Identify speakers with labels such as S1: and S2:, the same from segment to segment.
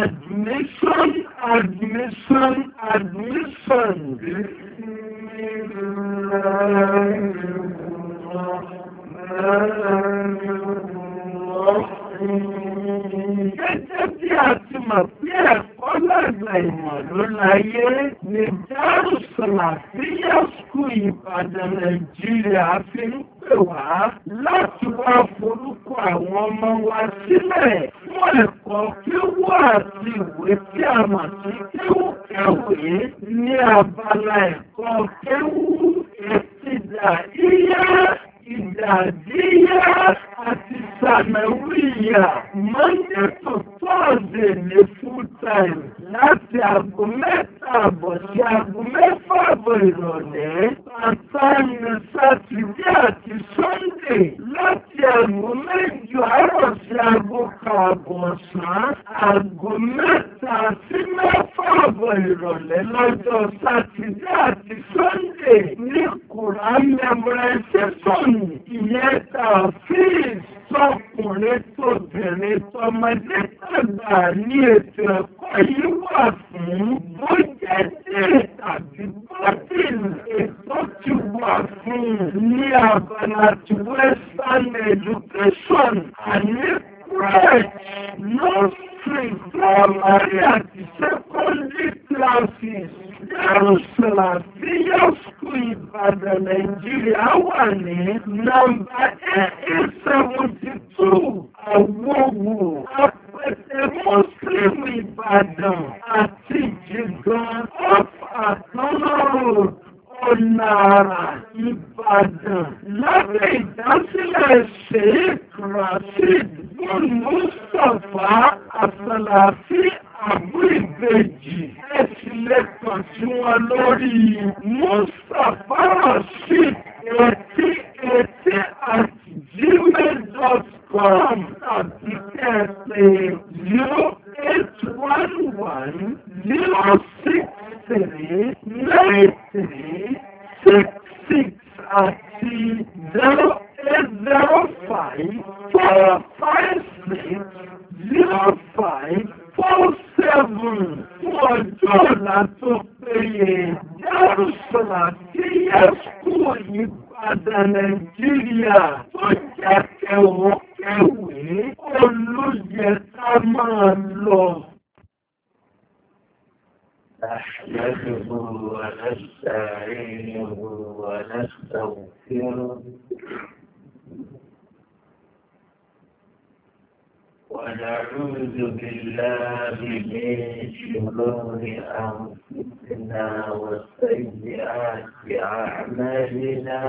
S1: Admission, admission, admission. Gẹ́gẹ́ bí a ti mọ̀ pé ẹ̀kọ́ lẹ́gbẹ̀ẹ́ ìmọ̀ ló láyé ní Darussalam Fíyà Skúl Ìbàdàn Nàìjíríà fi ń pè wá láti wá forúkọ àwọn ọmọ wa sílẹ̀ fún ẹ̀kọ́ kí wọ́n àti ìwé tí a mà sí kí wọ́n kàwé ní abala ẹ̀kọ́
S2: kéwú ẹ̀sìdà iye ìdàdíyà àti sàmẹ̀wìyà Monday to Thursday
S1: ní full time láti aago mẹ́ta àbọ̀ sí aago mẹ́fà àbọ̀ ìrọ̀lẹ́ àtàlù sátidé àti Sunday láti aago mẹ́jọ àárọ̀ sí aago kààbọ̀ ọ̀sán aago mẹ́ta sí mẹ́fà àbọ̀ ìrọ̀lẹ́ lọ́jọ́ sátidé àti Sunday ní Kùrán memorization ìyẹn tàfíìs tọkùnrin tóbìnrin tọmọdé tàgbà ní ètò ẹ̀kọ́ yìí wà fún bó jẹ́ dé tàbí bọ́tìn ètò ti wà fún ní abala ti western education àní crèche nursery. Trabalhar-se com literacia, Garçalavias cuidada mundial ali, não é essa multitud, algum, apetemos clima Ibadan, a Tidigão, a Patrona Ọ̀nàrà Ìbàdàn lábẹ́ ìdásílẹ̀ Sheikh Rashid bin Mustapha Àsàlàfí àbúrìbejì ẹ̀sìlẹ̀kàn sí wọn lórí mustapha rasheed etí etí àti gmail.com àti kẹsẹ̀ zero eight one one zero six three nine three six six àti zero eight zero five four five six zero five four seven fún ọjọ́ ọ̀la tó péye dárúsọ̀là cs kúrò ní Ìbàdàn Nàìjíríà tó jẹ́ kẹwọ́ kẹwé olóyè ká máa lọ. نحمده ونستعينه ونستغفره ونعوذ بالله من شرور أنفسنا وسيئات أعمالنا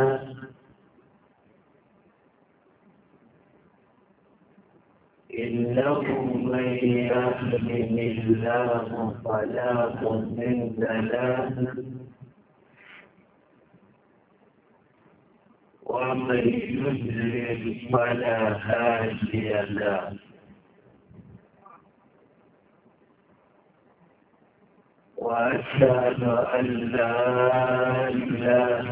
S1: إنه من يهده الله فلا مضل له ومن يضلل فلا هادي له وأشهد أن لا إله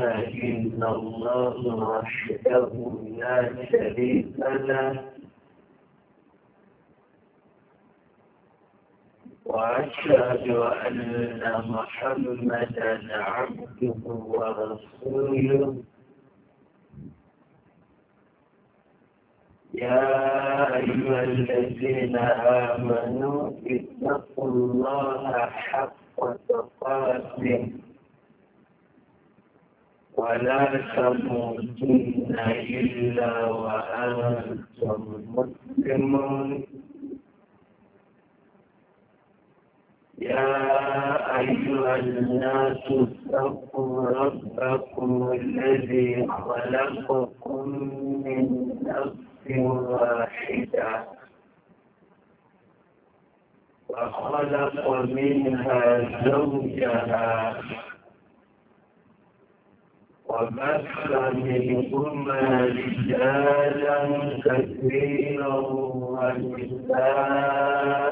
S1: إلا الله وحده لا شريك له وأشهد أن محمدا عبده ورسوله يا أيها الذين آمنوا اتقوا الله حق وتقاسم ولا تموتن إلا وأنتم مسلمون يا أيها الناس اتقوا ربكم الذي خلقكم من نفس واحده
S2: وخلق منها زوجها
S1: وبث منهما رجالا كثيرا ونساء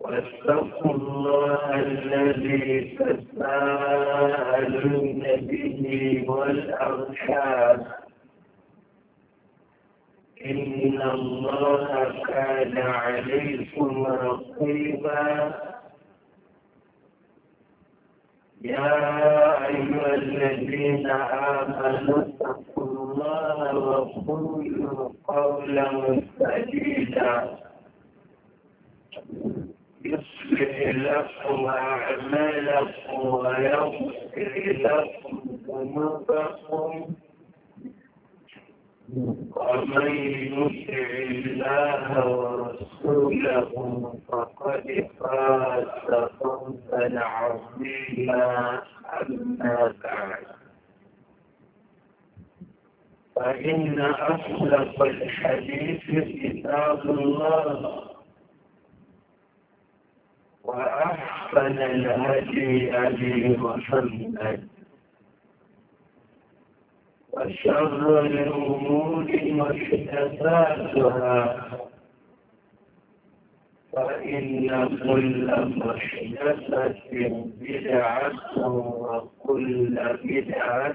S1: واتقوا الله الذي تساءلون به والارحام إن الله كان عليكم رقيبا يا أيها الذين آمنوا اتقوا الله وقولوا قولا سديدا يصلح لكم أعمالكم ويغفر لكم ذنوبكم ومن يطع الله ورسوله فقد فاز فوزا عظيما اما بعد فان اصدق الحديث كتاب الله واحسن الهدي ابي محمد وشر الأمور محدثاتها فإن كل محدثة بدعة وكل بدعة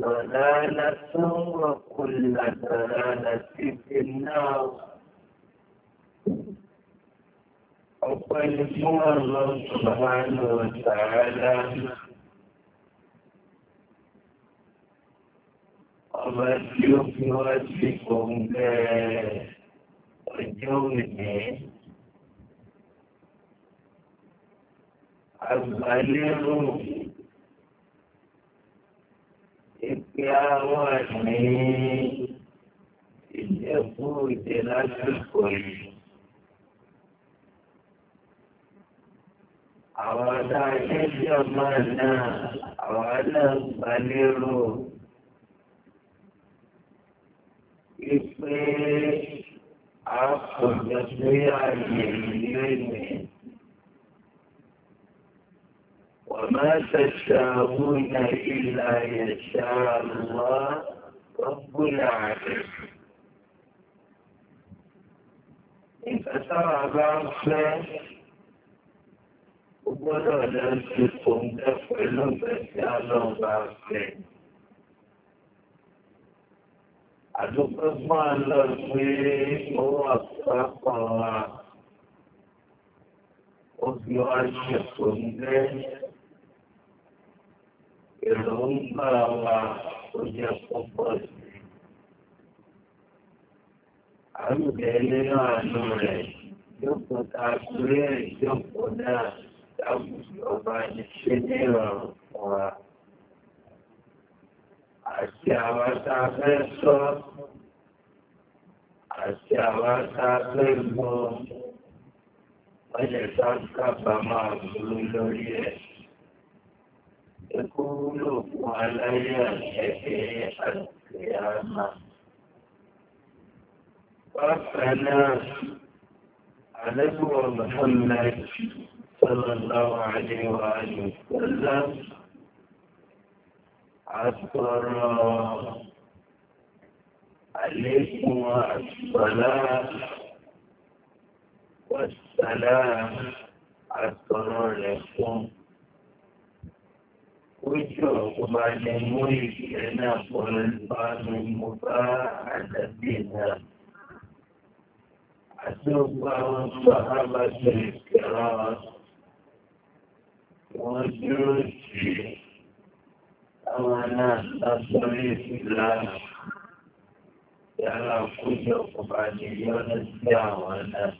S1: ضلالة وكل ضلالة في النار وقد الله سبحانه وتعالى ọlọ́jọ́ bí wọ́n ti fòun bẹ́ẹ̀ ọjọ́ òní. Àgbàlérò ìpè àwọn àmì ìjẹ́kù ìdè lásìkò yìí. Àwọn ọ̀dọ́ akẹ́kọ̀ọ́ náà àwọn ọ̀dọ́ àgbàlérò. wípé pé a sọ̀rọ̀ pé àyè ilé mi. Wàmá ṣẹ̀ṣẹ̀ àwọn ìlà ìlà ẹ̀ṣẹ̀ àlùwá ọgbọ́nà àdẹ̀. Ìgbà táwọn bá ń fẹ́ ó gbọ́dọ̀ lọ sí kòńdẹ́ pẹ̀lú ìgbésí àlọ́ bá fẹ́. أتقطع الذي وفق ويؤشر به الغنبرة ويقبض عمد إلينا نوري يقبض أكبرين يقبض أبو سلطان الشنيرة अश्यावासापेक्षो अश्यावासापेक्षो पहले सबका बमा गुरु लोड़िए कुलु पालय हे अश्यामा وأنا عليه محمد صلى الله عليه وآله وسلم أذكر عليكم الصلاة والسلام أذكر لكم وجوهكم على ملكنا والبان مباعد بنا أتوب الصحابة الكرام وجوهي amana tasiri filan yana kusa kubani yana tsayawa na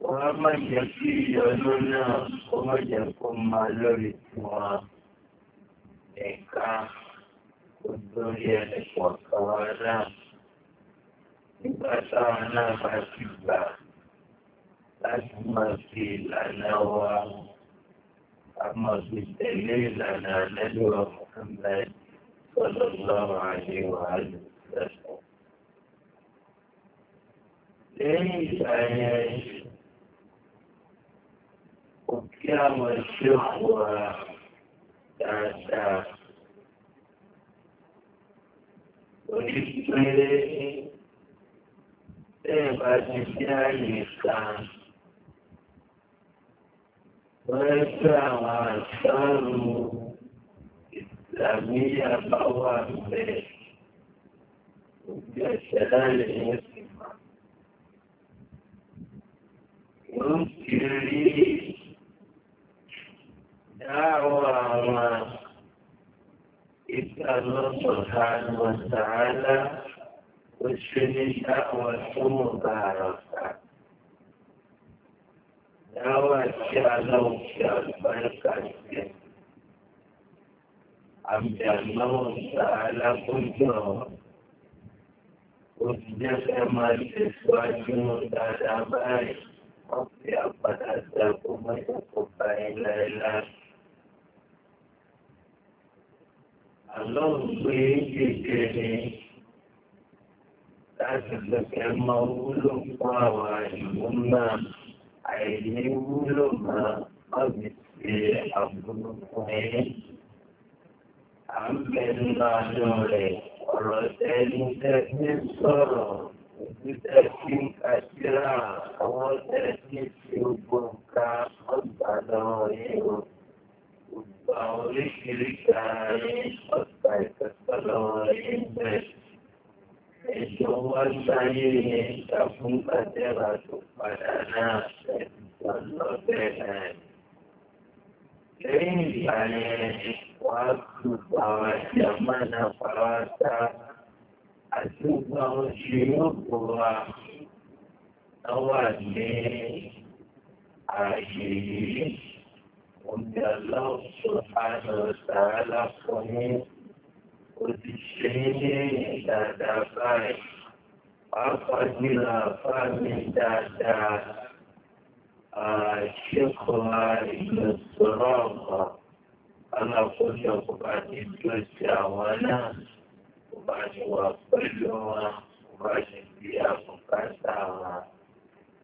S1: kuma ya fi yano na kuma ya kuma lori kuma eka kudori ya da kwakawa na nígbà táwọn náà bá ti gbà láti máa fi ìlànà wa أما في الدليل على نجوى محمد صلى الله عليه وآله وسلم ليس يعيش حكام الشهوة تاسع ونشتري إيه بعد الثاني الثاني ويسعى عشان إسلامية بوابة وجسال مسلمة يمكن لي دعوة إذا الله سبحانه وتعالى وشني دعوة مباركة dawa sha lau sha albarka ce abdallahu ta'ala kuntu Ujjata mahasiswa jemu da labari, mafi abadarsa kuma ta kubayin lalata. Allah gbé kékeré láti lọ́kẹ́ máa wúlò fún àwọn àìmọ́ náà. علم ومسيح عمن معلومه والرسائل تأتي الصلاة وتأتي الأسرع وتأتي الشبكة والضلائل والضلائل الشركة والضلائل الضلائل Jawaban saya ini takkan pada ratu pada anak dan lebaran. Jadi saya waktu bawa zaman perasa aku bawa siapa buah awal ni akhir. Untuk Allah Subhanahu Wa Taala punya òṣìṣẹ́ dáadáa báyìí pàápàá jùlọ àfáà mi dáadáa àṣekọ̀ọ́ ìlú sọ̀rọ̀ ọ̀gbà alákòóso ọ̀gbà ní ìjọsìn àwọn náà ọba ni wà pẹ̀lú wọn ọba ni bí àbùkátà wọn.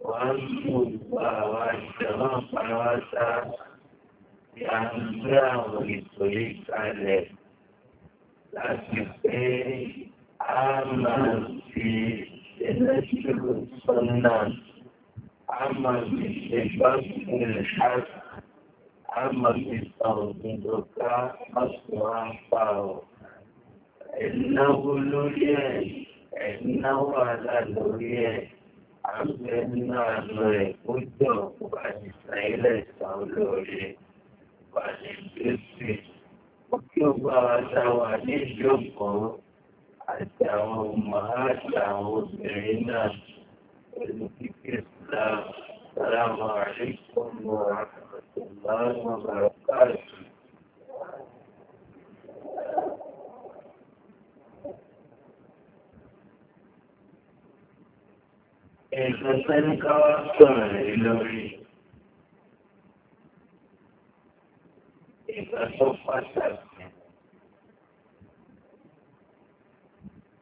S1: wọ́n ń mú ìgbà wa ìjọba pàápàá bí a ń gbé àwọn ìtòlé kalẹ̀. láti pé a máa fi ẹlẹ́sìnkú sọ́nà a máa fi ṣe bá fún ìṣáàtì a máa fi tàwọn ìdọ̀ká ọ̀sán àpárọ̀ ẹ̀náwó lórí ẹ̀ ẹ̀náwó àlá lórí ẹ̀ àgbẹ̀ náà lọ ẹ̀ kó jọ̀ wà ní sàílẹ̀ sàn lórí wà ní gbèsè. kí ó bá wa sáwà ní ìjókòó àtàwọn ọmọláṣà àwọn obìnrin náà pẹ̀lú kíkẹ́ sàlámù àríkùn warahmatullahi wabarakatuh. Ẹ̀sán sẹ́ni ká wá sọ̀rọ̀ lórí. يبقى سوف أسألك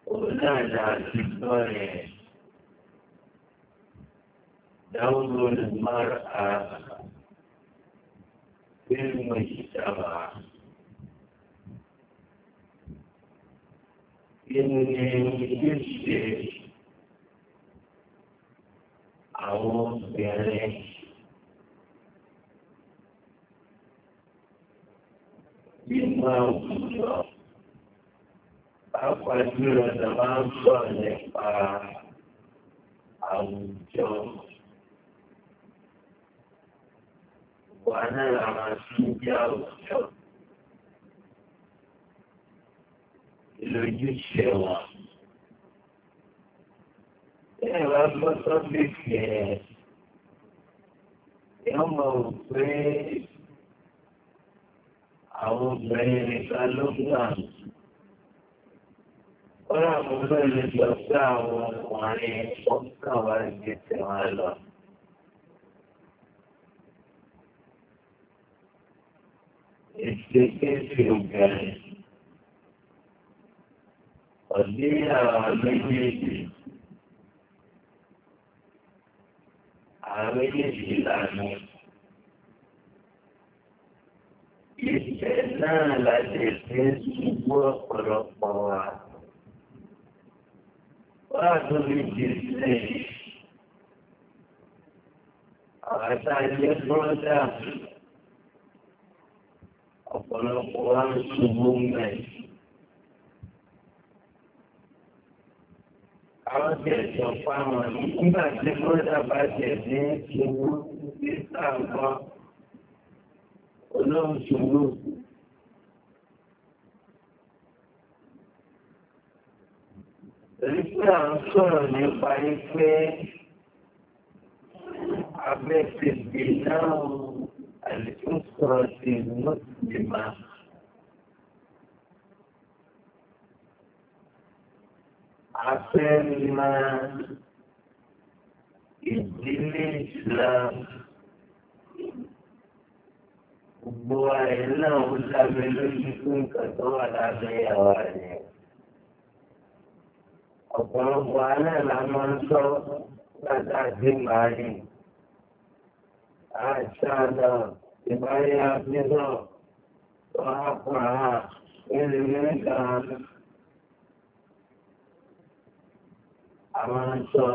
S1: ولا في تبقى دور المرأة في المجتمع إني يشتري أعوذ بريش mímọ̀ òwúrọ̀ pàápàá jùlọ náà máa ń sọ nípa àwùjọ wà náà làwọn sí jẹ́ àwùjọ lójúṣe wọn. Bẹ́ẹ̀ wá gbọ́dọ̀ bí fi ẹ̀ ẹ̀ ọmọ òpin. أو بينك اللبنان ولا مبلد يفتاهم وعليه الصدق والاستعمال استكين في مكانه وديها مجلسي عملي في الأمور iṣẹ́ náà la lè fi ṣubú ọ̀pọ̀lọpọ̀ wa. Wọ́n á tún lè jẹ sílẹ̀. Àwọn tá a jẹ́ bọ́dà ọ̀pọ̀lọpọ̀ wa ń ṣubú mẹ́. Àwọn tiẹ̀ sọ fáwọn nígbà tí bọ́dà bá tẹ̀ sí ṣubú sí sáà kan. ọlọ́run ṣòro èyí tí à ń sọ̀rọ̀ nípa yí pé abẹ́sẹ̀gbè náà àlùkò sọ̀rọ̀ sí mọ́tìmá. Afẹ́ máa ìdílé ìsìlámù. وإنه لملكم كثرة غيره ọ̀pọ̀lọpọ̀ alẹ́ la máa ń sọ látàdé màálì àṣàdà ìbáyé àfihàn ọ̀hápàá ilé mẹ́ta àwọn sọ.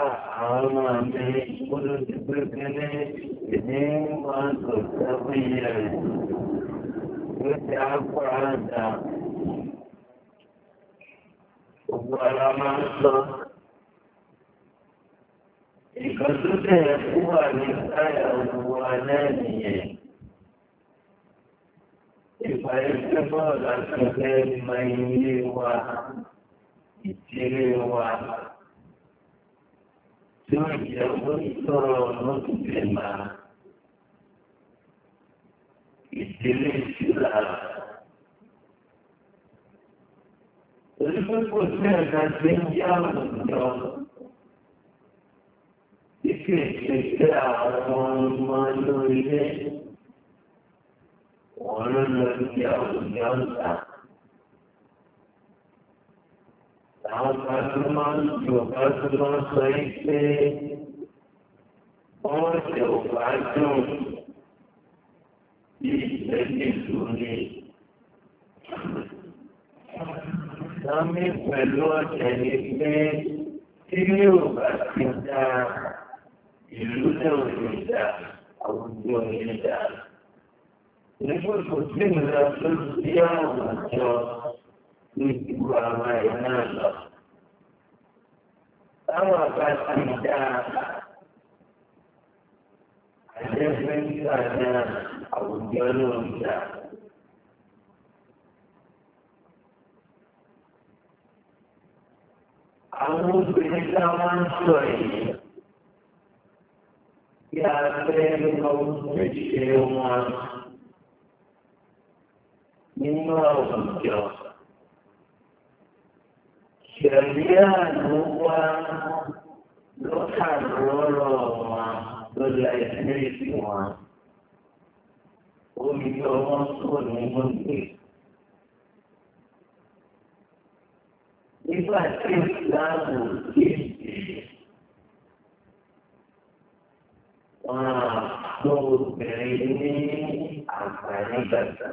S1: ஆனாமே குருத்து பிறகு இதேமான் ikatute yakuwa ni kaya uwananie ipaekebola kakemaiiwa ichiliwa yóò yẹ lórí sọ̀rọ̀ lóṣù kẹma ìdílé ìṣúra. Olùkókò sí ẹ̀ka tí ń yá àwùjọ tí kì í ṣe pé àwọn ọmọ lórí ilé wọn ló lọ sí àwùjọ ń ta. هغه کارمان چې کارمان صحیح دی او چې او فاجو دې دې سوني سامي پهلو چهي ته تیو باستا یلوته ویدا او دوی نه دا نشو څه نه راځي بیا او يجبها ما ينال أما بعد أن جاء عجبني أنا أو جنون أعوذ بالله من شرير يا خير قوم الشيوخ مما وجهت شريان هو يحررها بالعفريتها ويتوصل منه يفتح له جلده وأخذ بعيني عن طريقته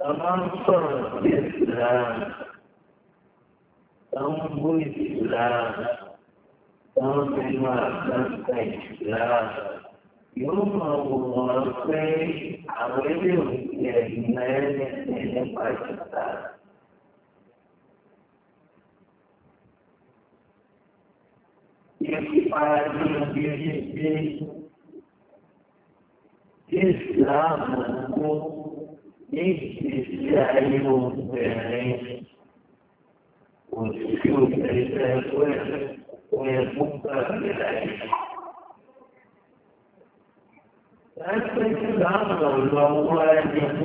S1: तमाम इस्लाम तंबू इस्लाम तंबिमा संत इस्लाम यूं मौत से आवेदे होते नयन देने पाकिस्ता Esse paradigma de respeito, Islam, como يستعينون بعينه ويسكت لسانه ويصب بالعين
S2: فأنت تتعرض
S1: المواد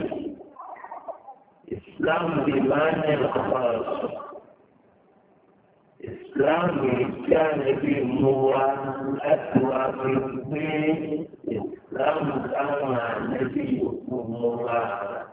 S1: إسلام بمعنى الخاص إسلام كان بمواء من الدين إسلام كان نبيكم مواء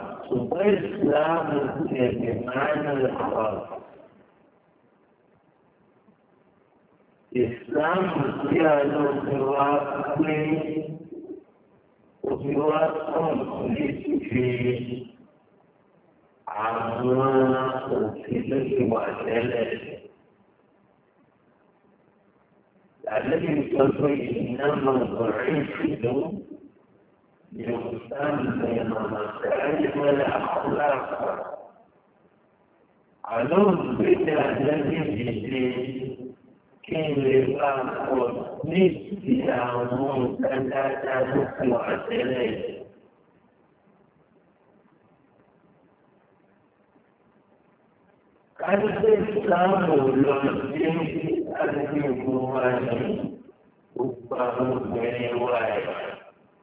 S1: زبير لا مبني بمعنى الحرام إسلام فيها له قراءة وقراءة في عما أوصله وأجله الذي يسمى إنما ضعيف له يقسم بين المسائل والأخلاق علوم بدا الذي كان يقام نسبة ممتلكة معتلية قد تستعمل الجنس الجمهوري وبعض الروايات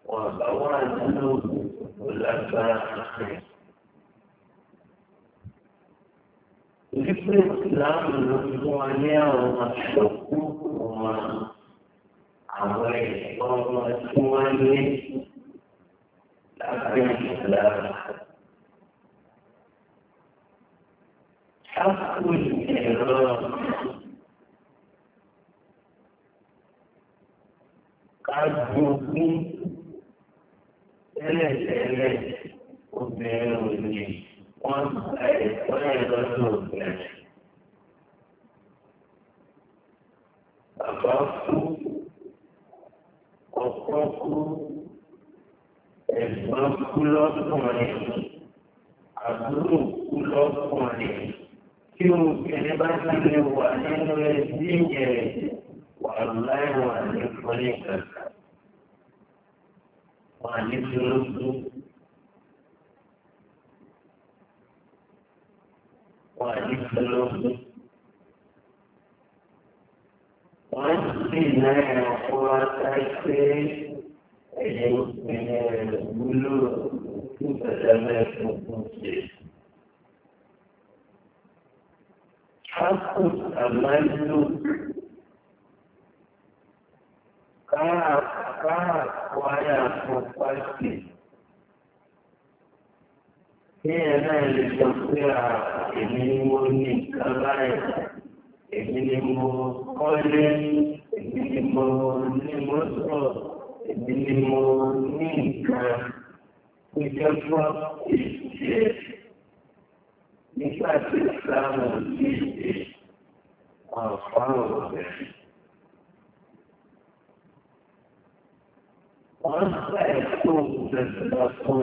S1: وبوابه خلفاء خير ذكر الإسلام الموضوعية والشقوق وما وما وما عويل ومسؤولية لكن الإسلام حق الإرادة قد يكون ẹlẹ́ẹ̀kẹ́lẹ́ obìnrin òní wọ́n ẹ̀kọ́lẹ̀ lọ́dún obìnrin. Bàbá kú, ọkọ kú, ẹ̀gbọ́n kú lọ́kùnrin, àbúrò kú lọ́kùnrin. Tí obìnrin bá ti lè wà nínú ẹbí yẹn, wà láìwà ní fúnni kankan. ونسرد ونسرد واسقنا وتكفي يسقنا البلوغ فتمات القدس حق التملك náà lè sọ pé èmi ni mo ní nǹkan báyìí èmi ni mo kọ́lé èmi ni mo ní mọ́tò èmi ni mo ní nǹkan tó jẹ́ fún ìṣe nígbà tí ìsìlámù ìṣe ọ̀fọ́n òbẹ̀rẹ̀. Once I told the doctor,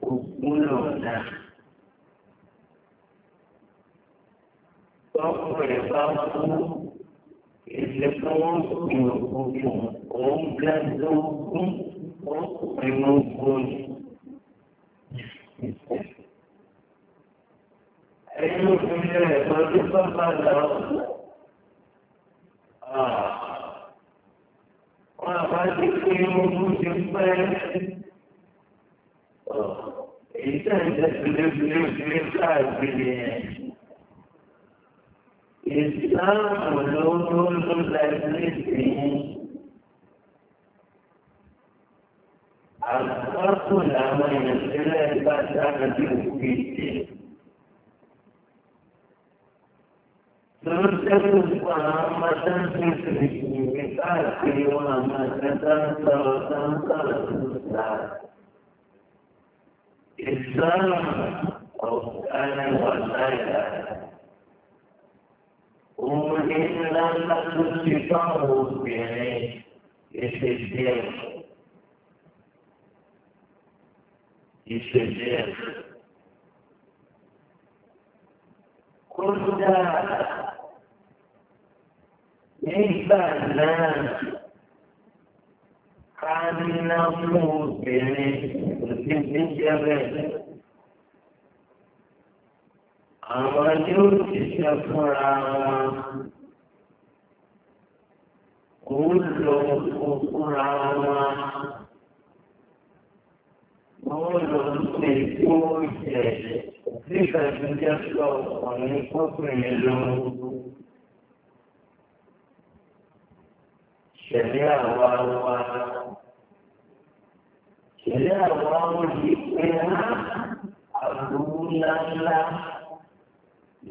S1: Ubunona, doctor Babu, ele falou que o Ubunona, o Ubunona, o Ubunona, Aí eu fui, eu fui para a Ah, bàbá ti pé ogún ti pẹ́. Èyí tẹ̀ ń tẹ̀sílẹ̀ sílẹ̀ sílẹ̀ káàkiri yẹn. Ìsìláàmù ló ló ló lẹ́sìlẹ̀ yẹn. Àgbàkùn làwọn èèyàn sílẹ̀ bá dára bí òkú ìdè. Terus Muhammadan Fitri kita kewa Muhammadan Salatan Salatan Islam أنا ولايا ومن لم تستطعوا به يسجل يسجل كل nígbà náà ká níná fún obìnrin òsì ní jẹ́rẹ̀. Àwọn yóò ṣiṣẹ́ fúnra wọn. Ó lọ fúnra wọn. Ó lọ sí kó jẹ̀ sí ìfẹ̀sùn jẹ́ sọ ọ̀nà ìkókùnrin lọ́wọ́. ṣẹ̀lẹ̀ àwọn àwọn ṣẹ̀lẹ̀ àwọn àwọn yìí pé ńlá àbúrú ńláńlá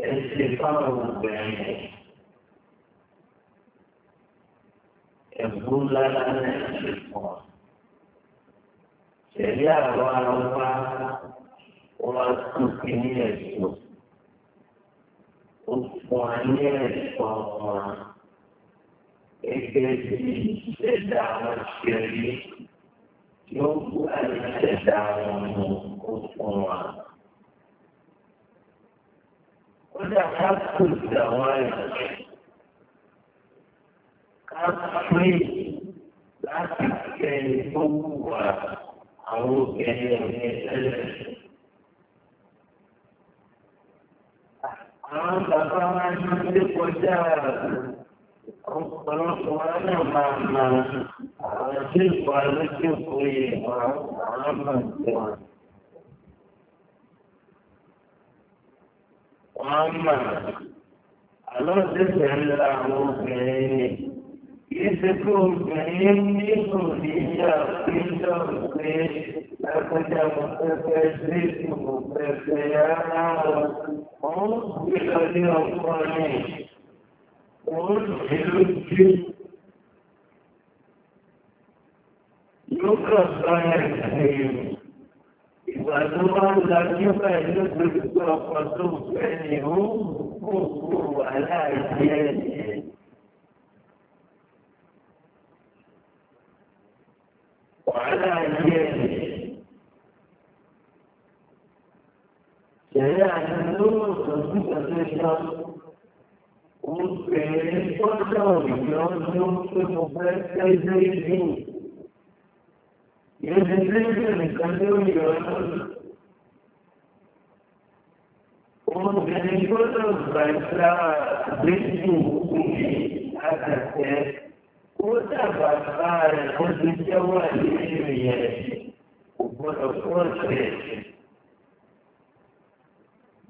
S1: ẹsẹ̀ fáwọn obìnrin ẹ̀bú ńláńlá náà ṣe pọ̀ ṣẹ̀lẹ̀ àwọn àwọn wọn kú kí ní ẹ̀sùn ó fún wa ní ẹ̀sùn ọ̀hún. كريم الدعوة الشريف يوم أن الدعوة مقطوعة ودخلت الزواج كفري لا تكن قوة أو كلمة أنا بقى ما عندي قدام وأما الذي الله فيه يذكر فيه سوريا في الأرض لقد تكذبت بخيانا وأخبر لأخواني والحلم يقرأ الحلم إذا دور لم يفعل بالقرص فإنه كفر على الحياة وعلى الحياة سيعلم نور تنفيذ الشر Usted cuando vivió no se mujer seis de Y el presidente del encanto universal, como que nosotros nuestra virtud a hacer otra pasada, porque se va a vivir, o por lo cual se.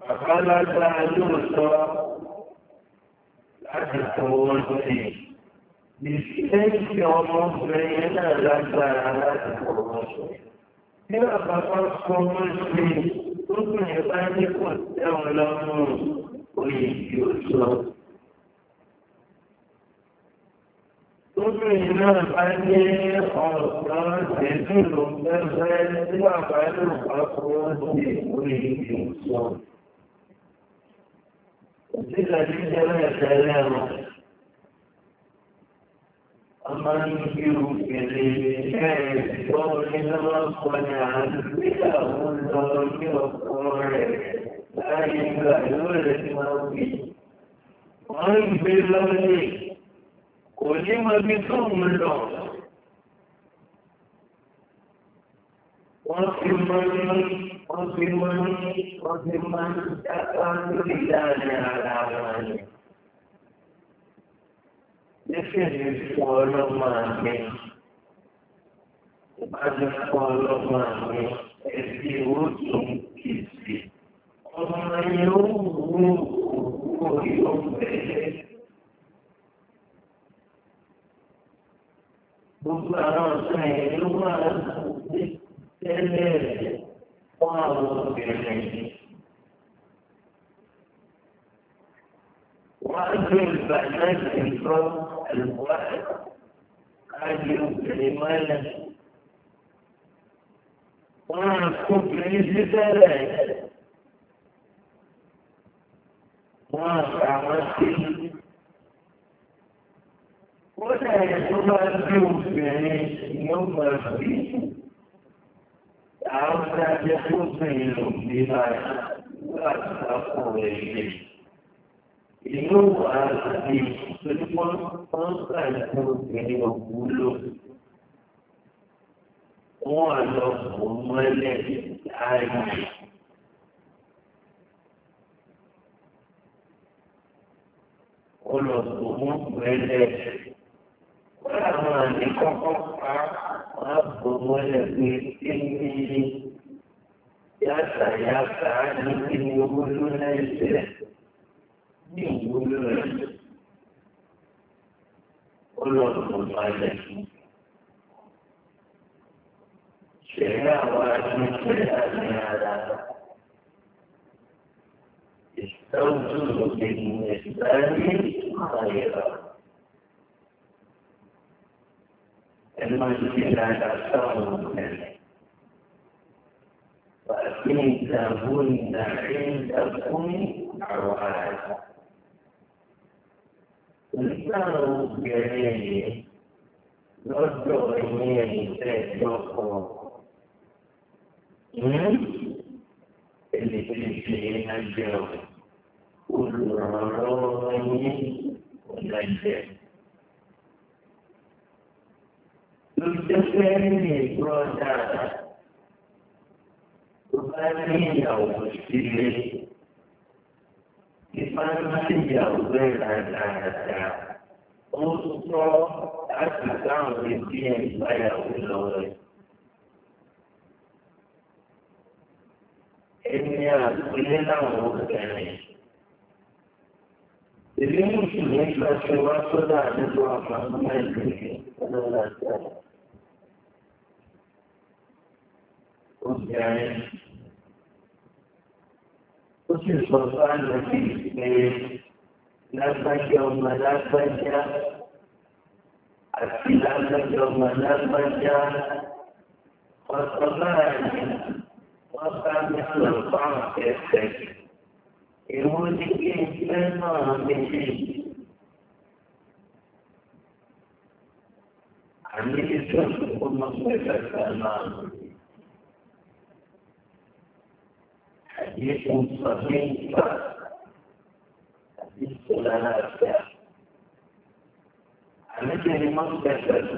S1: Bajar la luz, أتقول فيه بشكلك يوم بينا لك أتقول فيه إذا خطرتكم مسلم ثم يبانك وتعلمون ويجوزون ثم إذا بني أرقاد يدل بالغير وعلى الأقوال ويجوزون بلا جدلا سلامة أما يمكن كذلك قول ربنا بلا منظر يقول لا يفعل ربي وأنزل لي قلم بكم الله وقل من وممن وممن تكون بلادنا على عمله Defende follow mami. Mas follow mami. Esse último que se. Amanhã eu vou ver. Vou falar, Senhor, mas. Beleza. قالوا بالعلم وأجل بأنات الفرق الواحد أجل بالإيمان والكفر لثلاثة وأعمال ولا يتبع الجوف يعني يوم الخبيث عرفت يحسن بما أسرقوا إليه إنه أسرقين سلم فأسرقوا إليه وقولوا ولهم الذي عليه ولهم الذي ولهم الذي ربه الذي إني يسعى من يقول ليس يقول ليس قلوب مالك شيئا وأن شيئا هذا استوجب بالنسبة خيرا المنزل تأثروا وأتيتهن عندكم عوانا Estão querendo nós dormimos em pouco. Hum? Ele precisa de um. O nome, o nome Lutefeni brother. Família auxílio. E família verdadeira. Outro ação de bem para o Senhor. Ele é a plena outra. Devemos simplesmente transformar toda a situação numa igreja para oração. Os grandes, os esforçados aqui, eles, nas baixas, nas baixas, as cidades, nas baixas, والصلاة وقام الطعام في السجن يقول لك أنا مثلي عملي الشرط والمصرفة فأنا حديث صحيح حديث لا نافع عملي المصرفة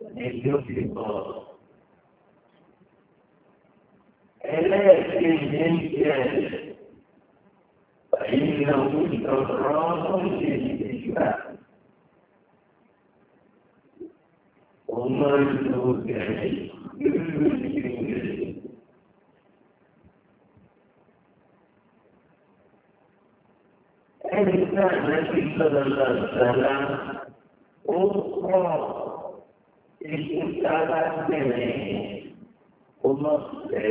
S1: ليذهب ألاكن كان فإنه تراهم للإجماع ومن له كان أنت نبي صلى الله عليه وسلم أخرى इसकी ताकत में उमस से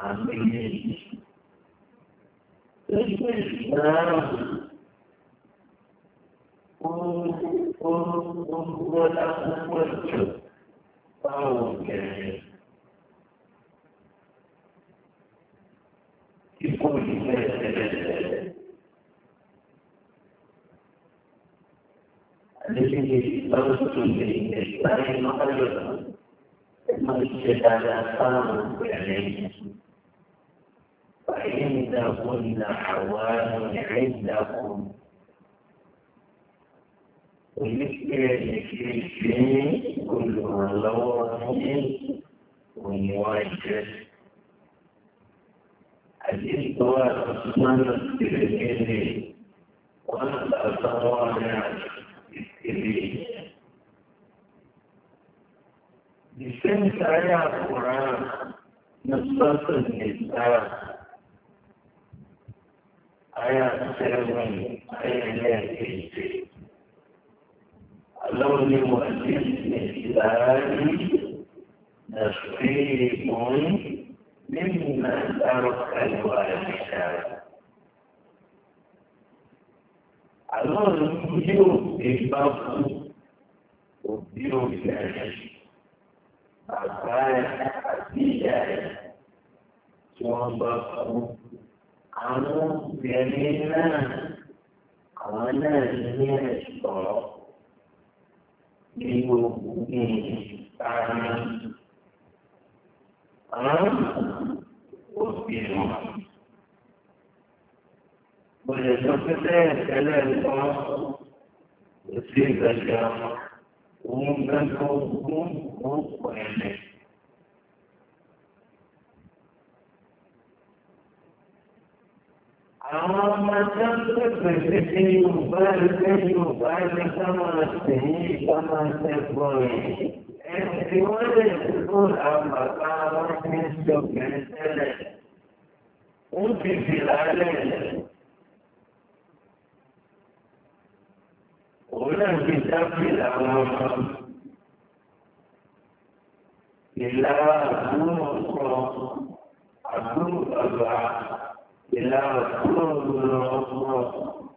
S1: आने इसमें नाम उन उन उन बोला ऊपर चुप पाओ गए कि कोई नहीं التي لوست به هذه مقلبة المسجد على قام بعليه وعندهن حوال عندكم ومثل ذكر الشيء كل لوحي ومواجه الاستواء في الترمذي وانا اتواضع لسان آية القرآن نصات النساء آية سيرون آية لا تجري لون مؤسس الإسلام نصيب مما ترك الوالدان Allora non io e il bambino, oddio mi piace, ma fare a dire, sono un bambino, hanno pianina, hanno pianina scuola, dico in Spagna, hanno, oddio, ويتفتح كلامك وسيبك ومن حكم حكمك أما تنطق بشيء يبالغ يبالغ كما تهي كما تبغي الرواية تقول أما كان من سكن سنة وفي في العالم ولم تتقل أمامهم إلا أدوه أدوه أبعاد إلا أدوه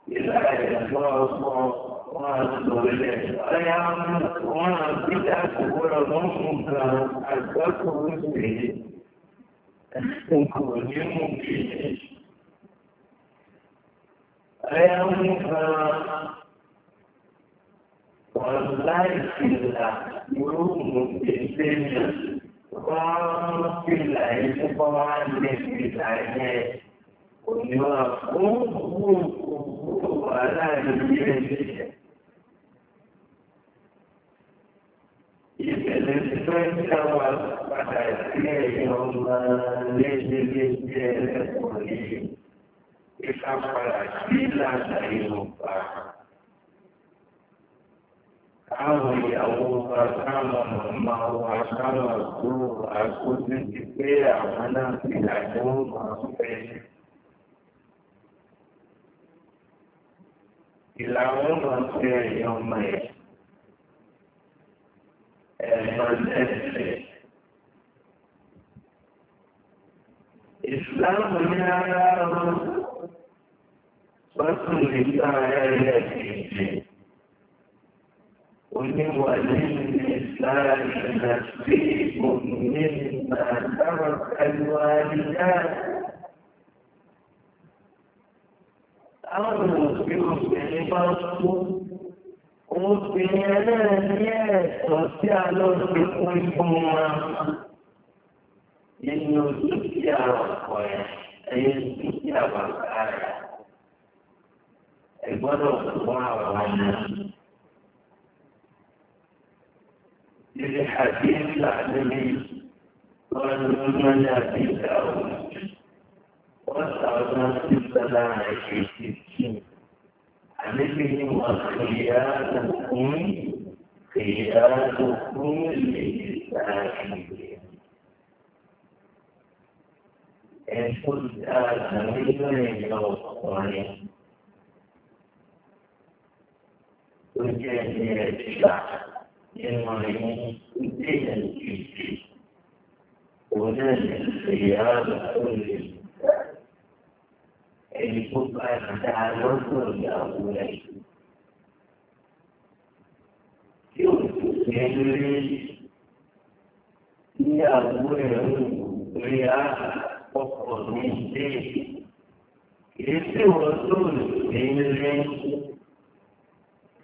S1: إلا أدوه وأنظر إليه أيام وأنا بدأت ورضاكم كان أدوكم مثله أنكم يمكن أيام كان والله إلا يوم الدنيا وقامت الله سبحانه وتعالى ويقوم على الدنيا إذا الفتى والفتى يوم ليجد الجنة وليه إذا فرأت إلا سيوم فاهم Àwọn ìyàwó àtàwọn ọmọ wa sáwọn àgbo àgbójú ti pé àwọn náà ti làjọ máa fẹ́. Ìlàwọ́ máa fẹ́ ẹ̀yọ́ ọmọ ẹ̀. Ẹ̀rọ lẹ́sẹ̀. Ìsìláàmù ní ara وهو للإنسان نصيب مما ترك الوالدان أمر بالمصطفى obìnrin náà ní ẹ̀tọ́ tí a lọ sí fún ibú wọn nínú dúkìá ọ̀pọ̀ ẹ̀ ẹ̀yẹ dúkìá bàbá rẹ̀ ẹ̀gbọ́dọ̀ fún àwọn ọmọ. للحديث عن النبي والمنافذ وصارت البلاعه في الدين عليهم وخياركم خياركم لإسرائيل إن كنت آخرين يوصوني وجهة الشعب للمعين إلى الإنسان وذلك الخيار كل الحب أن تعرض لأولئك يمكن يأولئك رياء وقوة من ذلك يسوى رسول من ذلك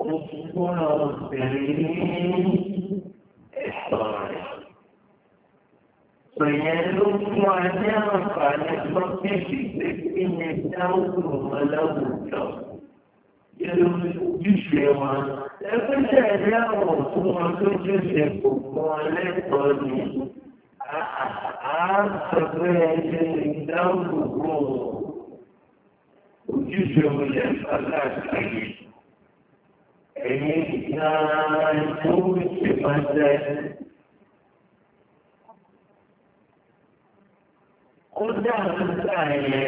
S1: Òkúgbọ́n obìnrin ní ẹ̀sọ́ rẹ̀. Sọ̀yẹ́ ló fún wa ní àǹfààní lọ́kẹ́jì pé kí ni dáhùn ọlọ́wùjọ. Yẹ́lú ojúṣe wọn. Ẹgbẹ́sẹ̀ rí àwọn òkú wọn tó jẹ́sẹ̀ kò mọ ẹlẹ́tọ̀ọ́ ni. Àá sọ pé ẹni ìdáhùn òkú ojúṣe wọn lẹ́fà láàkàyè. قدام ثانية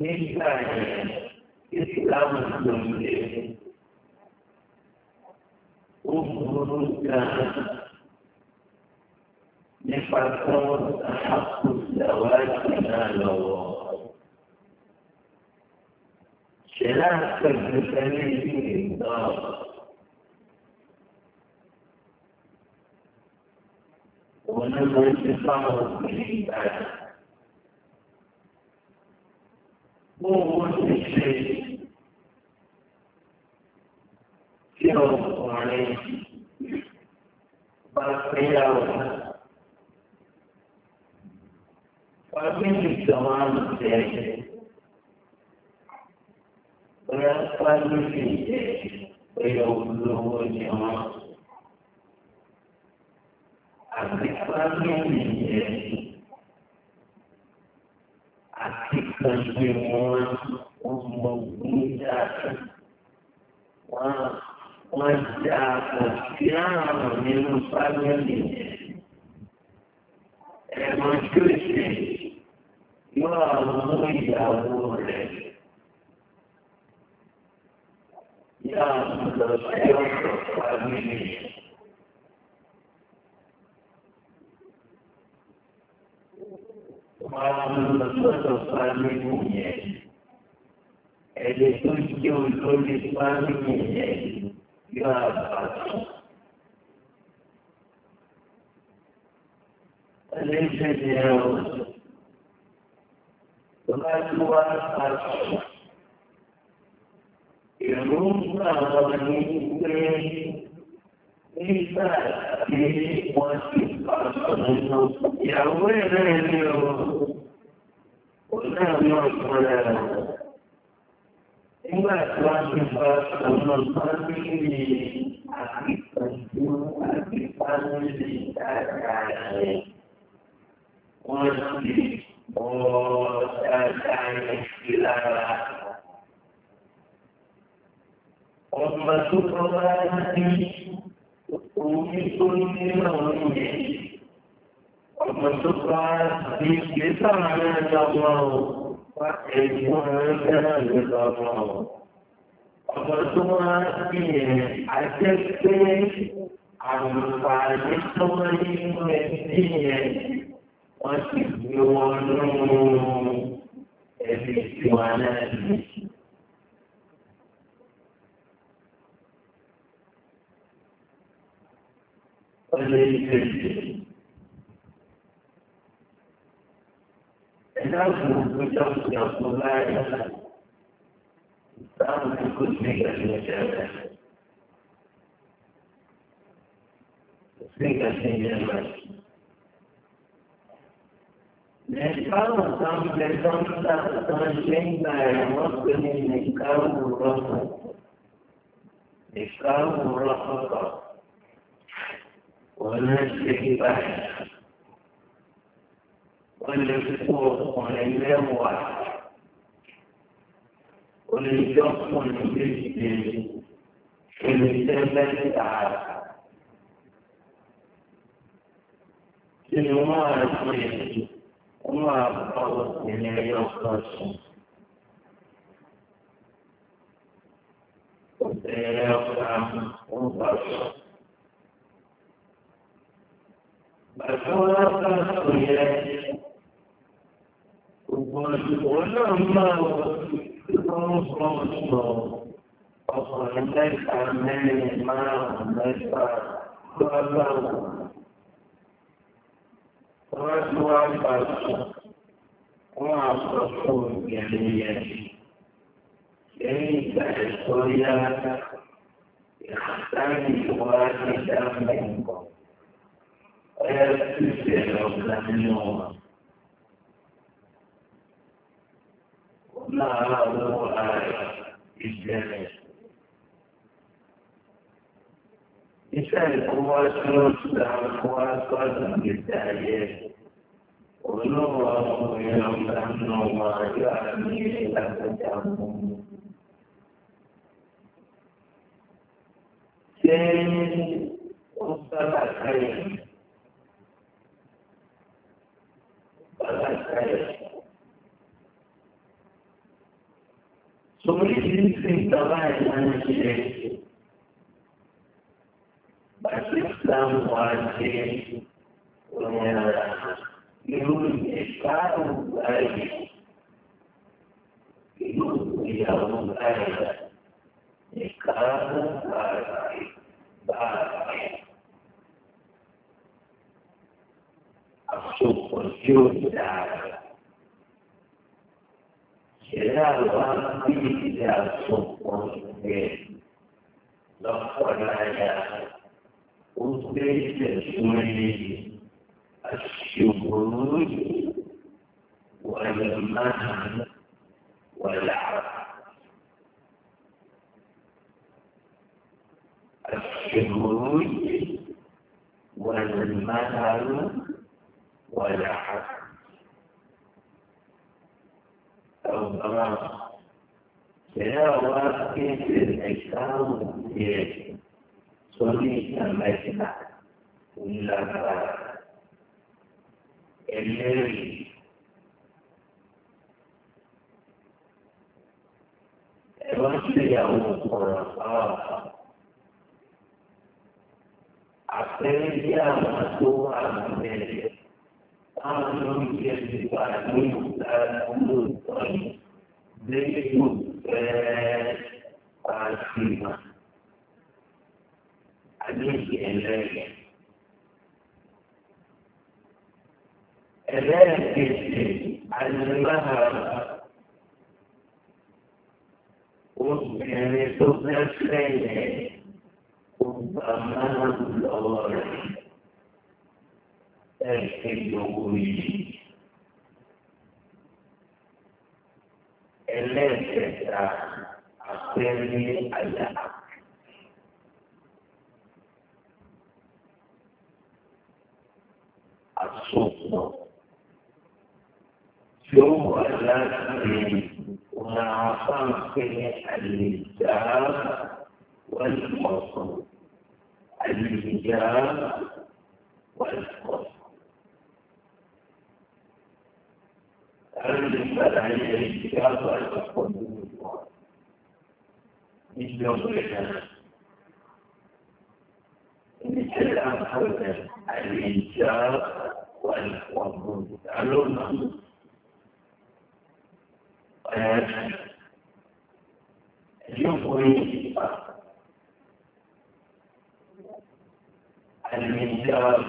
S1: من ثانية إسلام الدنيا وخروجها لفترة أحق الزواج من الله خلاف المتنبي دار ولما انتصاره بالعباده وهو الشيء يرد عليه بالقيامه فمن الزمان الثاني berapa lebih beliau meluhurnya Aktifkan ini Aktifkan semua Membuat Wajah Kesian Melupakan ini Emang krisis Ya Allah Ya Allah يا الخير والتعليم وعن الخير والتعليم ele conseguiu o nome para mim, graças. Ele entendeu. Mas não há يرون غنيمته إذا في وسيلة يا ويلي ولا يصلى إما كان فاسقا من قلبه عفيفا عفيفا لله وسيلة وسيلة رب سكراني أميت من رمي رب سكراني لسعنا الله وإجوانك لله رب سكراني عجبتك àǹfààní tó wá nínú ẹbí yẹn wọ́n sì gbé wọn lọ́wọ́ ẹbí tiwa náà yìí. فليس لي إنه بجوز الصلاة تعمل كتبك المجالة كتبك المجالة الإنسان صام لكم تتمشين ما يمكن من إنكار الرفض إنكار الرفض eụee eeeaa dinị nwanyị eri ụmụaa ụenyere ụhụ eere ahụ ụaụ Yang akan dikeluarkan dalam lingkup. é sincero, caminhou. Na hora e gênero. Isso é como as pessoas com as coisas que têm. O novo eu não vai a minha vida. Tem um salário Sobre isso, então, vai lá na direita. Batistamos a gente com ela. E nos deixaram aí. E nos deixaram aí. De casa para aí. Para aí. supergiudicare. Será a vida suporte, la fornaya, os beijos ruins, as chuvas, o alemão, o alarme. الشمول والمهر ولا حد ربما براءة تلاوة كيف الأجسام يجب صليت المجمع ولا براءة الذي وصيه الخلفاء عقيدة مسوعة من أمرهم يجب أنهم أمرهم ليجب الخيمة عليه الآية لا يجب علمها ẹ̀ẹ́dẹ́gbẹ̀ orí ẹlẹ́ẹ̀kẹta àpẹẹrẹ àyà. Àsopọ̀ tí ó wà láti ọ̀nà afáǹfẹ́ àlèjá wọ́n kọ̀ọ̀kan àlèjá wọ́n kọ̀ọ̀kan. الرجل بعد عليه الاتكال وأن تكون بالمجموعة مش بيوصلك أنا نتكلم عن حول الإنشاء والظلم تعلمنا اليوم قريب المنجاب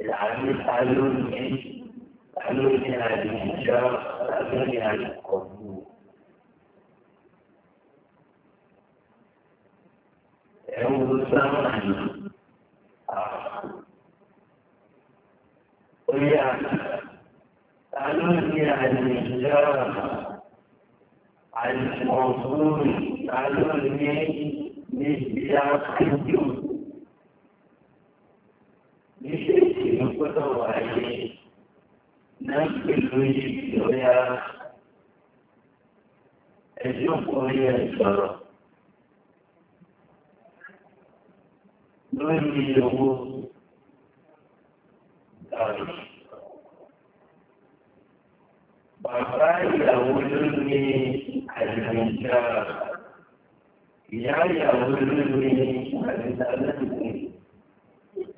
S1: العلول علول من علول من هذه الشجرة علول من هذه القبور يعود الزمن ويا علول من هذه الشجرة على الموصول علول من من بلاد الجود fitowa ne na filin doya a jin koriyar tsaro lórí owó dàrú bàbá ìyàwó lórí àjàmìjà ìyá ìyàwó lórí àjàmìjà lẹ́nu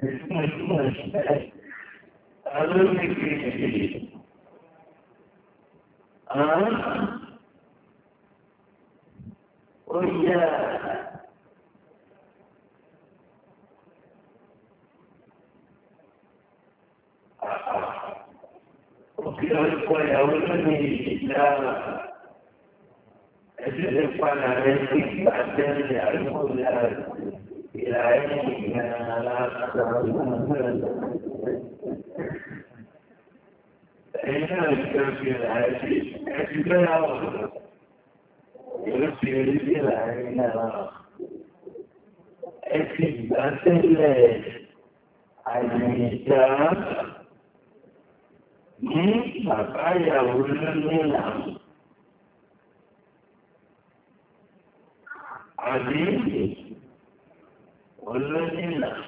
S1: ẹ̀sùn ìtumọ̀ ìṣẹ́. ألم فيه آه ويا وكلا القوى أولاني لا أجل فعل عليك بعدين يعلمون إلى عينك لا تتعلمون أيام الكافية العاشي اعتبارها وغدا ونفسي يريدين علينا الآخر أكيد أتلاش على الميتاق من مبايا ولنلعب عزيزي ولنلعب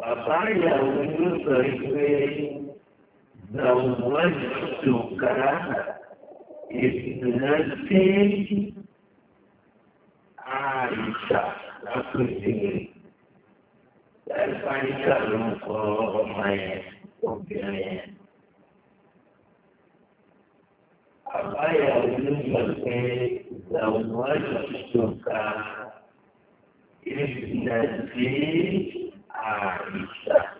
S1: مبايا ولنلعب زوجتك ابنتي عائشة أخذي عائشة المقرمة obìnrin àbáyà onígbà pé ìdààmú àjọṣọka ìrìnà sí àìsàn.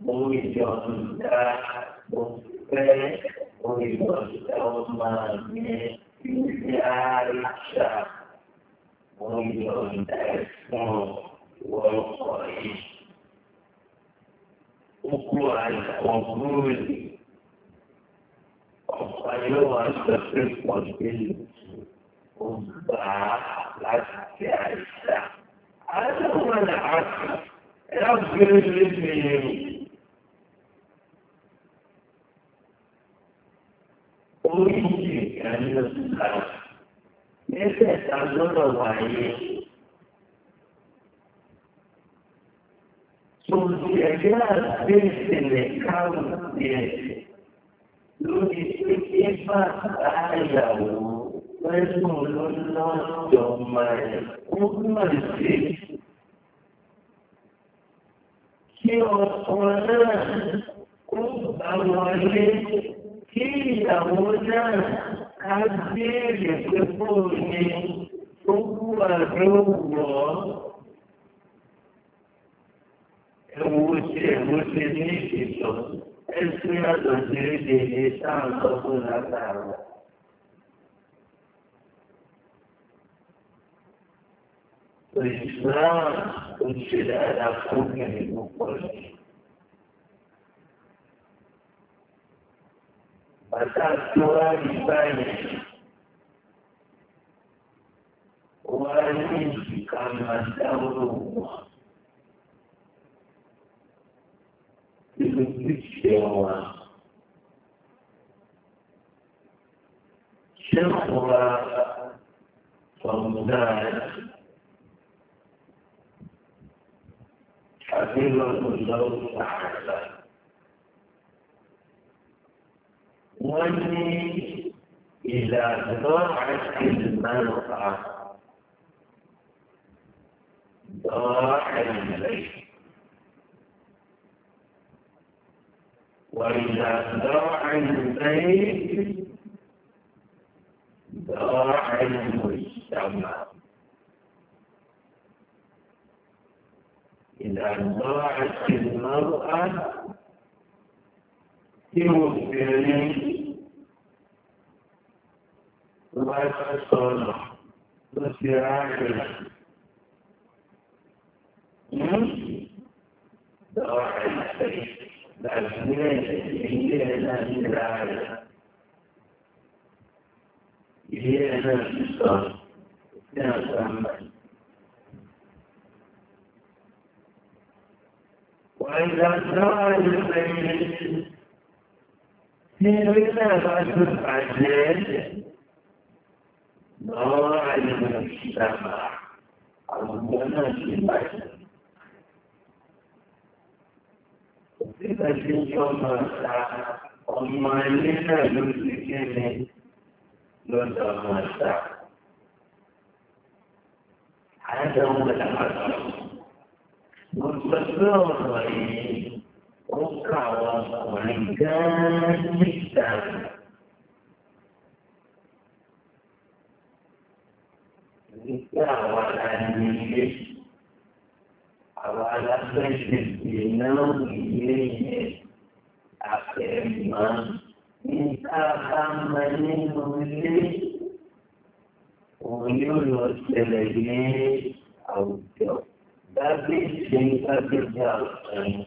S1: muy yonda, busque, muy yonda, me fijará, muy yonda, no, woy, ukuran kongruli, compañero al ser posible, ubah, las piazas, هذا هو العقل رب الذي kàrọ̀. Mẹ́tẹ̀ẹ̀ta lọ́rọ̀ wáyé. Tòun ẹ̀jẹ̀ àgbẹ̀sẹ̀ lè kárùn díẹ̀ lórí pípé bá àyàwó lẹ́sùn lọ́lọ́dọ̀ máa ẹ̀ kó mà sí. Kí ọkọ náà kó bá wọlé kí ìyàwó náà abéèrè pé bó ni ó wù àdúrà wọ̀ ọ́. Ẹ̀wù ṣe ẹ̀wù ṣe ní ìṣètò ẹ̀sùn yàtọ̀ sí èdè ní sáà lọ́kùn látàrà. Ìsìláàmù ń ṣe dáadáa fún ẹ̀mí púpọ̀ sí i. فتحتها بفمه ولي كما تمره بالذكر شيخنا صمدان حفظه الله تعالى ولي إلى ضاعت المنفعة ضاع الملك وإذا ضاع البيت ضاع المجتمع إذا ضاعت المرأة tí mo bèèrè ní ọlọ́pàá sọ̀rọ̀ ló ti ráàrẹ̀ Ilé ẹ̀rọ ìsọ̀rọ̀ ní ọ̀sán mẹ́rin. وإذا سأل الميت لأننا رجل عجل ما علم السمع ربنا في بشر وفي بشر يوم وما لنا لسكن لدمسا هذا هو العمل والبشر الرئيس ركع وعيدان مشتاق الدعوة عن الشرك أو على خشب الإمام إليه أقيما إن أقام منه إليه ويولد إليه أو جو بابي سنة بجاوة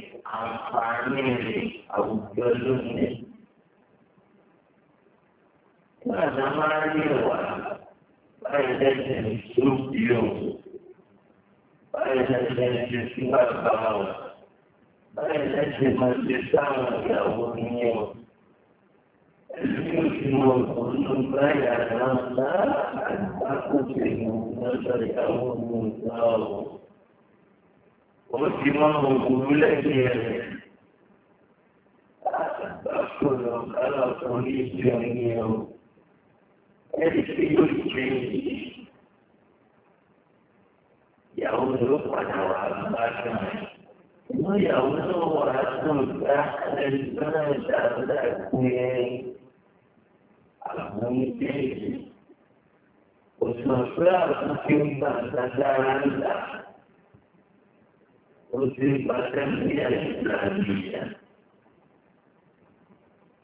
S1: àǹfààní rẹ̀ àwùjọ lónìí. Nígbà tá a máa rí ẹ̀wà báyìí lẹ́sẹ̀ tó bí òun. Báyìí lẹ́sẹ̀ ti sí bàbá wọn. Báyìí lẹ́sẹ̀ máa ti sáwọn ìyàwó nìyẹn. Ẹ̀sìn òṣìṣẹ́ ọ̀gbọ́n báyìí àná náà àgbákò tẹ̀yìn lọ́sọ̀ ìyàwó mi náà. أنا أنا أنا أنا أنا أنا أنا أنا أنا أنا أنا أنا أنا أنا أنا أنا أنا ومسلمون قبولتهم أخذهم على صليبهم يدخلوا الجيش يعودوا على ما ويعودوا عنهم أحد البلد أبنائهم أهل الجيش وسوف يعرفوا بعد ذلك أصيبت من الإسلامية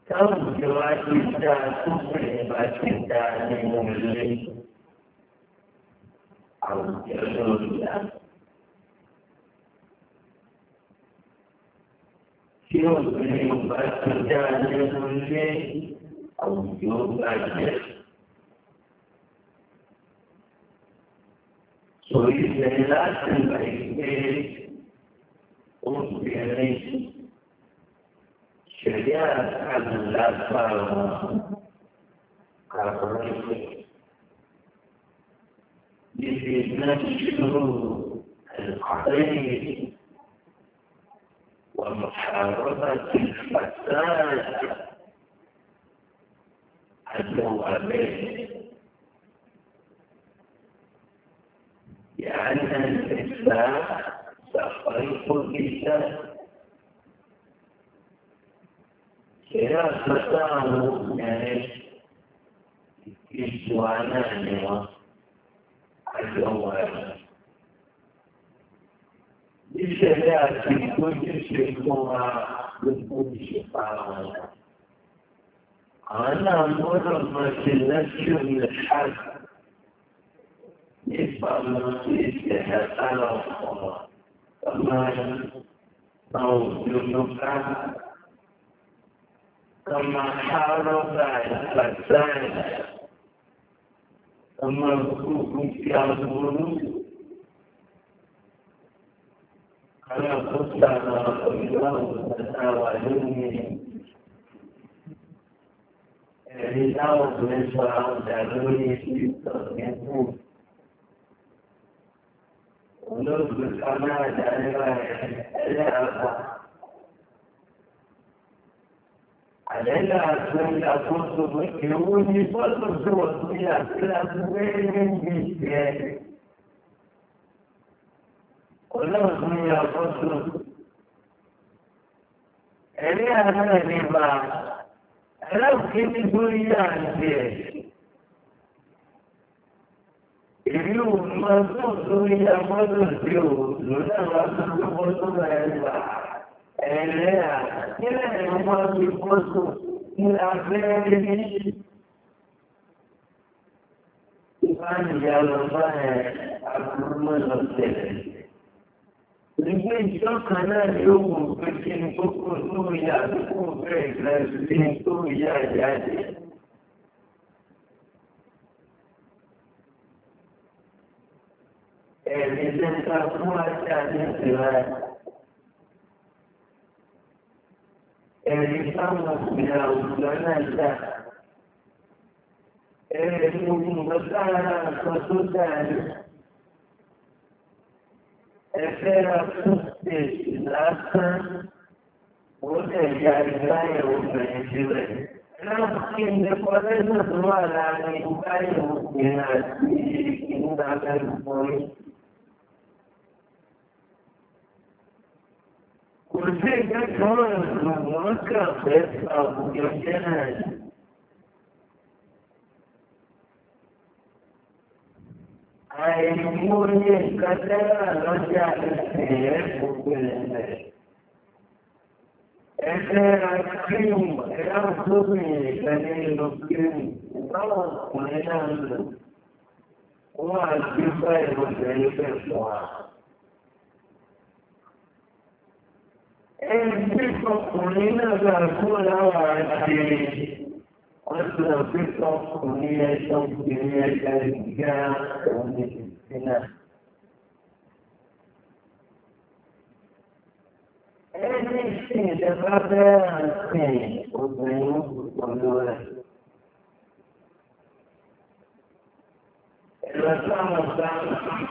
S1: كم جوائزها تصيبت تعليم الليل أو الجزرية تصيبت تعليم الليل أو الجزرية Soy de la Santa Iglesia. قلت بأنيس شجاعة على الأطفال كرميس بإذن شروط القضية ومحاربة الفساد الدوامين يعني الإسلام تخريق اللسان كراسة تاو يعني كيسوانانيا الأول لشهادة كل شيء هو بكل شفاعة أنا مرمت النشر الحق يفهم في الشهادة الله أو يوسفان ثم حاولوا فالثاني ثم ركوكم في أرض الغلول أنا قلت على رسول الله فتاوى الرجال من شرعوا تعلمني في التصميم ونرجو الحماد على العلاقة على العلاقة لا تصدق يوني تصدق وصيا كلام وين بيشتري ولا صيا تصدق إليها هذه ما لو كنت دنيا فيه يوم مدوز يا مدوز يوم لما مدوز يا إليها إلى يوم القدس من أخيره كان جالبا أكبر من السلام لكن شو كان يوم بكين كوكو سويا كوكو بكين سويا جاتي من تلك الثلاث اللي صنف بها وسلمانها المبتلى خصوصا أثر خصوص الأصل وتجعلها ومجرد لكن لقد نزل على عباية من الناس من بعد الكون وزيدا كمان مباركة فيسأل يحتاج أيمون الكتاب رجع الخير وكل شيء إذا أكرم يرفضني كليل الدين ضغط من أمره وأجب خير الشيء ọkùnrin náà bẹ̀rẹ̀ kúrò láwà àti ọ̀sẹ̀ òfíìsọ̀ ọkùnrin ẹ̀ṣọ́ obìnrin ẹ̀ṣẹ̀ ìgbà òun ni ìsinà. Ẹni ìsìn ìjọba bẹ́ẹ̀ àǹsìn obìnrin pẹ̀lú rẹ̀. Ẹ̀rọ sáwọn sáwọn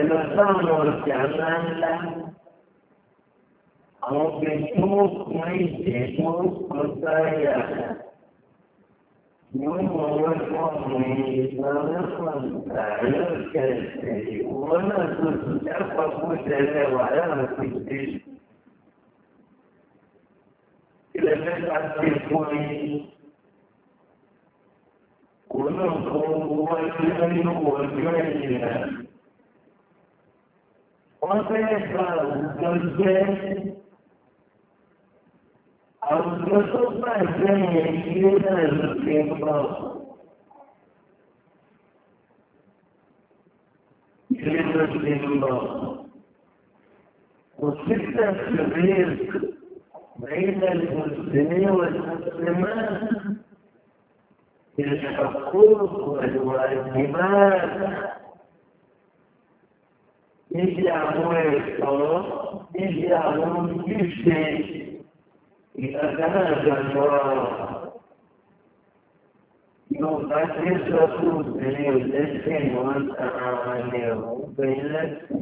S1: ẹlọ́sàn ọ̀sẹ̀ àmà ńlá àwọn obìnrin tí wọ́n pọ́n ìjẹ́ tí wọ́n pọ́n sáyà ni wọ́n mọ wọ́n fọ́ ọmọ ìgbà ọlọ́sàn ààrẹ ọ̀sẹ̀ ẹ̀sẹ̀ ìwọ́n náà tó ti dápọ̀ kó tẹ̀lé wàhálà àti ìdí. Ilẹ̀ mẹ́ta ti fún yín. Kò náà kọ́ wọ́n ní ọjọ́ ìrìnà. ọbẹ̀ bá àwùjọ jẹ́ àwùjọ tó bá jẹ́ yẹn yóò náà ló ṣe ń bọ̀. Ilé ló ṣe ń bọ̀. Kò sí tẹ̀sílẹ̀ بين المسلمين والمسلمات الحقوق والواجبات níbi àwọn ẹ̀tọ́, níbi àwọn ojúṣe ìgbàgbọ́ Yorùbá tí ó sọ fún obìnrin ò lẹ́sẹ̀ wọ́n tan àwọn ẹni ọ̀hún obìnrin lẹ́sẹ̀.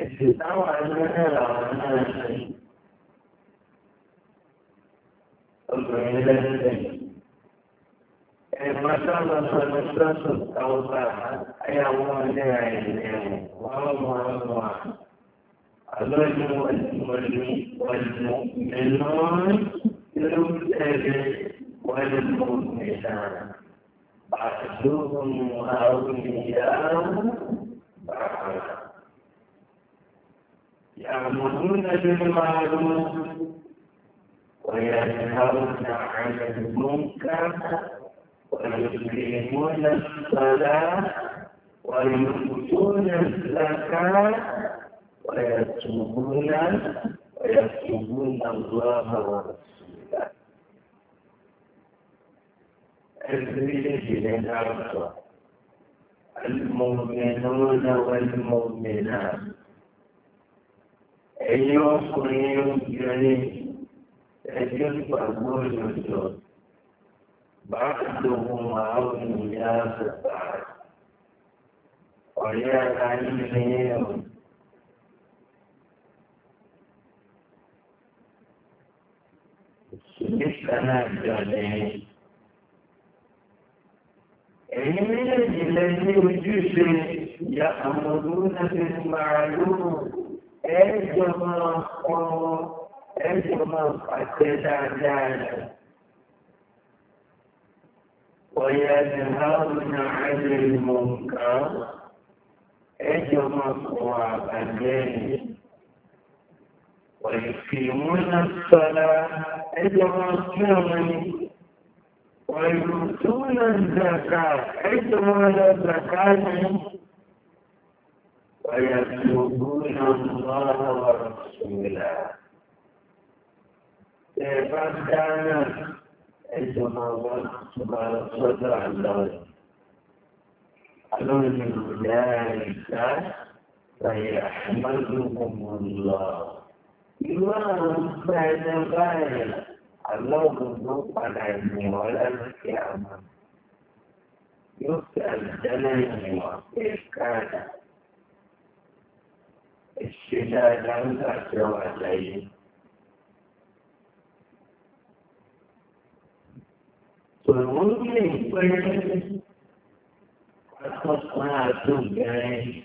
S1: Ẹ̀sìn táwọn ẹgbẹ́ làwọn náà ṣe. Obìnrin lẹ́sẹ̀. ما دام فلسفة الأوضاع أي مانع اليوم وهو الله الرجل والمؤمنون يبتلي والمؤمنان بعضهم أولياء بعض يأمرون بالمعروف
S2: وينهون عن
S1: المنكر ويقيمون الصلاة ويؤتون الزكاة ويتوبون ويتوبون الله ورسوله الرجل الأرض المؤمنون والمؤمنات أيها الأخوة الكريم يجب أن نقول بعضهم أولياء بعض وليعلمهم سمعتنا جميعا الذين يجوز يأمرون بالمعلوم أجمع أجمع أجمع أجمع وينهون عن المنكر اجمق وعبدين ويقيمون الصلاة اجمق يومين ويؤتون الزكاة اجمل الزكاة ويتوبون الله ورسوله كانت عندما وقف على صدر الله قالوا من أولئك فيحمدهم الله إمام بعد غاية الله بالضبط على علمه ولا القيامة يسأل دليل كيف كان الشهادة لا تروى عليه فالمهم يكون أخصها أكون جاي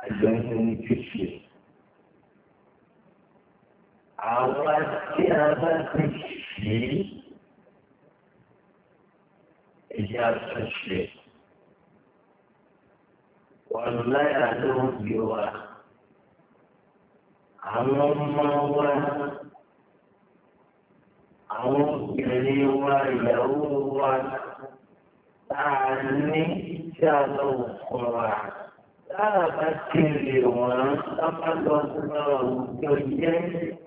S1: أجمعهم كشي عورتي أبا كشي إجابة الشيخ والله أدوم جوا عمر مواه àwọn obìnrin wa ìyàwó wa tá a ní tí a lọ kọ̀ wá tá a bá ti lè wọ́n sábà lọ sí àwùjọ jẹ́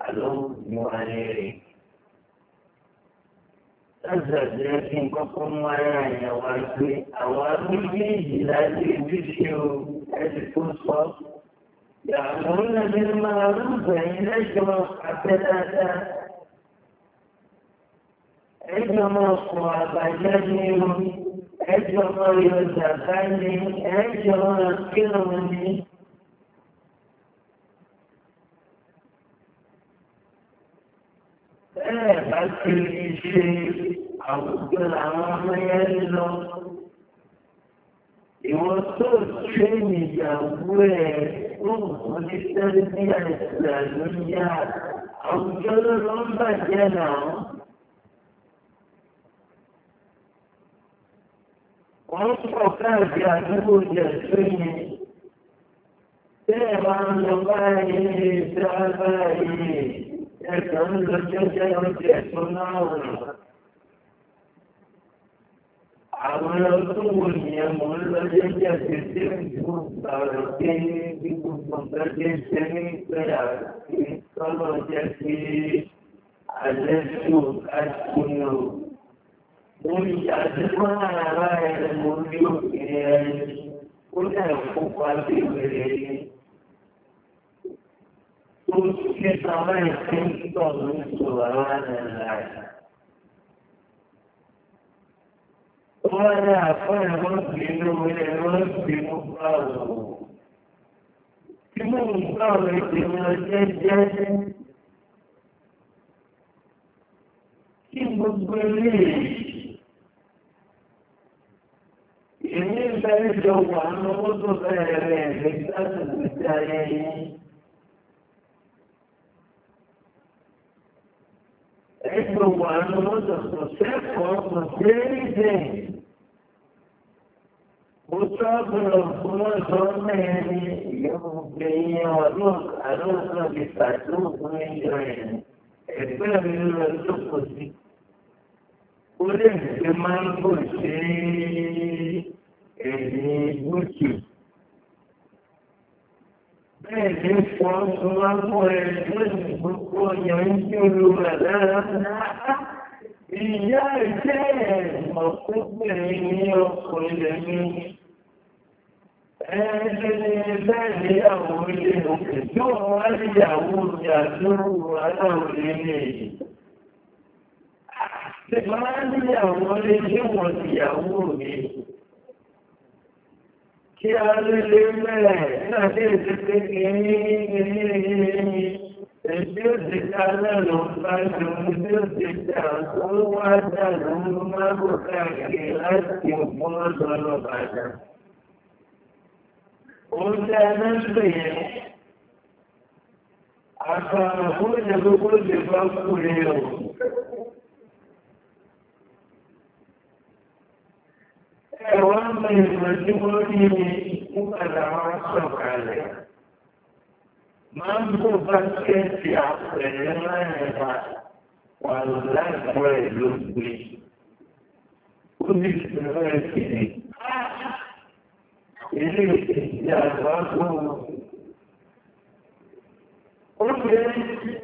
S1: àlọ́wùjọ alẹ́ rẹ̀. Lọ́sọ̀dẹ̀ kí n kọ́kọ́ mú ara yẹn wá pé àwọn méjèèjì láti ojúṣe o ẹni tó sọ. Ìyàwó náà ní máa rúbẹ̀yìn lẹ́jọ́ àtẹ́dáadáa. عندنا مصر بلدهم عندنا يزفلهم عندنا كرمني فأبعد كل شيء أو كل عام يلو يوصل شيء يوصل والتربية الإسلامية أو كل رمبة جنوب وأنفقات يعملون السنين سيران الله سابائي يتعلم الشجرة يصنعون عملتهم يمر الشجرة تنجوكارتين بكفتين سنين التي أشكو قل أتقى ما يلمون يؤمنين قل أنفق أتقى قل كتما يخيط من سبحان الله ولا فمسلم من الرب مقرر كم مقرر مجدد كم مقرر إني لا يجوى أن أرد بيرين أسد بالتالي يجوى أن أرد أختصاص وأختصاص وصابر الخلاص والمهني يوم بيا وروح أروح بفاتوح من جرين إبقى من الرزق وزي وليه بما نقول شيء èdè wíkì. Bẹ́ẹ̀ ni fọ́ ọmọ ẹgbẹ́ ìgbókò ọ̀yàn ń àwọn ilé òkè tí ó wá ní ìyàwó ìyàdúró aláwòrán ilé yìí. Ṣé máa ní àwọn ilé tí wọ́n ti tí a lè lè mẹ́rẹ̀ náà lè ṣe pé kìíní kìíní kìíní èdè òsì ta náà ló ń bá wá dà ló ń bò káàkiri láti òpó lọ́dọ̀ lọ́bàdà. Òun tí a náà ń pè yẹn, àkàrà fún ìdàgbàgbọ́ ìdàgbàgbọ́ rẹ̀ كوام المجموعي يكون العاصر عليه من هو بس في عقلنا والله ما يلومني كل شيء إليك يا رب قل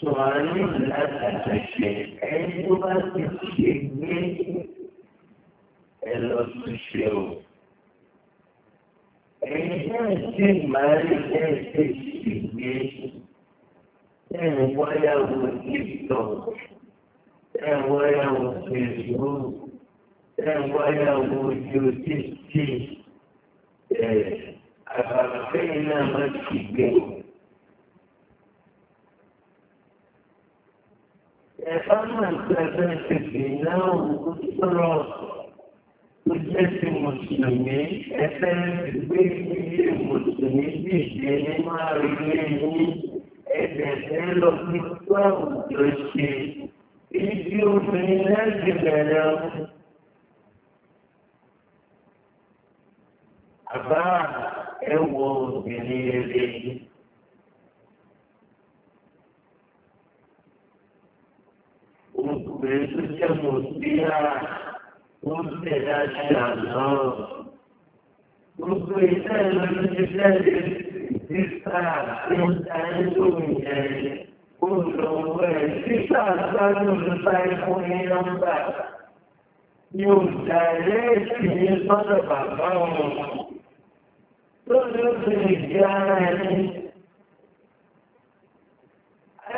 S1: سؤالين لا تتشيء عندما تتشيء الأسشيء عندما تتشيء وله جبته وله جزه وله جزته أفقينا مسجده é uma presença que não é é é o que muslimi, efendim bir muslimi, bir yeni mahalleni edene lokuttan ötesi. İzyorumine gidelim. Ama ev oldu beni yedim. उसके मूर्तियाँ उसके राजा उसको इतना जितना जिसका चाहे जो मिल जाए उन लोगों को ऐसी शास्त्र मिलता है को नहीं होता यूं डायरेक्ट निर्भर बाबा तो जो विज्ञान है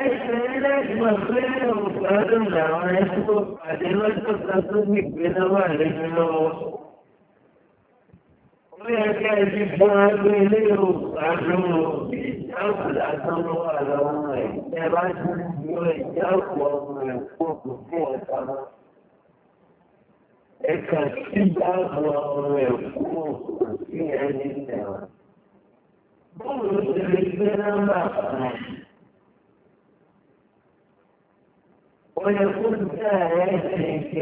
S1: Ẹ̀ka tí bá wọ ọ̀rọ̀ ẹ̀kú òkú sí ẹni náà. Bọ́ọ̀lù ti lè gbé nọ́mbà kan. ويقول ذلك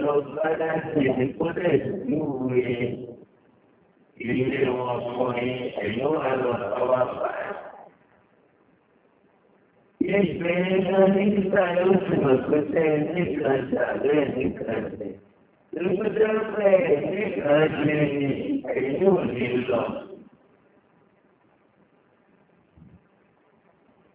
S1: ربنا سيكون سوء إلى وصول أيها الوصول يشبهنا نسبة يوسف الكتاب نسبة تعبير نسبة المدرسة نسبة أيها الله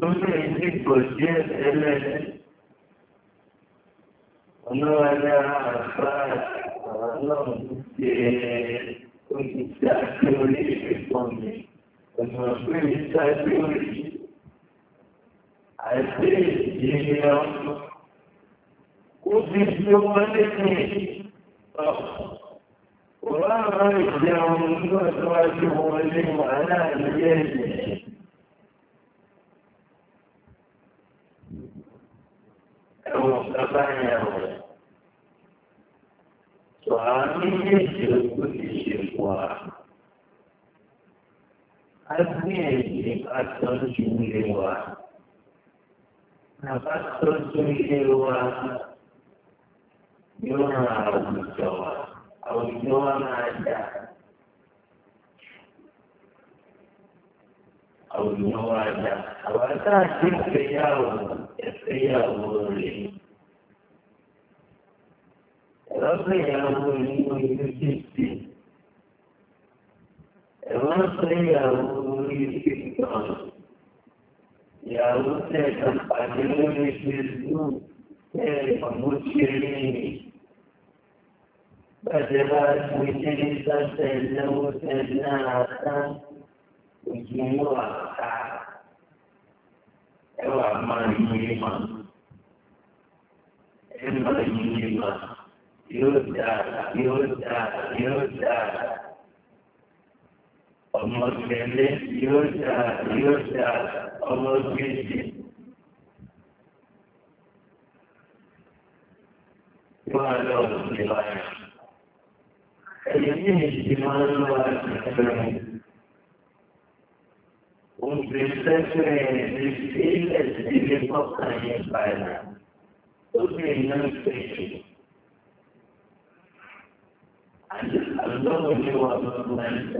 S1: tó lè ní gòjé ẹlẹ́ni. Ọlọ́wọ́ ní àbá ọlọ́run ṣe oṣiṣẹ́ àti orí ìfipọ̀ mi. Ọ̀nà pé mi ṣáájú orí. Àìsí ìdílé ọmọ. Ó ti مصطفیٰ ہوئے تو آمین نے شرک کی شرک ہوا آدمی ایک اثر چنگے ہوا نفس چنگے ہوا یوں نہ ہوا اور یوں نہ آ جائے او نواجه او اتا شرک یاو یاو رب یاو نیو یکیتی رب یاو یکیتان یاو تیتا پاکنون شرکو تیتا مچرینی بدلات مچرینی تیتا لو تیتا ìdí wà ká ẹ wà máa yí ilé mà ẹ máa yí ilé mà yóò dà yóò dà yóò dà ọmọ tẹlẹ yóò dà yóò dà ọmọ gbèsè. Yóò wá lọ́wọ́ ìlú ayé. Ẹ̀yẹ́ ní ìdí máa ń lọ́wọ́ àti ìfẹ́ rẹ̀. وبالفكر بالفيل اللي بيبقى يفعلها قلت نفسي الزوج والعبد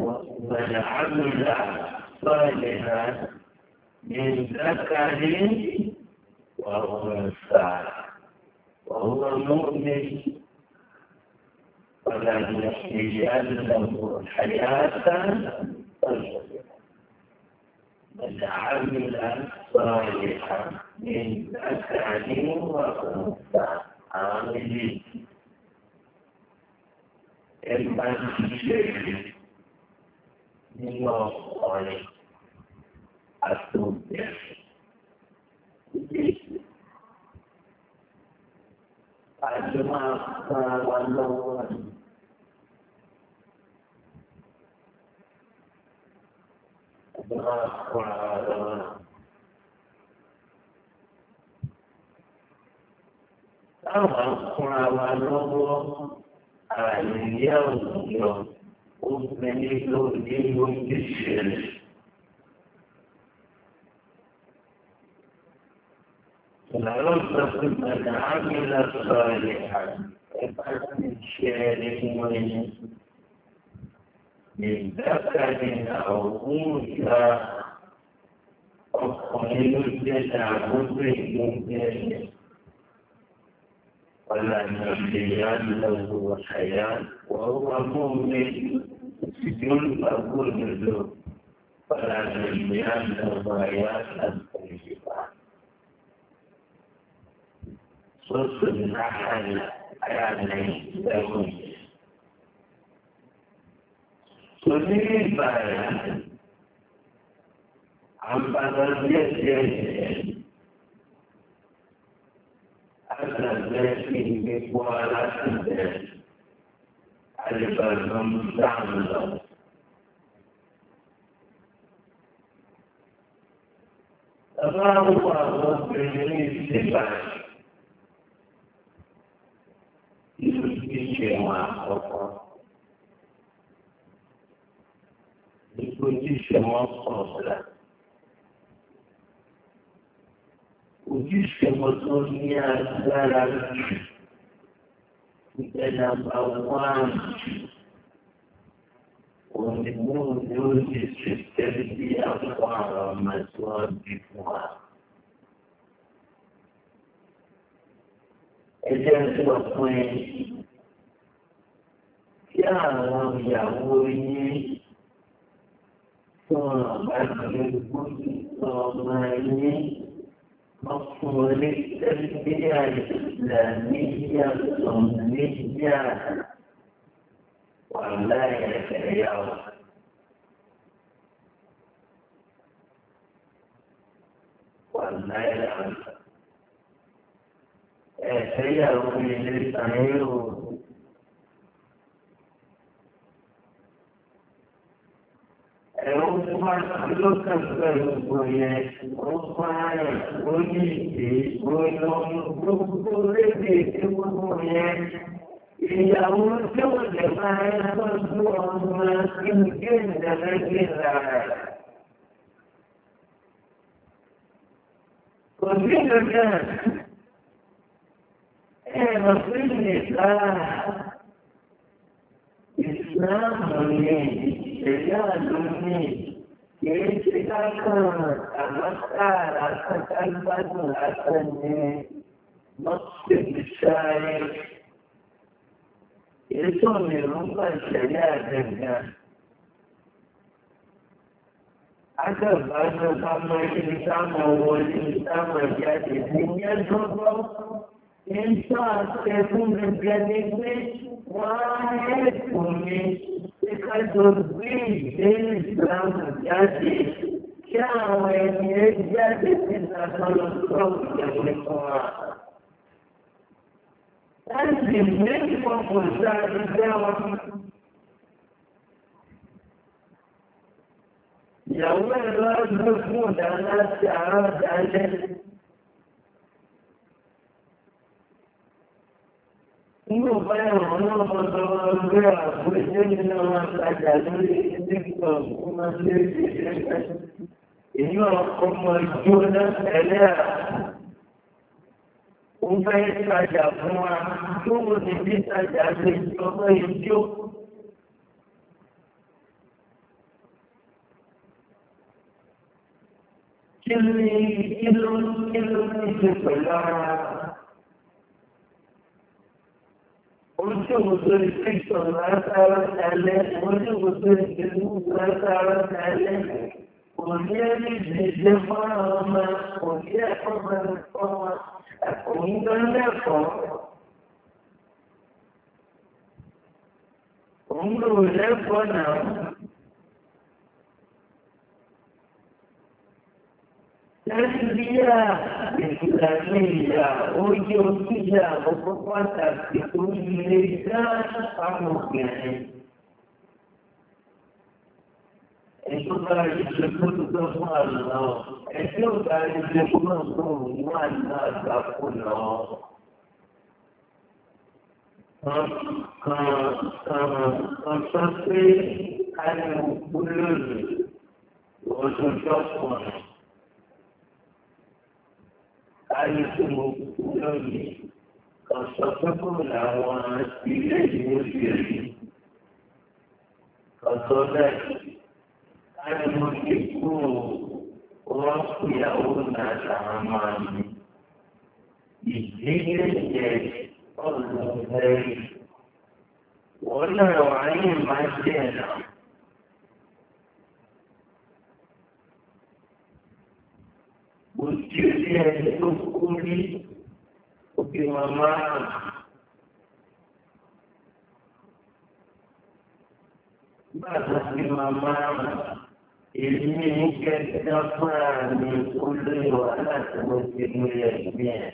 S1: صالحا من ذكر وهو انثى وهو مؤمن فلا نحيي له الحياه الطيبه بل عمل صالحا من ذكر وانثى عاملين المنزل من الصالح التوبه أجمع والله الله أعلم أخوى ونظر اليوم أبنيت لي بالشرك فلربك من عمل صالحا فقد من شارك ومن من ذكر أو أنثى أخرج ولا مؤمن له حياة وهو مؤمن ينفق النذور له حياة صرت من النحل آية 9 صليبا عن بلديته أنا ذاتي بقوالة الذات ألفا مستعملة أبارو أبارو بجريد سباش Isso que chama a proposta. gbogbo tí ìṣẹ̀wọ̀n sọ̀rọ̀ sílẹ̀. Ojúṣe wọn tó ní agbára jù ìgbẹ́ nàmbà wán ònìmúhùn ni ó lè ṣe tẹ́lẹ̀ bí àwọn àwọn ọmọ tí wọ́n bí fún wa. Ẹ jẹ́ sọ fún ẹ kí àwọn ìyàwó yín. مفهوم التربية الإسلامية السنية ولا يتعيون ولا يتعيون يتعيون un cuarto café un par, un índice, un grupo de gente mujer, y la última de maestros son más que entiende la guerra. Conmigo ya, en la felicidad, Islam, رجال يجدك أمسأل أسد ألبن أسني نصف الشايف يسوني رمضة شجاعتك aka ba su kamashi samun wani samun jaji sun yi dogo in sa sai kun gaggane ne wa ne kuma فتضيء الإسلام جاتي كاوين يجد تدخل الصوت والقرآن أنت من وقزاء الدواء يوم الرجل يكون على استعراض عليه Não vai não mandar porque não ataca ele então uma vez ele não como ajuda ela um vai atacar uma como de atacar ele como isso que ele que ele que ele se falar उनके मुद्दे से समाचार फैले उनके मुद्दे से समाचार फैले उनके भी जीवन उनके अपन उनके अपन उनको उन्हें पना Terbiya, Islamiyya, Uyumiyya, Ukuwata, Kutuliza, Pamukiyani. Eso para que se pueda tomar, no. Eso para que se pueda tomar, no. Constante al pueblo, o su software. àìsàn òkú lọ́yìn kọ̀sọ̀tọ́kọ̀ làwọn ilé ìwé bèrè kọ̀sọ̀ bẹ́ẹ̀ ánìmọ̀ kíkú wọ́n fìyàwó náà làwọn máa ń ìdílé yẹ ọ̀nà bẹ́ẹ̀ wọ́n náà wáyé máa jẹ́ náà. Would you yẹn ló kú rí òkè màmá bàtà sí màmá èyí ní kẹta fúnra mi kó lè wà láti mo ti mú ẹgbẹ́ ẹ̀.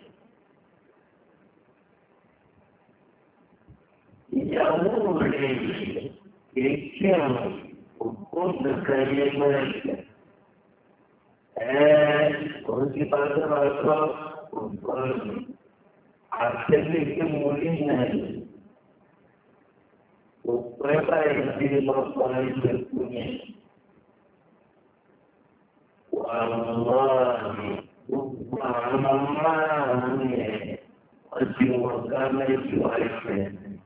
S1: ìyàwó rẹ̀ kì í kí ọ̀rọ̀ òkú nìkan yẹn mọ́ ẹgbẹ́. उनके पास आश्चर्य के मूल्य नहीं वो पैसा इसलिए लोग पढ़ाई करते हैं जीवका में सिफारिश में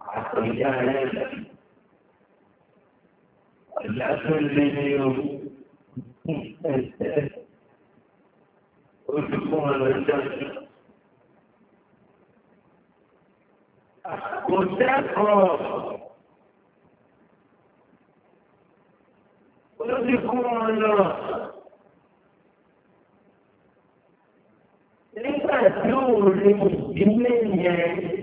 S1: आप समझा है अल्लाह से ले रही हूँ ويكون الرجال
S2: وتكفر
S1: ويكون لما تقول للمسلمين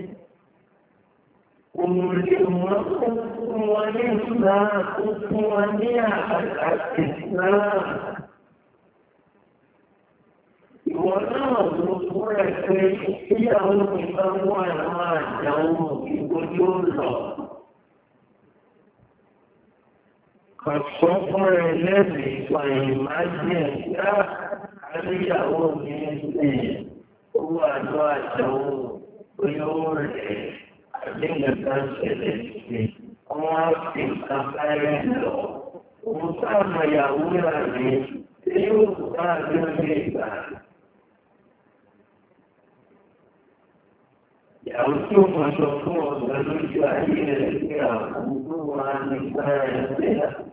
S1: ولأمكم ولأمكم ولأمكم rẹ̀. من الفاسدين وفي الأفعال وكما يقولني يبقى بالربا يوم شكور بالجاهل الكرام دون الفاسد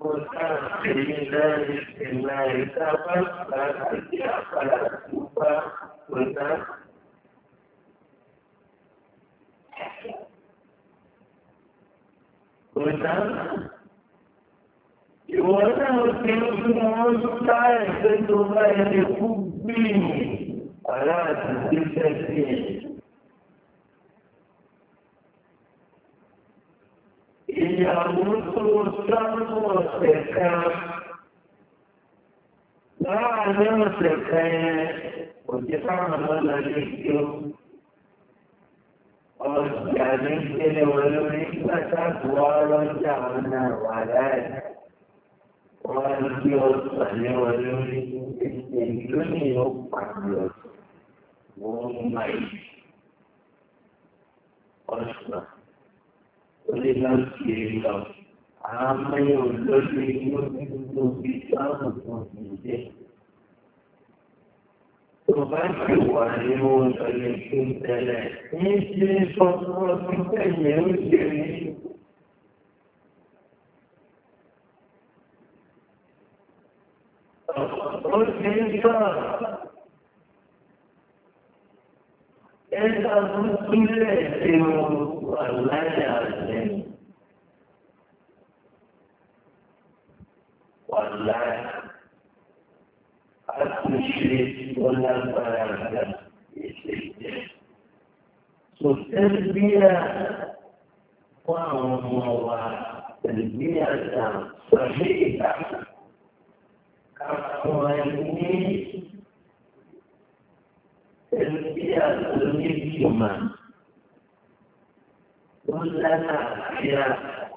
S1: وكان في ذلك ما
S2: يتفكر في أخلاقك
S1: وتفكر يوانا وكيف موجود عايزة ما يليقوب بي على تسلسل يموت الشمس والسكر لا علم السكر وكيف عمل الاسكر Organik ini melalui masa dua loncangan walau Walau melalui ini panggil Wumai Osma Ulinan kirilau Amai untuk itu bisa untuk وعلمون فلسطين ثلاث مثل فضل مكلم
S2: قلت الإنسان
S1: إذا كنت لازم ولا لازم والله حتى الشريك ولا التربية وهو تربية صحيحة كما يقول تربية الحكمة كلنا خيار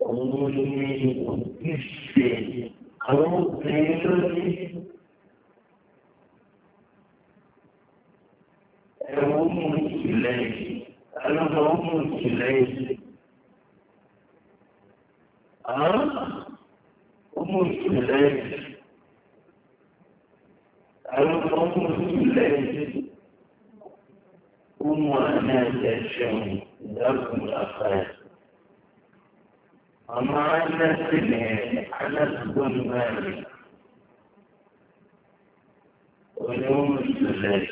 S1: ومؤمن بالشيء àwọn obìnrin lórí ẹ̀wọ̀n mú ìsìlẹ̀ yìí alọ́dọ̀ mú ìsìlẹ̀ yìí àwọn mú ìsìlẹ̀ yìí alọ́dọ̀ mú ìsìlẹ̀ yìí ó mú àná ẹ̀ṣẹ̀ ìdáàbòbò àfáà. أما أنس بن أنس بن مالك ونوم الثلاث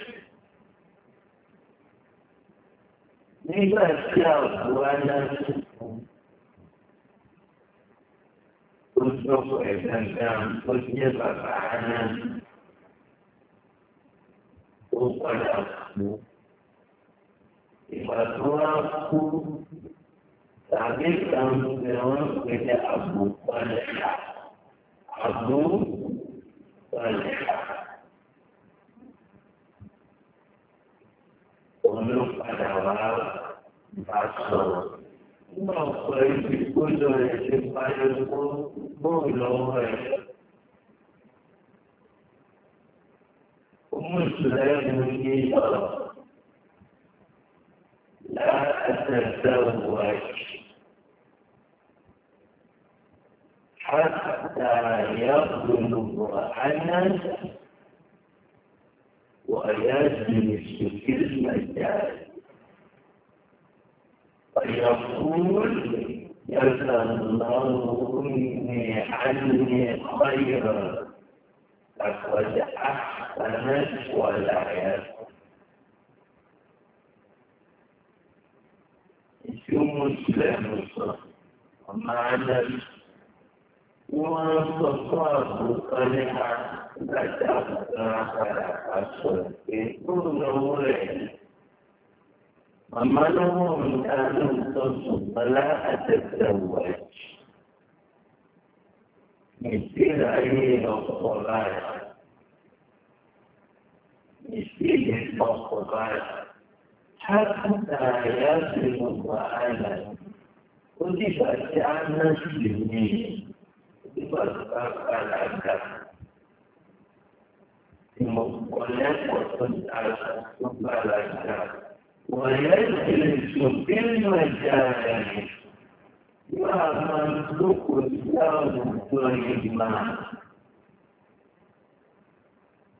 S1: نيجا السلام وأنا كنت أقول كان كنت يبقى معنا وقال أخوه يبقى تعبير كان يقولون إلى أبو والحق أبو والحق ومن قدوات بصر موقعي في كل يجب أن يكون بولوه ومسلم يجب لا أتزوج حتى يغلب عنا ويجلس في المجال ويقول جزا الله مني عني خيرا لقد أحسنت ولا شو مسلم صح ومعنى sesuatu terlihat dalam masyarakat itu boleh ومنهم كانوا تصب لا أتتزوج مثل أي الصلاة مثل الصلاة حتى يصل الضلال كتب عن مسلمين والباب العذاب ولا تقل على الحب العذاب ويجلس في المجالس ومملوك الإسلام الظلمة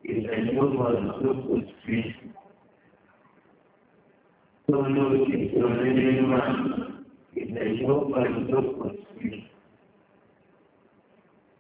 S1: إذا اليوم مملوك الفيل تملك الظلمة إذا اليوم مملوك الفيل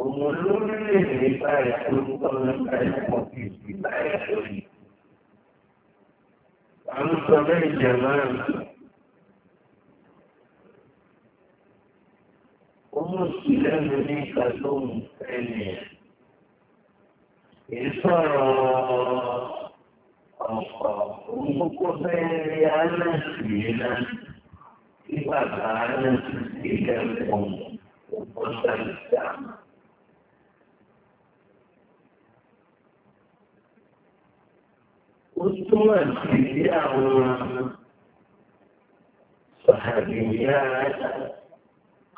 S1: ومرور الليل لا يحلم قبل لا يحلم فيه لا يحلم عن صدى الجمال ومشكلة مني قدوم ثانية إصرار ومكوثة ريانا سبيلا إبادة عنا سبيلا لهم وقصة السامة ó túmọ̀ sí àwọn sàhàbìyà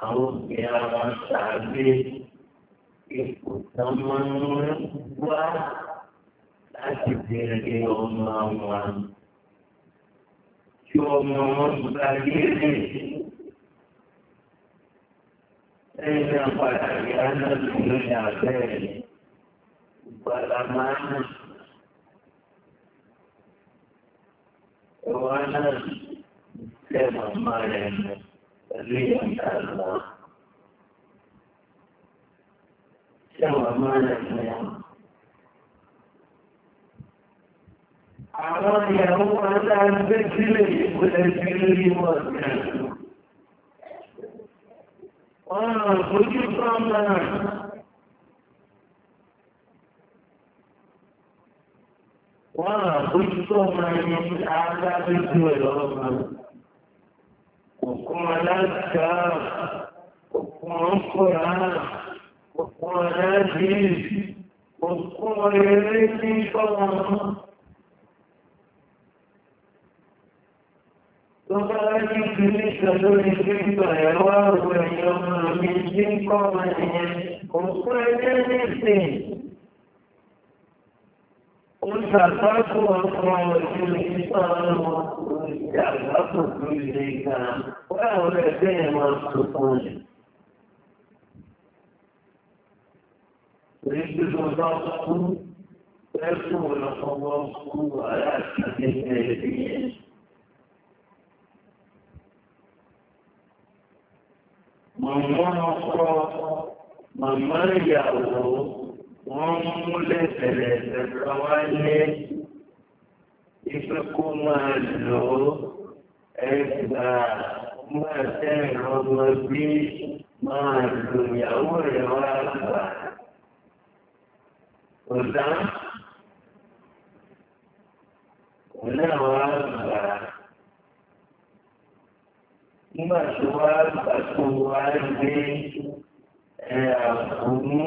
S1: àwọn obìnrin àwọn sàbẹ̀ ipò tán máa ń wá láti bèrè ọmọ wọn tí ọmọ wọn gba yéèrè. Ẹ̀yin náà padà yá náà lórí àbẹ́rẹ́. Ìgbàlá máa ń sọ. وانا كما ما ريم الله كما ما ان الله يا رب نعلم أعرض يوم أن بكلي بكلي وكلي وأنا خجي wọ́n àbójú tó máa yẹ kí agbábẹ́jú ẹ̀ lọ́wọ́ òkun aláǹkà òkun ọkọ̀rá òkun aláǹdí òkun eré ní bọ́wọ́n tó bá ní kí ní ìṣẹ̀lórí gbígbà ẹ̀rọ àrùn ẹ̀yọ́ ọmọ mi jí ń kọ́ ọmọ ẹ̀yẹn òkun ẹgbẹ́ ní ìsìn والفاتحة والخواتم وأخرى يعرفك إليك وأولى دائما السكون ويجب رضاكم ويرسم لقواكم على أسفل الجاهلية من منصر من من يعوض wọ́n múlẹ̀ tẹ̀lẹ̀ tẹ̀lẹ̀ wáyé ìfẹ́ kó máa lò ó ẹgbà máa tẹ́ ọmọ bí máa lò ìyàwó rẹ̀ wá gbà. Ọ̀dá ọ̀nà wá gbà. Nígbà tó wá gbà tó wá gbé ẹ̀ àbúrú.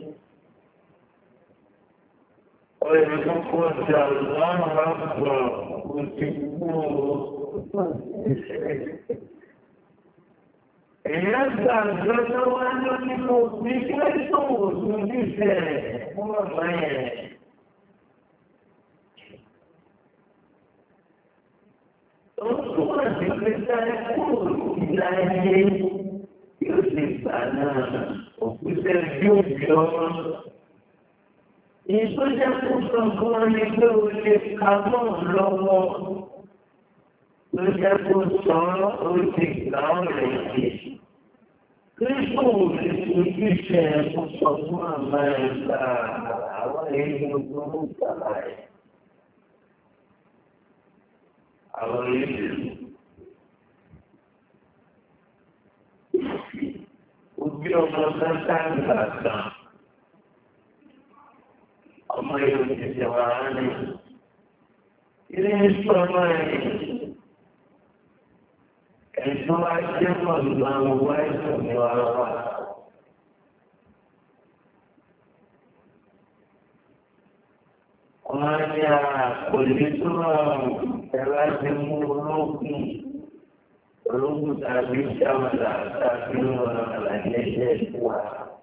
S1: ويقول الله أكبر Ìyáta ìjọ́jọ́ wá ló ní mo ní Ó bí ọmọ. ìsójà tó sọ̀gbọ́n ni pé o lè ka mọ́ lọ́wọ́ ló jẹ́ kó sọ ọ́ ó ti gbà ọ́ rẹ̀ jì. Kírísítò ò lè fojú ṣe ẹ̀kọ́ sọ fún àmà ẹ̀ka àwọn èèyàn gbogbo gbàgbà ẹ̀. Àwọn èèyàn òbí ọmọ sáńtà gbàgbà. أمير الجوان إليه السماء كيف أشم الله ويسمع وَمَا كُلِّ تَلَازِمُ الرُّكْنِ Lugu tadi sama tak, tapi orang lain sesuatu.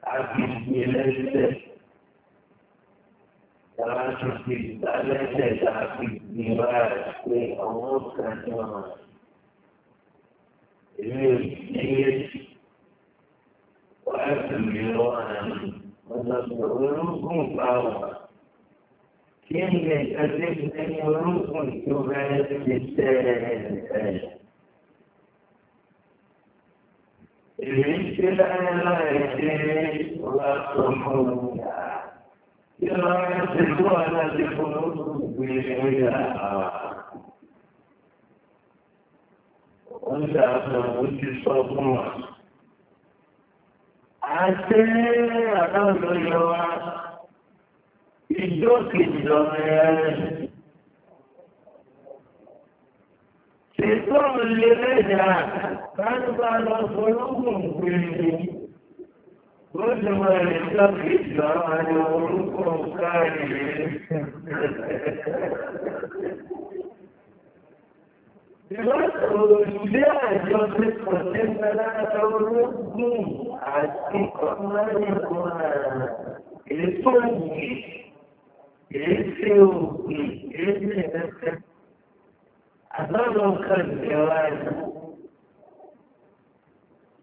S1: Habis dia sesuatu. كما تشكي التي تعطي الدماء في أمور كثيرة وأكملون ونصرهم فاوى كم الأسف أن يروكم تبات للسائل الرجل أنا لا يدري وأصحابه Wọ́n dáadọ́ ojú sọ fún wa. Àṣẹ àdáwọ̀ yọ wa, ìjọ́ kìí lọ rẹ̀. Ṣètò lè rẹ̀ dà, bá ń bá lọ fọ́lọ́gùn gbèrè. كلما يلتقي الجرى يوركم كاملين بمسؤول جاء جوزك وسلم لا تردوا عتيق مالكم الفوقي الفوقي الفوقي أظن الجواز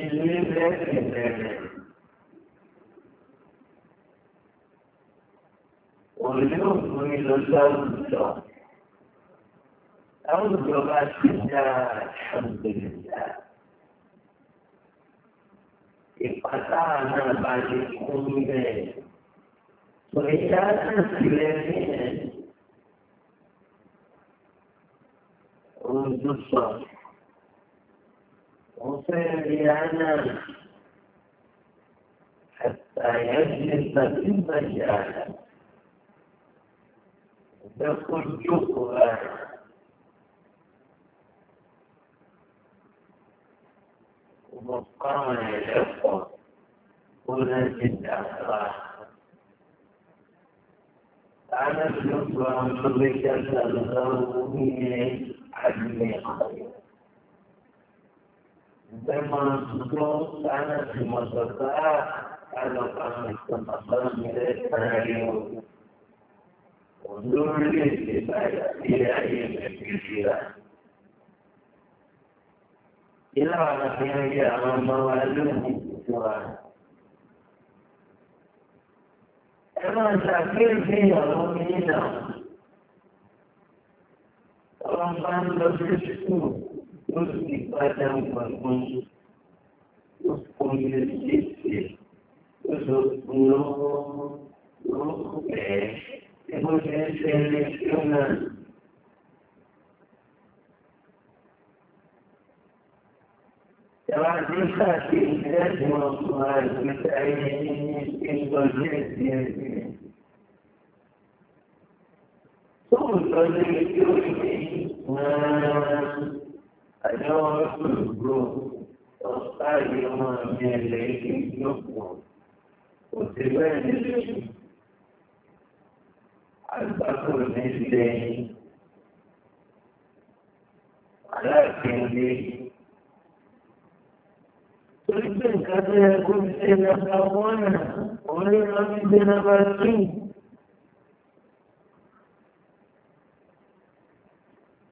S1: ويطول الأرض أرض راسنا الحمد لله انقطعنا بعد الحمد وإجازة سلامين منذ الصبح وصير لنا حتى يجلس في المجال دخل جوه ومقام الإخوة ونجد أخلاق أنا في الأسرة أمريكا الغربية عدمي قريب لما نقول أنا في مصدقاء على أن تنظر إليك اليوم انظر لما يأتي أيضا كثيرا إلى أن يعلم مواليه كثيرا كما تأكل في يومنا رمضان لو تشكوه os que param alguns, os conhecidos, os outros não, não é, é você selecionar. Ela diz assim, mesmo mais, mas aí tem você Somos dois, eu e né? أنه يخرج أصحاب يوم من الليل يكبر وتبان الاسم البقر مثلين ولكن لي تريد كذا يكون سنة أولا ولا يكون سنة بعدين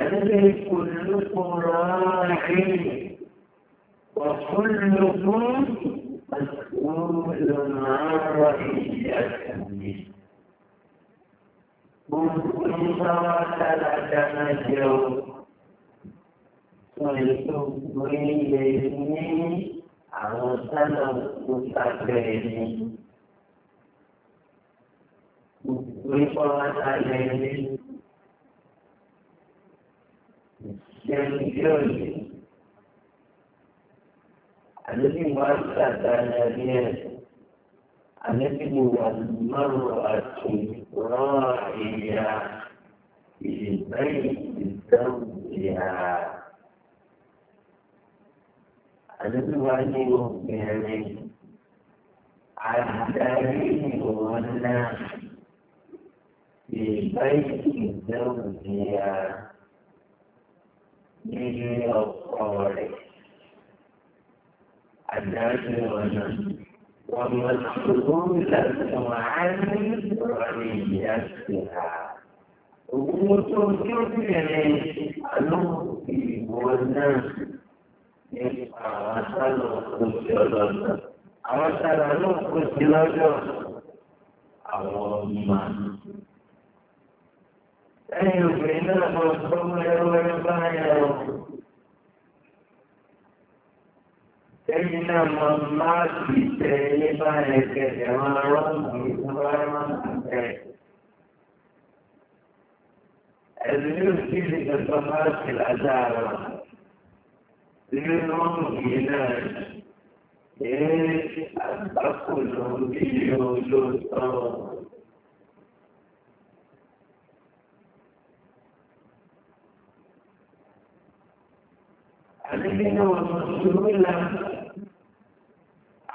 S1: الذي كلكم راعي وكلكم مسؤول عن رعيته Àwọn sálà ń sàgbẹ̀ ẹni. Gbogbo ìfọwọ́sálẹ̀ ẹni. يمشون الذي مؤسس على بيته الذي هو المرأة راعية في بيت زوجها الذي هو المؤمن الكريم والناس في بيت زوجها meaning of poverty. الناس ومسؤولة عن رعيتها وتنكرني أنوفي والناس أرسل خسرنا أرسل أنوف خسرنا أرسل أن يبينه ثم يبايعه إن من مات تيبا يكتما وانتما اليوم تيجي تتماسك العدالة اليوم هناك إيه أقول لهم بيجوا
S2: àdébínú mùsùlùmí la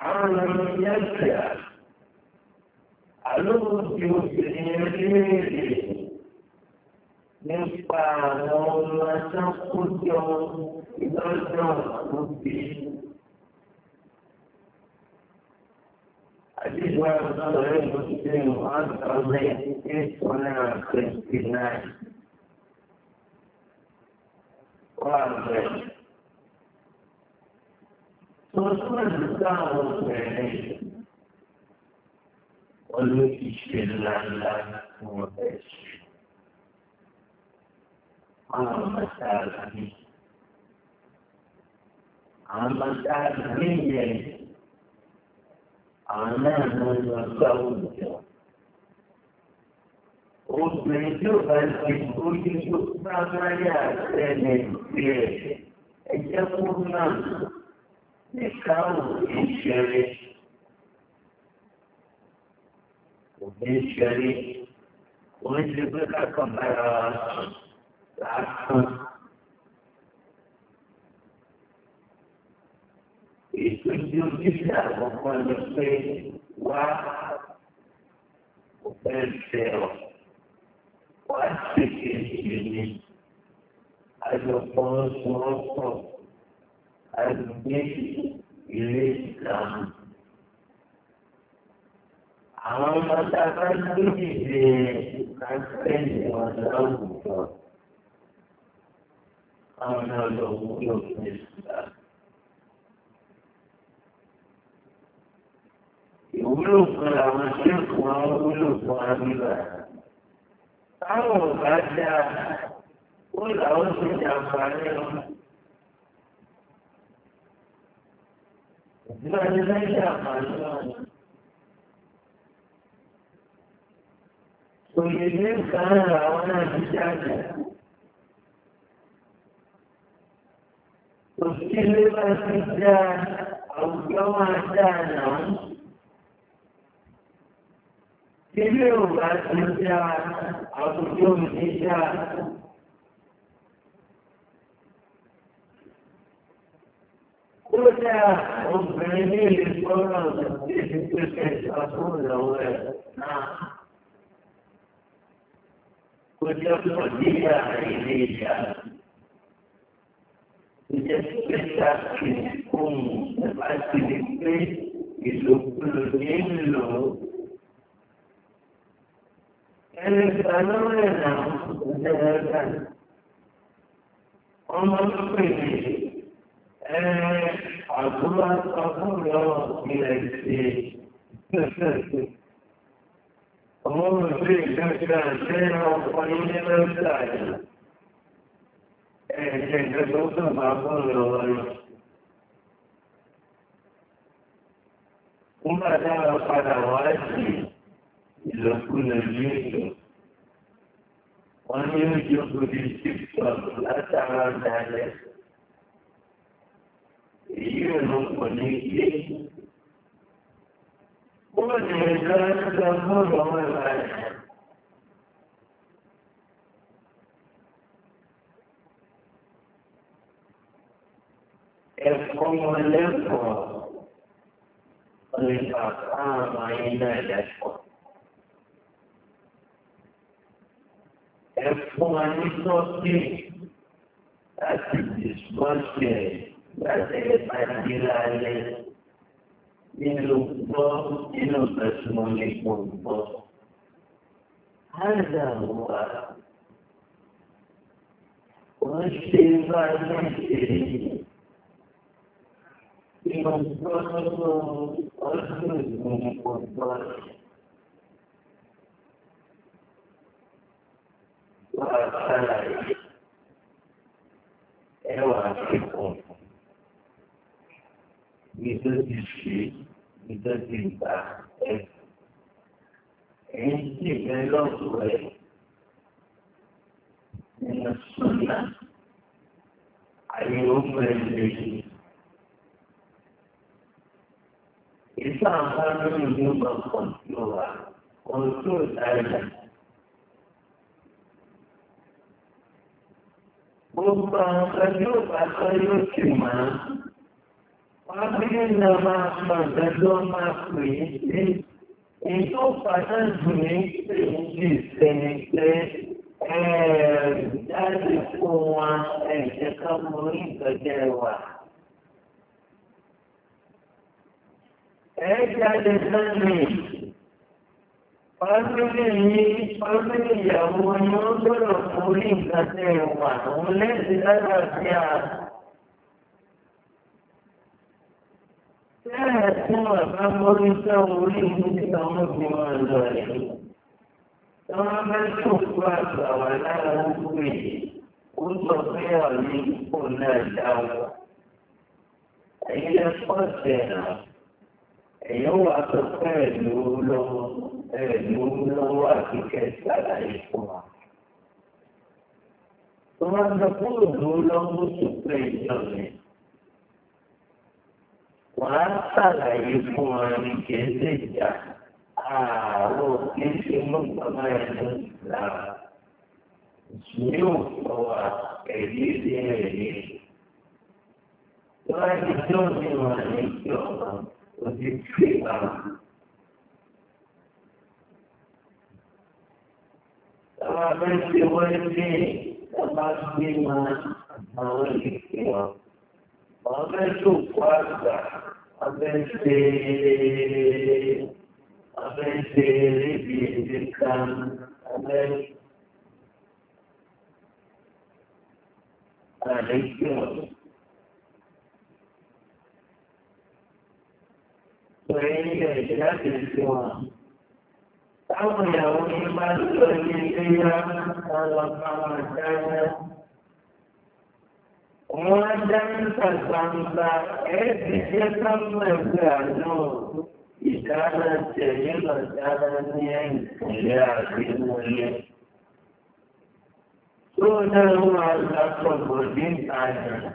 S1: àwọn ọmọdé àjà àlóhùn tí obìnrin ẹlẹ́rìí nípa àwọn ọmọ sákòjọ ìlọ́jọ́ àkókò. Àdébínú àbúrò mùsùlùmí one thousand eight hundred and twenty nine. One hundred. Tuan-tuan tahu saya Walau istilah-ilah Mudes Apa masalah ni Apa masalah ni Anak menyesal Os médios antigos, os trabalhadores, é de afornado. deixaram enxergue. O enxergue, onde fica a câmera, a Isso individual, quando fez o ar, o percebe. Quase que ele, aí eu posso, eu posso. àìlùgbéṣì ilé ìsìlámù. Àwọn ọmọ tá a bá gbé ìdè kánfẹ́ǹtì wọn láwùjọ. Àwọn náà lọ wúlò fún ìsìlámù. ìwúlò fún àwọn tí wọ́n wúlò fún àmìlà. Táwọn ọ̀gá dáa, ó làwọn tó jàǹfà nínú. لا لا لا ويجيب سنة وأنا بجانب وكل ما سجان أو جوا سانا كل ما سجان أو جوا سجان كنا مبرمين كنا تلك رسول الله كنت أتودي عينيك Menjadikan hukum sebagai diri hidup beliau. Ini fenomena menjadikan orang ini Abdullah kalkamıyor ilerisi. Onun bir köşeden şey olmayı demezlerdi. Erkekte olsa kalkamıyorlar. Uma delas para nós, loucura disso, quando eu digo يرزقني ولذلك ظهر الأشهر يفهم الأقوى والأقام إلى الأشهر يفهم الأقوى أتي بالسؤال Berarti saya dilalui. Ini lupa, ini lupa semua ini lupa. Ada buat. Wajibat masih. Imam Rasulullah Al-Quran Wa al-Quran Ewa Al-Quran mida de X, mida de bar, é. Entre melhor é na sunna, aí eu aprendi. Isso é uma forma de uma controlar, controlar. Gbogbo àwọn ọ̀gá yóò bá sọ yóò sì máa Wábílẹ̀ máa mọ̀ ìdájọ́ máa pè é sí. Ètò pàtàkì ní pè ń jì sẹ́ni pé jáde fún wa ẹ̀jẹ̀ ká mọ ìgbẹ́jẹ́ wa. Ẹ jáde sẹ́ni. Fábílẹ̀ yìí, fábílẹ̀ ìyàwó ni ó gbọ́dọ̀ forí ìgbàsẹ̀ wà. Òun lẹ́sìn lágbàtí àá. تأثر أمر توليه كمجمع ذلك فما الكفاة ولا أنتبه كنت خيرا من كل دعوة إلى قصنا أيوة تقالوا له وأتك السلام ثم تقول له سبحانه wàá ṣàlàyé fún wa ní kìí ṣe ìjà àárọ̀ kìí ṣe mọ́gbàmá ẹ̀dọ́ lára ìṣúlẹ̀ òkúta wa ẹ̀rí ìdí ẹ̀rí. wọ́n á ti tó ní wọn ní kí ọ̀nà òdì tú ìgbàlá. Àwọn abẹ́sẹ̀ wọlé ní ọba gbé máa àwọn ìpè wọn. Amém, guarda. Amém, Amém, Amém, Amém. Amém, Porém, já disse Táwọn ìyàwó ní máa ń sọ ní ilé yá, wọn lọ bá wọn dáná. Orang tersangka, eh dijadikan mengganggu. Istana jadi makanan yang kaya dimulai. Sudah Allah pembudin tanya.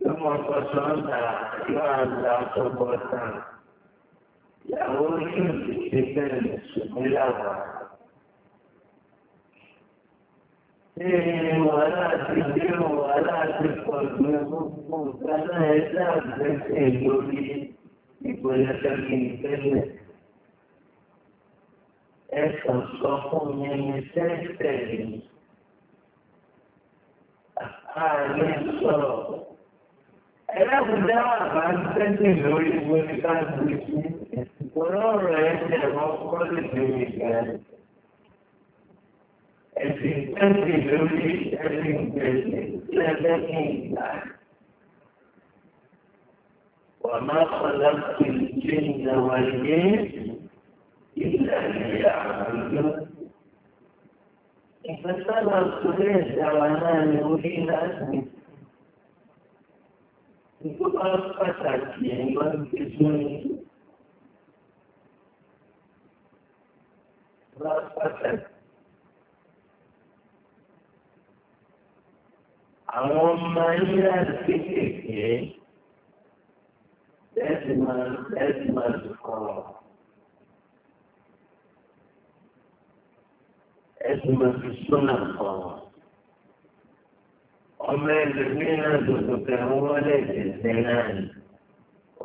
S1: Semua pesona, ya Allah pembuatan. Ya Allah, kita sembilan. ولا تزر ولا تقدموا فلا تعتزلوا بي يقول لك الإنسان أتصفون من سيسترين أعلم صلاة ألم دعا عن تنزل ويقول لك الإنسان ولو رأيت الوقت الدنيا وما خلقت الجن والإنس إلا ليعبدون فسبب الخليج دوانا يريد أسمي يبقى فتاة يعني وانتزوني فتاة àwọn ọmọ ilé kéékèèké ẹ̀sì máa ẹ̀sì máa dùkọ̀ ẹ̀sì máa fi súnà kọ̀ ọmọ ẹlòmíín náà dòdò kẹrin wọlé ìdèdè náà ni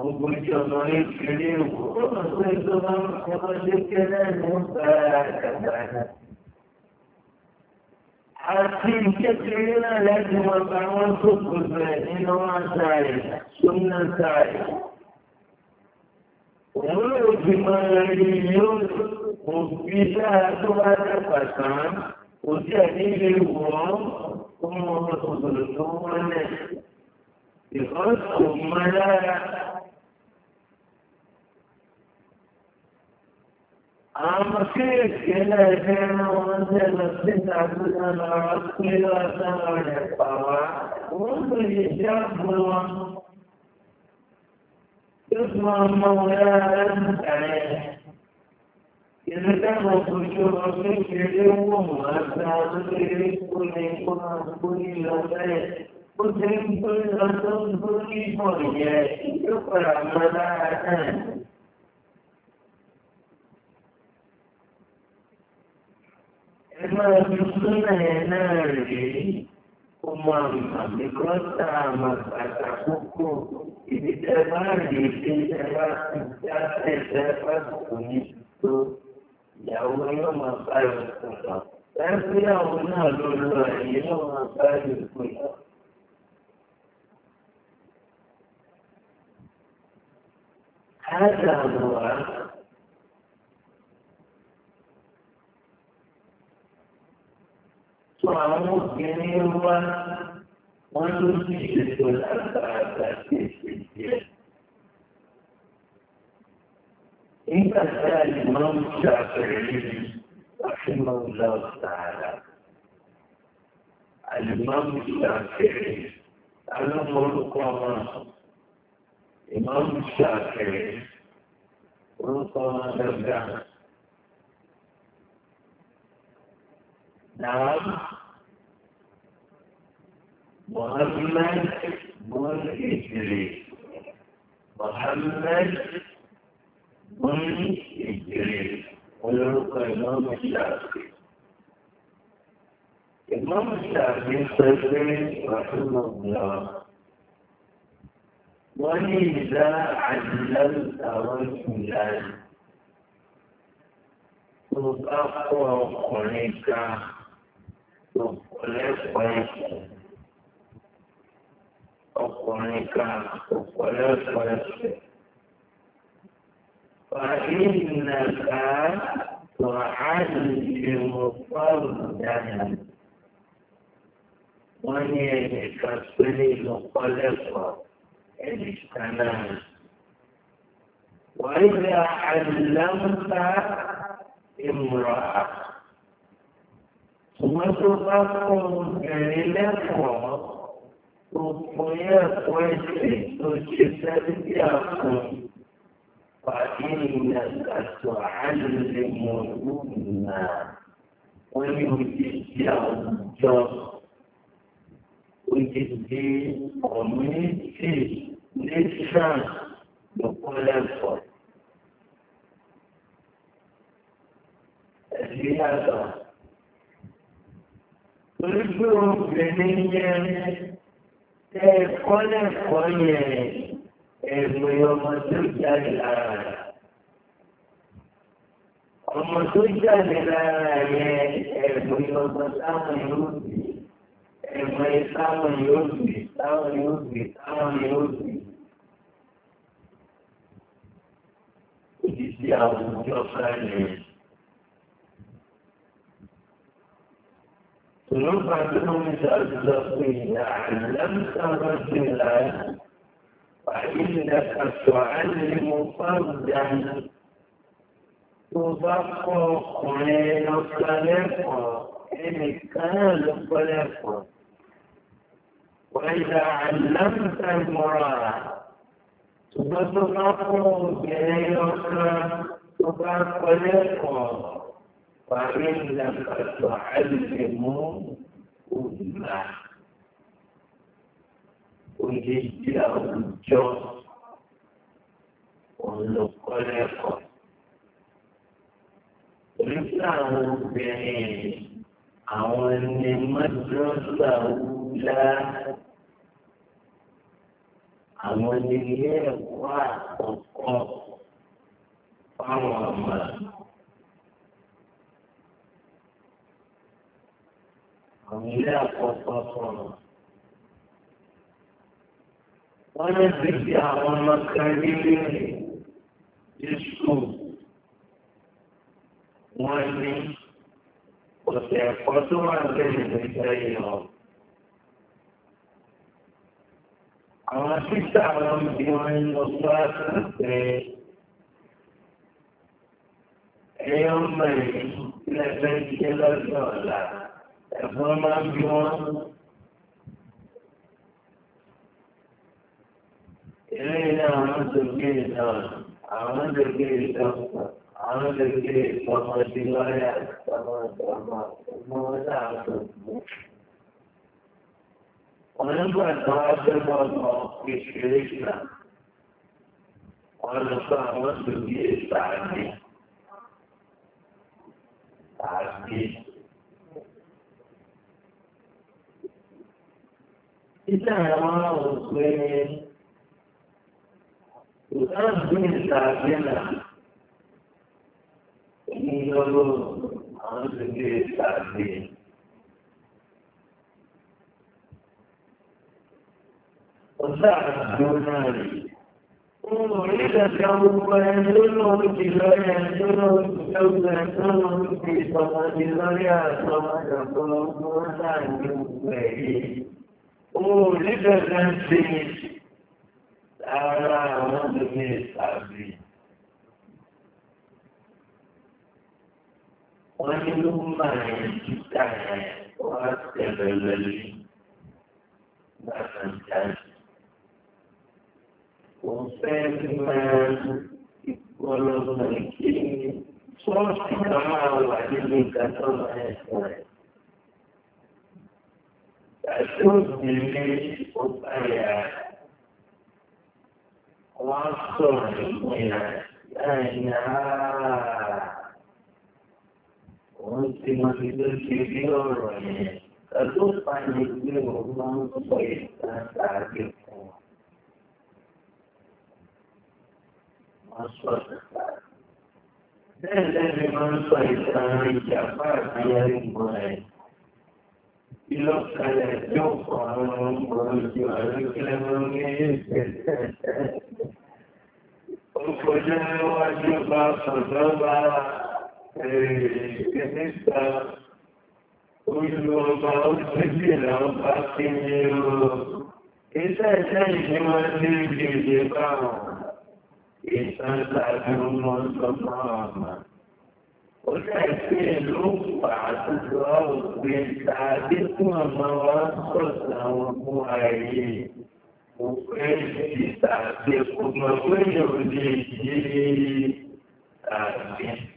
S1: ogójì ọmọ ìkìlẹ̀ ìwò ó lọ sí ìjọba ọmọdé kẹrin ní ọgbà kàkàkà. àti kékeré náà láti wọn bá wọn tó kò bẹ̀ nínú wọn sáré súnmọ́ sáré. Òun ló fi máa rí yóò òbí dáa tó bá dàgbà tán, kò sí ẹ̀ní lè wọ́n kó mọ ọmọ tòkòtò tó wọ́n lẹ̀. Ìfọ́sùn máa lára أما كيف كلا كان وأنزل السنة عبدنا العرب إلى سمع الطواع وانظر يشاب الله اسمع مولانا أنت عليه إذا كان الخشوع فيك اليوم أسعد إليك ويكون أخبري لولاك وتنبغي أن تنظري فرياتي يقرأ ملاعنا ẹ máa fi súnà ẹ náà rèé ó máa mà mí kọ́tà àmà àtàkókò ibi tẹ bá rèé pé tẹ bá ti dáṣẹ tẹ bá kò ní tó ìyàwó yóò máa bá yọ kù lọ. Ẹgbéyàwó náà ló lọ ẹ̀yìn yóò máa bá yọ kù lọ. هذا هو àwọn obìnrin wa wọ́n ló ní ètò lágbàdà tètè díẹ̀. Nígbà tí a lè máa ń ṣàpẹẹrẹ níbi láti máa ń lọ sàárà. A lè máa ń ṣàpẹẹrẹ alọ́mọ orúkọ wọn. Ìmáà ń ṣàpẹẹrẹ orúkọ wọn dáadáa. Nàá محمد بن إدريس محمد بن إدريس ولو إمام الشافعي إمام الشافعي صدري رحمه الله وإذا علمت رجلا تقوى قلبك تقلق قلبك ọkùnrin kan فإنك تعلم فردا ونيك تسليم قلقا وإذا علمت امرأة وتفكر لكم ويا ويسري تجسدي أخي فإنك تعلمهن ويجزي الجر ويجزي قميصي لسان يقول الفرد زيادة تجرب بنيه ẹ̀kọ́ lẹ́kọ́ yẹn ẹ̀mí ọmọ tó jáde lára rẹ̀. ọmọ tó jáde lára yẹn ẹ̀mí ọmọ táwọn yóò bì ẹ̀mí táwọn yóò bì táwọn yóò bì táwọn yóò bì. Ìdí sí àwùjọ fẹ́ẹ́ nìyẹn. في تزقي علمت رجلا وإنك تعلم فردا تزق قرين الطريق إن كان الطريق وإذا علمت المرأة تزق قرين الطريق فإن لم تعلموا أمة وجدت أوجه ونقلق Nígbà àwọn obìnrin àwọn ẹni mọ́tòlọ́sà wúlá àwọn ilé ẹ̀kọ́ àkọ́kọ́ fáwọn ọmọ. وميلاد وصاصون وانا فيها ومكانين يسكو واني وسيقصوا عن ذلك أما تستعلم بأن الصلاة تنتهي يومين لديك الأجولة ẹ̀fọn máa ń bí wọn. eléyìí náà àwọn dògé náà àwọn dògé ìtọ́kùn àwọn dògé ìtọ́mọdé lọ́yà ìtọ́mọdọ́mọ ọmọ náà dògé. Onígbà tó wá dé bọ́ọ̀lù ìṣeré ìgbà, wọ́n lọ sọ àwọn dògé ìtàgé. Tàgé. iṣẹ́ àwọn òpin ìtọ́jú ìṣàgbéná ìyọ́lò àwọn ìṣègbè ìṣàgbé. Ọ̀sá àgbọ̀n náà rí. Orílẹ̀ èdè ọgbọ̀n ẹni ló ń ti lọ́rẹ̀ ẹni ló ń ti lọ́rẹ̀ ẹni ló ń ti ìsọmọdé lọ́rẹ̀ àtọmọdé ọ̀pọ̀lọpọ̀ náà ní gbogbo ẹ̀yẹ. orí bẹ̀rẹ̀ ń ṣe ara àwọn ọmọdé tàbí wọ́n ní ló máa ń jíta wá tẹ̀lẹ̀ lẹ́lẹ́ bàtà jáde. Kò fẹ́ máa ìpolówó ìkéyìn sọ́ọ̀sì kan máa wà nínú ìdájọ́ máa ń sọ̀rọ̀. أشد إليه البيان وأصلح أيها Última vida que viu, a tua pai me deu não foi tratada com a sua tratada. Desde que não foi tratada, a parte é mãe. Ìsáàtà àti ọmọ ọ̀sán máa máa. Olha quatro jogos pensados com a maior situação com aí. O que está como eu disse, sabe?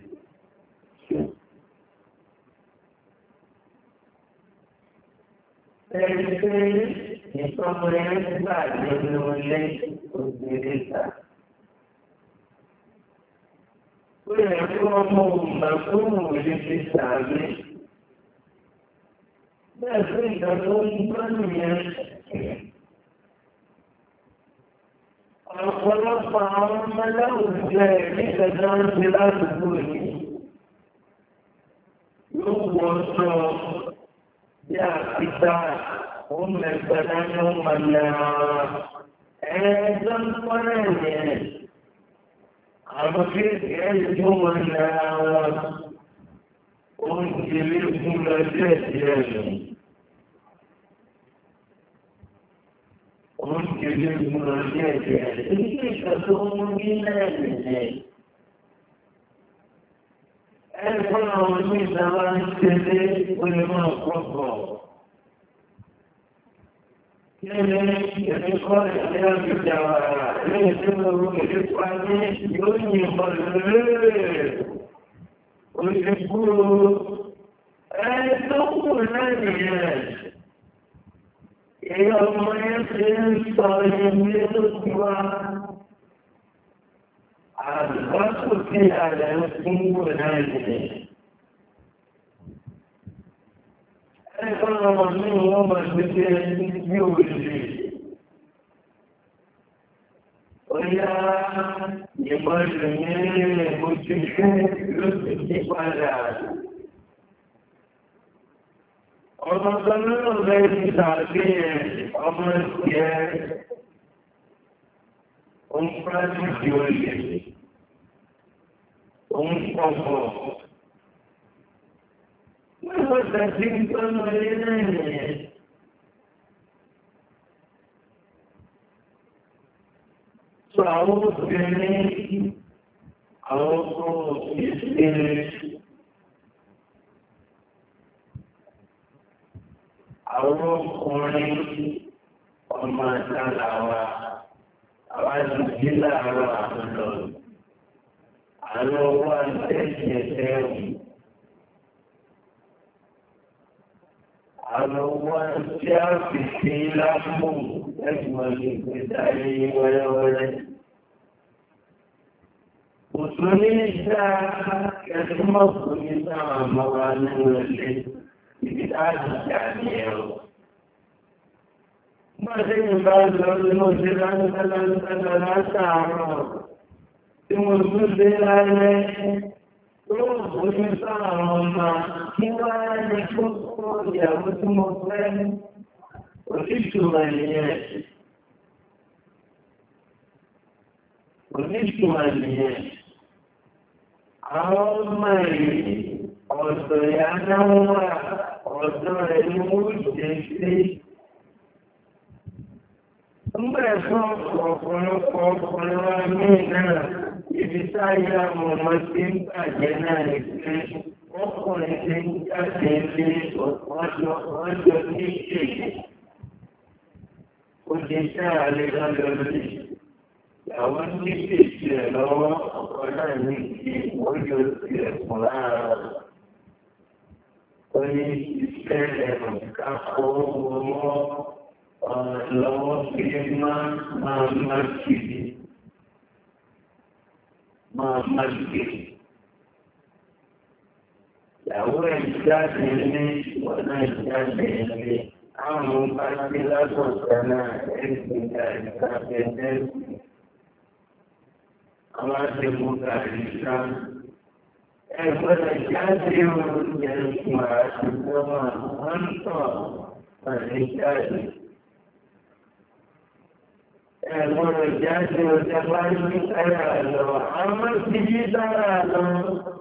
S1: Ele então, tá é verdade, eu não eu os direitos. ó yẹ kí wọ́n mọ òmà fún òye ti sàmì. Bẹ́ẹ̀ fún ìdàgbọ́ ń bá nìyẹn. Ọ̀pọ̀lọpọ̀ àwọn ọmọ láwùjọ ẹ̀mí ìgbàjọ́ ń ṣe ládùúgbò yìí. Yóò wọ sọ bí àpìta òun ẹgbẹ̀rún ọmọ náà. Ẹ̀ẹ́dọ́gbọ́n ẹ̀yẹn. عرفت أيهم الناس أنزلهم الجهل أنزلهم الجهل إيش أتوم من الجهل أنا أقول لك أنا أقول لك الرسل في على نفسه ونازله ẹgbẹ́rún ní wọ́n máa ṣe jẹ́ ní òṣèré. Ọ̀yá ìmọ̀ ìrìnlẹ̀ ojú fẹ́ ló ti ti padà. Ọmọ ọlọ́rọ̀ rẹ̀ ti tàbí ẹ̀ ọmọ ìṣẹ́ òun fúrájú di òṣèré. Òun pọ̀pọ̀ ويوسفين كل مرينين صعود جميل أو صوت يسير أو قوي وما تلاوى أو أنزل على أهل أو أنتج يسير الأول جاء في السلاح أجمل البداية والأولى وسنيسا كتمص نساء مرانا والشيء بداية التعبير مثل بعض المسلمين ثلاثة ثلاثة عمر المسلمين ثلاثة روح نساء مرانا كما يكون يعبد مطلقا وفي شماليات وفي شماليات عمري وصيانا وصيانا مجدسي ثم يصف وخلق وخلق منا إذ سايا ممثل أجنان الكشف وخلق كثير شيء والجسال غلبني لأولي تشترى وخلقني وجدت مرار ويستلم كحوه لو كلمة ما مركز ما laburan shafi ne wannan shafi ne amun ƙarfi za su sana irin da shafi ne amma sai muka rika ɗan wannan shafi wanda masu zama hanta wannan shafi ɗan wannan shafi wanda ba shi tsara da wa'amma su yi tsara da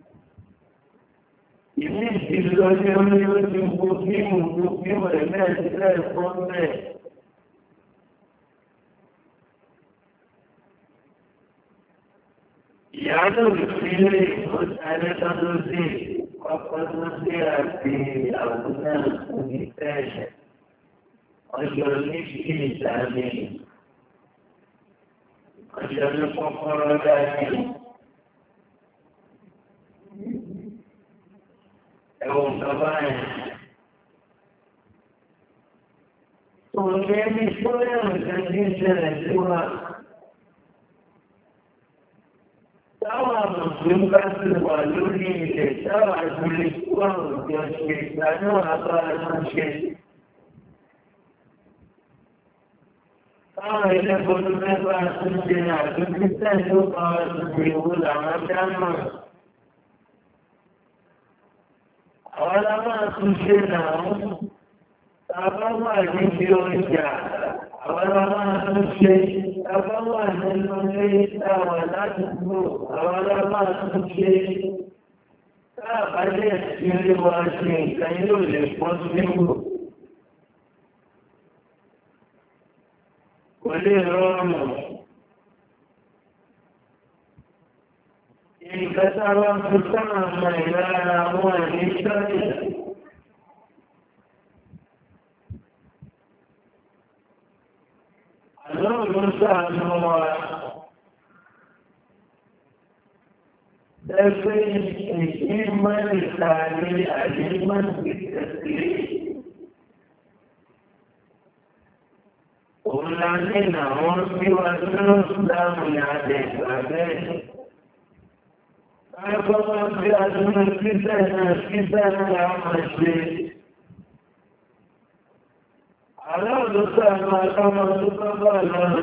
S1: إليه الذي يجب مسلم مسلم الناس لا يصلي يعلم فيه مسألة الرسي وقد نصير في أبناء النتاجة أجرني في تعليم أجرني فقر ذاتي এবং সবাই তোমাকে বিষয়ে Estava no caso do barulho, estava publicando que os cristãos adoram Jesus. Estava ele quando me faz funcionar, os cristãos adoram Jesus, a matar a mão. ọ̀rọ̀ máa tún ṣe náà tàbá wà ní bí ọjà àwọn máa tún ṣe tàbá wà nínú ilé tàwà ládùúgbò àwọn máa tún ṣe káàbálẹ̀ ilé wa ṣe nǹkan yóò lè pọ́ síwò kò lè rọrùn كسر السماء إلى أموال
S2: اللون سهل هو
S1: تسليم إما للتعليل علما بالتسليم والذين هم في وزن الإسلام عليه Yapamam yazını güzel, güzel yapmıştı. على لسان ما كما تقبلني هذا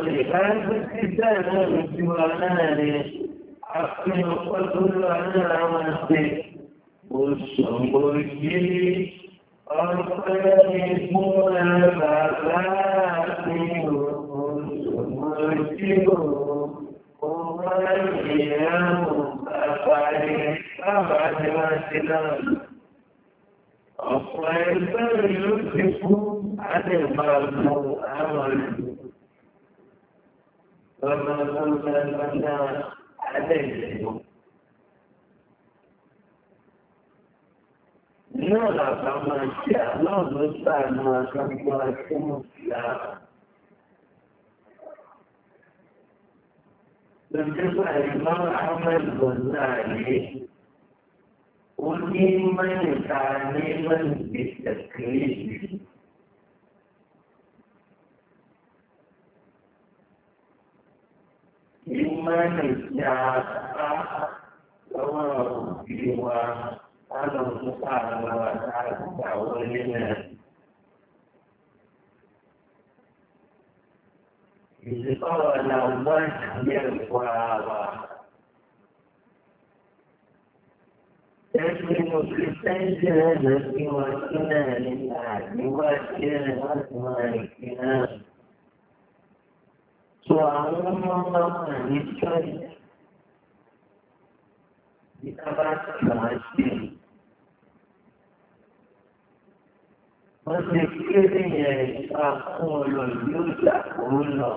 S1: الكتاب الجواناني أحسن قدر على نفسي والشمر الجلي أرسلني مولا بعثاتي والشمر الجلي وما القيام أخواني أبعد واسلام ويقدر يمسكهم عن المرض أمل وما ظل المساء عليهم نرى كما شاء الله سبحانه وتعالى لم تسمع الإمام أحمد الغزالي ونيما تعليما بالتكليف إيمان الشعب رواه في وعلى الله تعالى وتعالى ولنا ìsìnkọ́ ọ̀nà ọgbọ́n ìṣàlẹ̀ ìfọ́ra wa. Ẹgbẹ́ mo fi sẹ́ńtì rẹ̀ lọ sí wọn sí náà nígbà àdúgbò sí rẹ̀ láti máa rìn náà. Sọ àwọn ọmọ ọmọ wà ní ṣọ́ọ̀ṣì. Ìta bá ti kàn án sí i. wọ́n ti kéré yẹn ìfà fún A ọjà òun lọ.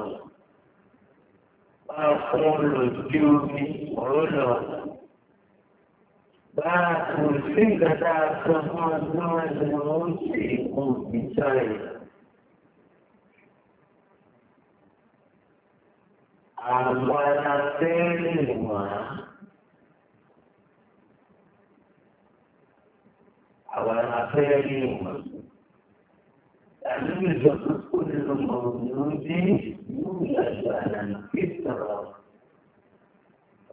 S1: Bá fún olóògbé omi òun lọ. Bá kò sí ìgbàdá sọ fún ọdún ẹ̀sìn wọn sì kún ìjà rẹ̀. Àwọn alábẹ́rẹ́ الذي تقول الموجود يوجد لنا في التراب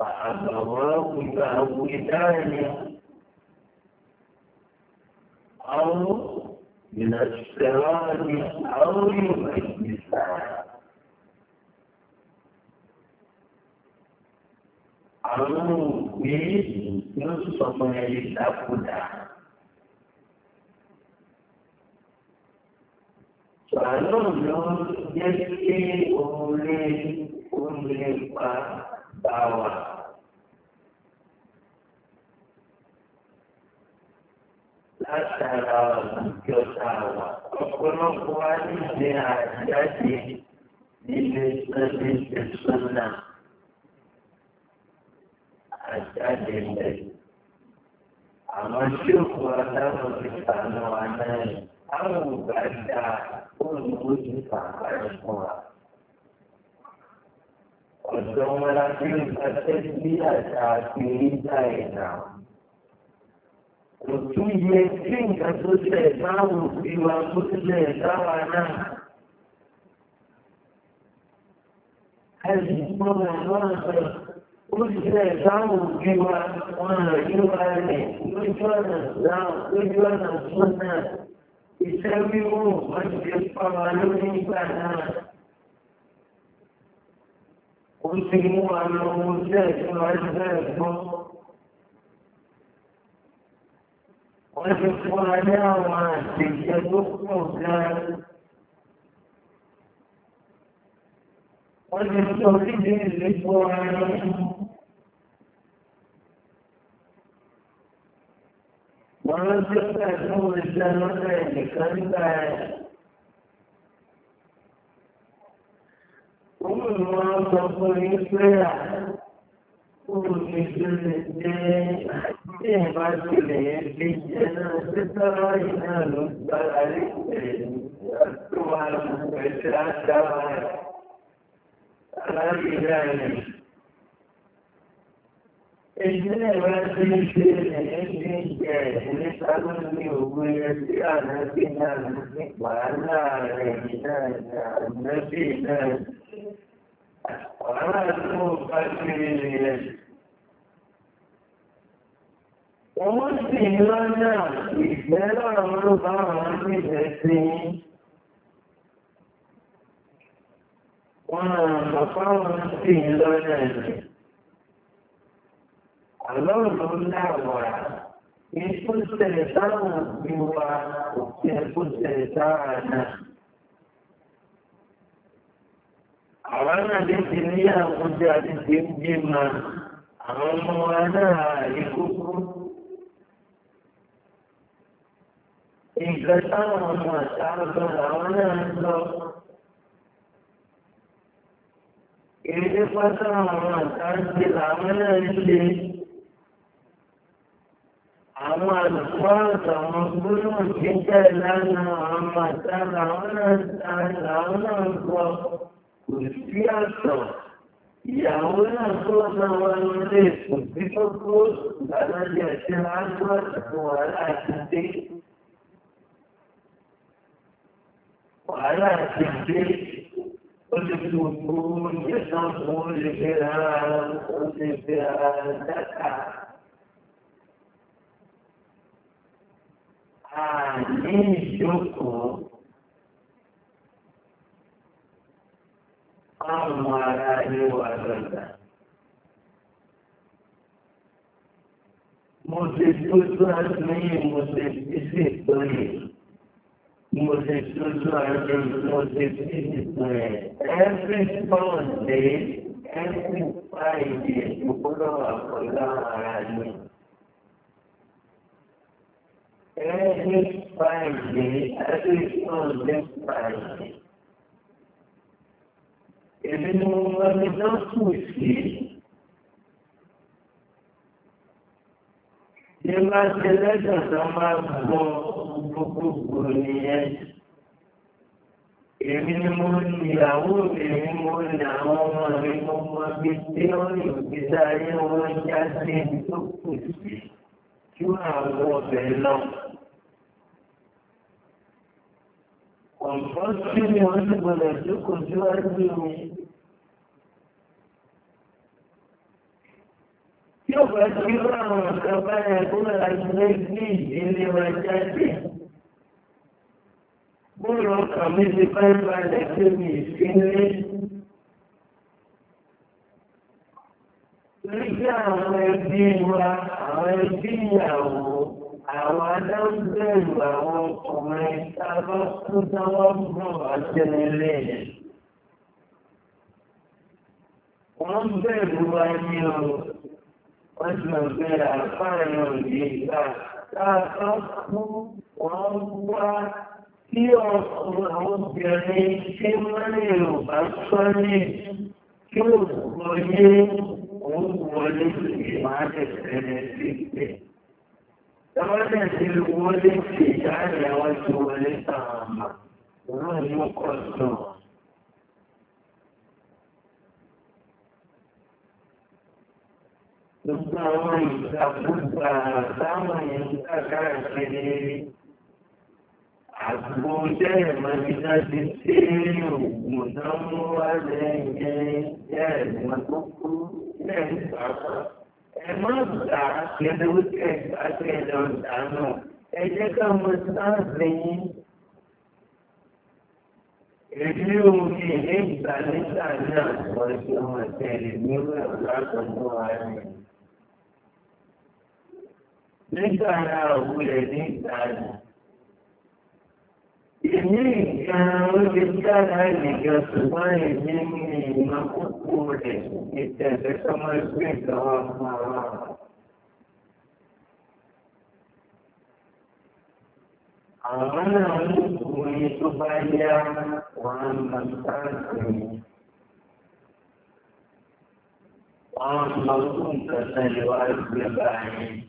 S1: فحفظاه تهويدان أو من السلام أو يمجسان أو بيد نصف من الأفدان Balonyon yake ole ole pa bawa. Látara ìjọtawa, ọ̀pọ̀lọpọ̀ alíṣẹ́ àjáde nílé sẹ́lẹ̀ṣẹ̀ sọ́nà àjáde lẹ̀. Àwọn tí ó kọ́ aláwọ̀ ìfànà àná àwọn ògbà dáa. ومن وجه فعلا وثم لكن التسبيح في دائنا وتيجين كتسلي داو في وتسلي داوانا هل يكون هذا وتسلي داو في وتسلي داوانا يوانا يوانا داو يوانا سنة اتبعوا مسجد قوانين فلا قسموا انه سيعذبكم وإخوانا وعزيزكم لا وجدت به الإخوان ومن سكت اسمه الإسلام مثلا لكذب ومن ما تقول يصلح ومن يجلد به باطل يجلد ستراينا نصدر عليك أكتب على مستشفى الدواء لا إله إلا الله Wọ́n sì lọ́nà ìfẹ́ lọ́rọ̀ bá wọn ní ẹ̀sìn. Wọ́n àwọn ọ̀pọ̀ wọn sì lọ́nà ìfẹ́. Hablamos de agua. Y fue interesada, mi guá, usted fue interesada. Ahora yo tenía un día de tiempo Ahora no era el cupo. Y yo estaba matando ahora no. Y después estaba matando la hora de àwọn àlùfọ́ àtàwọn gbólóhùn tí ń tẹ̀ lánàá àwọn àtàrà àwọn náà ń gbọ́ kò sí àtọ̀ ìyàwó náà tó náà wá lórí ètò tí tó kó ìgbàlódé ẹ̀sẹ̀ máa ń gbọ́ àtàkùn wàhálà àti dé. wàhálà àti dé ó ti fi gbogbo ìgbésàn fún olùfẹ́ ara olùfẹ́ ara dákàá. àní ìjókòó ọmọ ara ilé wa lọ́la. Mo ṣe tójú àtúnyìn, mo ṣe fífi ìtòyè. Mo ṣe tójú àtúnyìn, mo ṣe fífi ìtòyè. Every Sunday, every Friday, mo gbọ́dọ̀ wà pọ̀ láwọn ara ilé. Every Friday, every Sunday Friday. Ele não vai me dar sushi. Ele vai ser legal, mas bom, um pouco bonito. èmi ni mo ní ìyàwó èmi mo ní àwọn ọmọ mi mo mọ ibi tí ó ní òkúta ayé wọn já sí ibi tó kù sí. tí ó náà wọ́ ọ̀bẹ̀ náà. Ọ̀pọ̀ tí ni wọ́n ti gbọ́dọ̀ tí kò tí wá gbé mi. Tí ó bá ti rọ àwọn ọ̀gá báyà tó náà gbé ní ìdílé wa jáde. Bóòlù ọkàn mi ti bá ń balẹ̀ sí mi ìsinlé. lórí àwọn ẹbí wa àwọn ẹbí ìyàwó àwọn adágbẹ̀rù àwọn ọkùnrin tábà tó dáwọ́ bọ̀ àtẹnilẹ̀. wọ́n bẹ̀rù wa ní o wọ́n ti mọ̀ pé àfáàrin òde ìgbà tábà kú wọ́n wá tí ọkùnrin àwọn obìnrin tí wọ́n lè rò bá sọ́ni kí òkú ọyẹ́ ولد إعادة تنسيته ولد الولد جعل وجه ولد عامة ويقصر Então, a culpa da mãe está caracterizada àbújẹ́ ìmọ̀lẹ́dá ti ṣe òògùn náà mú wá lẹ́yìn ẹ̀ẹ́dẹ̀gbọ́n tó kú lẹ́yìn pàpà. ẹ má gbà lẹ́dọ̀wọ́ tí ẹ gbà tí ẹ lọ dà náà ẹ jẹ́ ká mọ sáàsì yín. èmi ò ní ilé ìgbà nígbà náà sọ pé wọn tẹ̀lé níwẹ̀ látọ̀dọ̀ wa ni. nígbà náà wúlẹ̀ nígbà náà. ini kalau kita hanya semua ini mampu boleh kita bersama sama. Amanah itu banyak orang mengatakan orang mampu tersenyum berbahaya.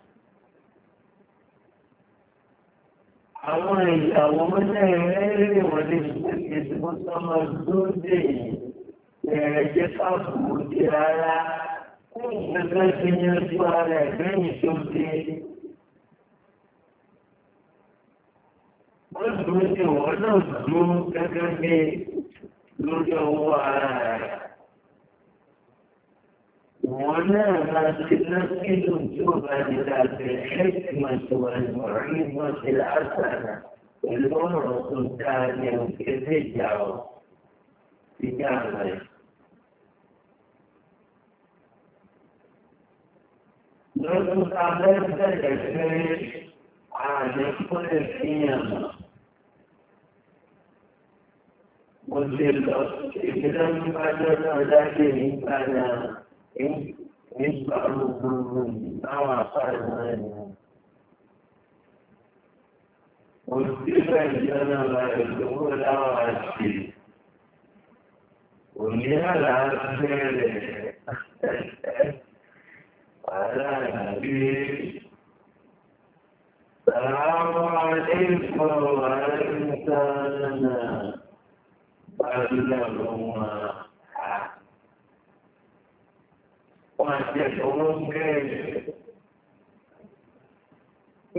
S1: àwọn ìyàwó lẹ́ẹ̀rẹ́ wọlé ìgbésìmọ́ sọmọ lóde ẹ̀rẹ̀ jẹ́ fáàkù ti rárá kún ìgbẹ́gbẹ́ ti ní ojú ara ẹ̀gbẹ́yìn tó dé wọ́n dúró ní wọ́n náà dúró gẹ́gẹ́ bí lórí ọwọ́ ara rẹ̀ ولا ما تنفذ توبة ذات الحكمة والمعيبة الحسنة الأمر ثانيا كتجعل في جامعه لو تعلمت الشيء عن كل القيامة وفي الأصل إذا ما كان ذلك يجعل الظلم على صاحبه والكفى الجنة يدخل على الشيء ولهذا الخير على نبيه السلام عليكم وعليكم السلام máa jẹ owó gẹ́ẹ̀lì.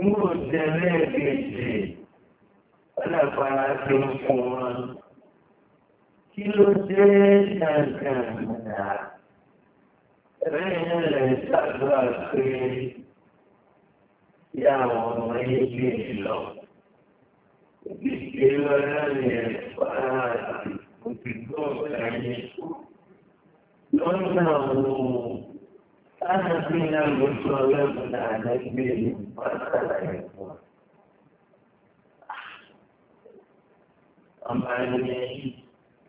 S1: Mú jẹ lẹ́ẹ̀kejì, ọlọ́pàá ti ń fún wọn. Kí ló dé ṣàǹkàǹkà? Lẹ́yìn rẹ̀ ṣàdúrà pé yá àwọn ọmọ yìí gbé lọ. Ìgbésẹ̀ lọ́lá ni ẹ̀fọ́ àti òtítọ́ ọ̀gá yìí. Lọ́nà àwọn أنا فينا المسلمنا نجمي أما أنني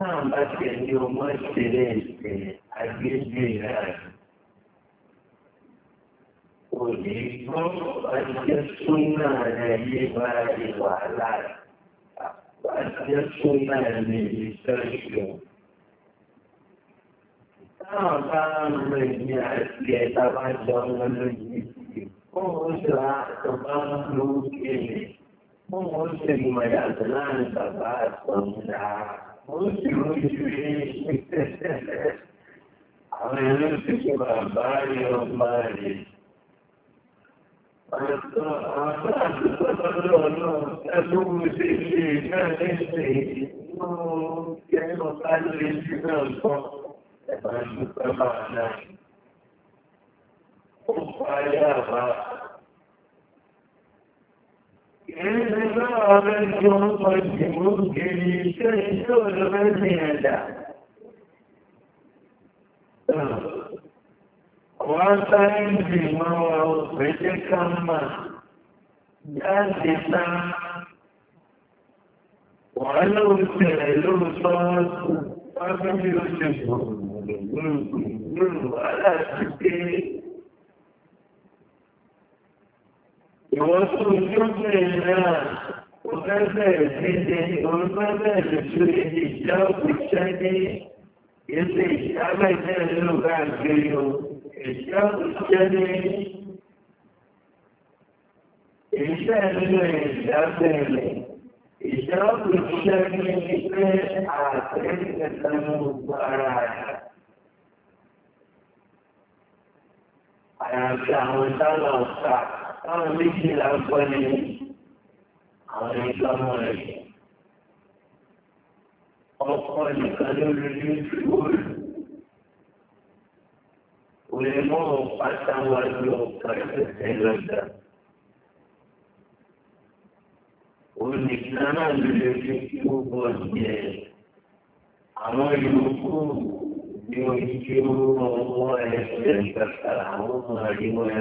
S1: كان أكثر يمثلين أجيب وليكم أجسنا لعبادي وعلى أجسنا للسجن Àwọn ènìyàn àti ẹ̀ta bá jọ ọmọ lórí. Wọ́n ṣe àtọ́bá lókè. Wọ́n ṣe ìmọ̀ yàtọ̀ láàrin bàbá àtọ̀mùdá. Wọ́n ṣe lójú rẹ̀. Àwọn ènìyàn ti ṣe bàbá rẹ̀ ọmọ rẹ̀. Àwọn àtúntò lọ́dọ̀ náà ẹgbẹ́ wo ṣe ṣe náà lẹ́sẹ̀ ìlú kẹ́rọ̀ bá lè ṣe náà sọ. tsakanin kama na kuma yara yanzu za a rage mafarki mulkiri sai yau da rage yada wata yin jimawa wajen kama ya ke san ولو سألوا صلاة أبي يوسف ìwọ́sùn tó bẹ̀rẹ̀ náà ó fẹ́ bẹ̀rẹ̀ títẹ̀ òun fẹ́ bẹ̀rẹ̀ tó èdè ìjá òkúta ní ẹsẹ̀ ìṣàbẹ̀tẹ̀ nínú káàkiri o ìjá òkúta ní ìṣẹ́ nínú ìṣàbẹ̀rẹ̀ ìjá òkúta ní ìṣẹ́ àtẹ́kẹ̀ẹ́ àyàfi àwọn ìtàlà ọ̀tà táwọn méjìlá gbọ́ ní àwọn ìtọ́mọ rẹ̀. Ọkọ nìkan lórí lójú òòlù. Òlè mọ́ pátá wájú ọ̀pá ìfẹsẹ̀ lọ́dà. Olùdíkan náà lórí ojú gbogbo ọ̀jẹ̀ àwọn ìlú kúrò. يهجرون وهو يستفعون من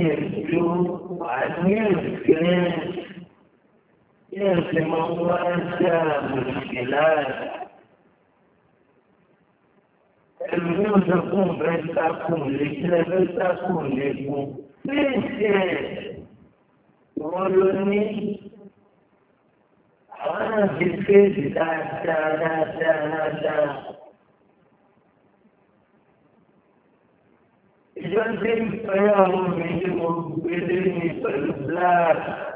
S1: يرجو أن يذكر يهزم وانسى مشكلات الفلوس تكون بس تكون لكنا بس تكون لكم بس ولوني أنا في الكيس دا دا دا دا دا إذا كنت فيهم من المبدلين في البلاد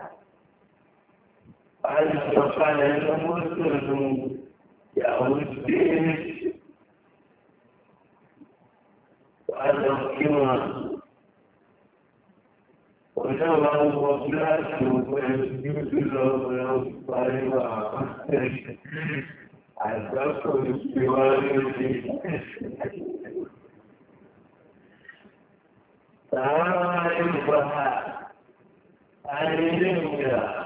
S1: قال فقال له مسلم يا مسلم وأنا أحكمها وجمع الرجلات ويسجد له ويصطلبها عذبت بالسواري تعالى يبها عن الدنيا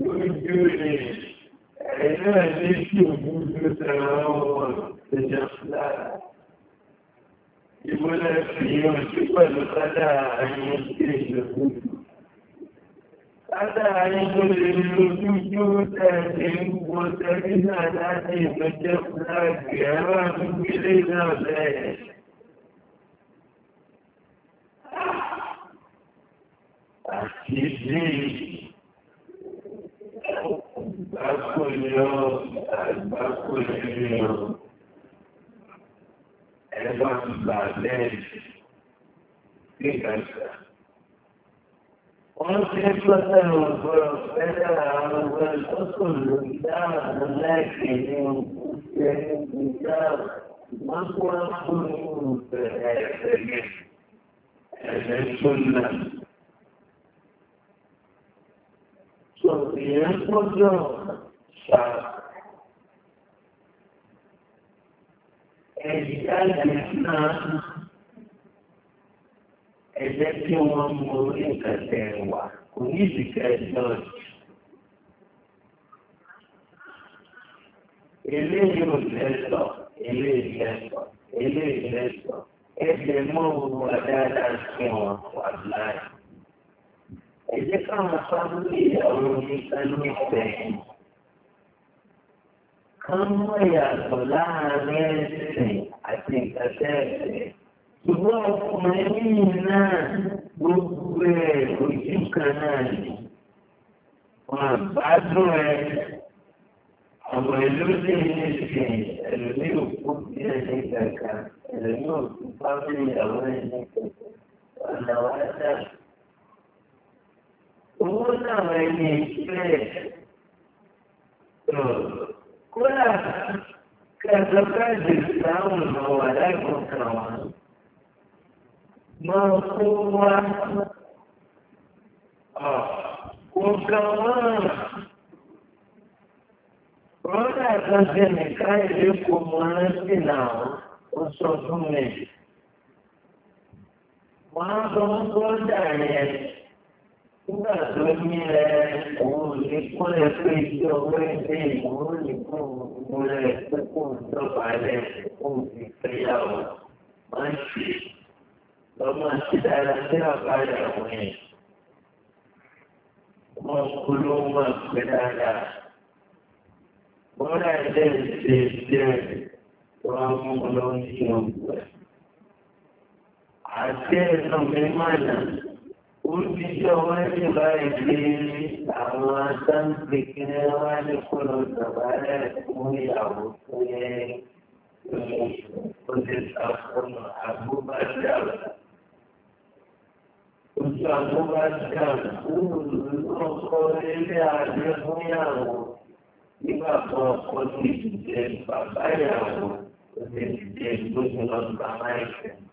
S1: lórí bíi ẹ̀yìn náà ní kí òun
S2: ló tẹ̀lé ọmọ ìjà
S1: fúláà. Ìmúlẹ̀ fi hàn sí pẹ̀lú kádà àyẹ̀wò sí ìlú. Kádà àyẹ̀wò lè lójú tí ó tẹ̀lé ń wọ tẹ̀lé náà láti ìgbẹ́jẹ́ fúláà gẹ̀ẹ́rọ àdúgbélé náà bẹ́ẹ̀. Àti ìdí
S2: أحبك اليوم أحبك اليوم
S1: أيضا بعدين في كذا وكيفة وفرصنا على الأصل الإدارة لكن الإدارة مطلق الأصل السنة sorriendo yo, evitar misma é que um amor nunca tem o ar. Com isso que é doce. Ele é um gesto, ele é gesto, ele é gesto. Esse é o meu guardar a sua guardar. إذا كان صلي أو يصلي فيه كم يا فلان يسري أتيك أتيك ṣùgbọ́n ọkùnrin yìí náà gbogbo ẹ̀ ojú kan náà ni wọn bá dùn ẹ ọmọ ìlú ní ilé ṣe ẹlòmí òkú bí ẹni kankan ẹlòmí òkú bá mi ìyàwó ẹni kankan ọ̀nà wájà. una vez Quando cada tradição não era contra não foi contra uma quando a eu como comanda final o sofrimento quando não conta ele nígbà tó ní ẹ òun lè kó lè pé iṣẹ́ owó ẹgbẹ́ ìwúrò nìkan òun lè kókó ìjọba rẹ̀ òun ti fẹ́yàwó máa ń ṣe lọ́mọ sí dára sí àbáyà àwọn ẹ̀. wọ́n kú ló ń wà pé dáadáa. wọ́n rà ẹ̀dẹ́ ṣe díẹ̀ wọ́n mú lọ sí ọgbẹ́. àti ẹ̀sán mi máa nà. olùdíje wọn ní báyìí pé àwọn sáńpì kiri wọn ní kúrò tàbárẹ̀ fún ìyàwó pé oṣù àfọ̀nà àbúbáṣàl oṣù àbúbáṣàl olùkọ́ ilé àjẹ fún ìyàwó nígbà tó ọkọ ti jẹ bàbá ìyàwó oṣù ti jẹ gbóṣùlọ bàbá ìyàwó.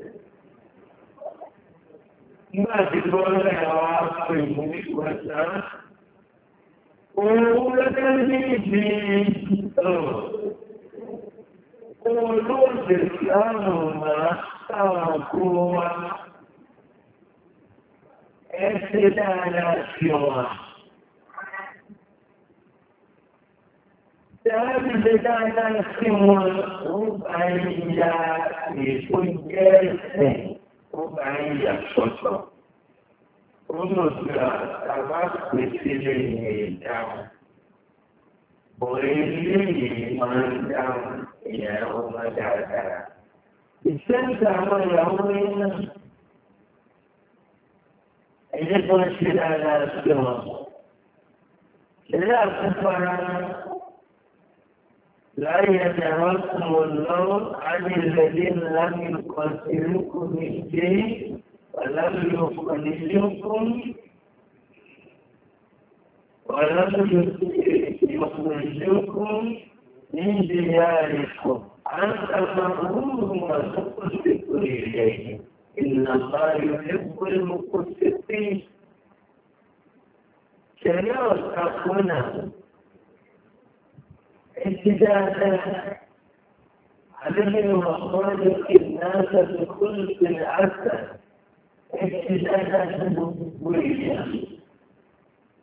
S1: Madhubana Rafa Mugata, Ola Kalidito, Olo Deslama Sakua, Essa da Nacional. Deve da Nacional, o Bahia, e conhecem. ó máa ń yà sọ́tọ̀. Ó lọ sí àbápèsè lẹ́yìn ìdáhùn. Òye lẹ́yìn máa ń dáhùn ìyàwó máa dáadáa. Ìṣẹ́ǹtà àwọn ìyàwó rẹ̀ náà. Ẹ̀jẹ̀ kan ṣe dáadáa sí wọn. Ìlú àkókò ara wọn. لا ينهاكم الله عن الذين لم يقاتلوكم الدين ولم يخرجوكم ولم يخرجوكم من دياركم أن تبروهم وتقسطوا إليهم إن الله يحب المقسطين شريعة أخونا ابتداء عليه وخالق الناس بخلق العسل ابتداء نبوية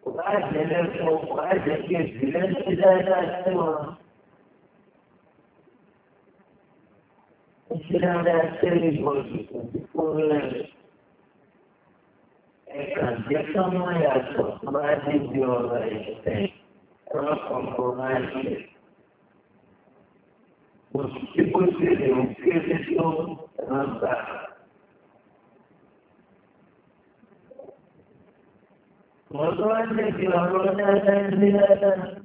S1: وبعد ذلك وبعد كيف الابتداءات سوى ابتداءات سوى يقول Essa não é a sua, mas em Deus é a sua. Ela comprou وفي كل يمكن يوم ربع وظن فرعون أنزلانا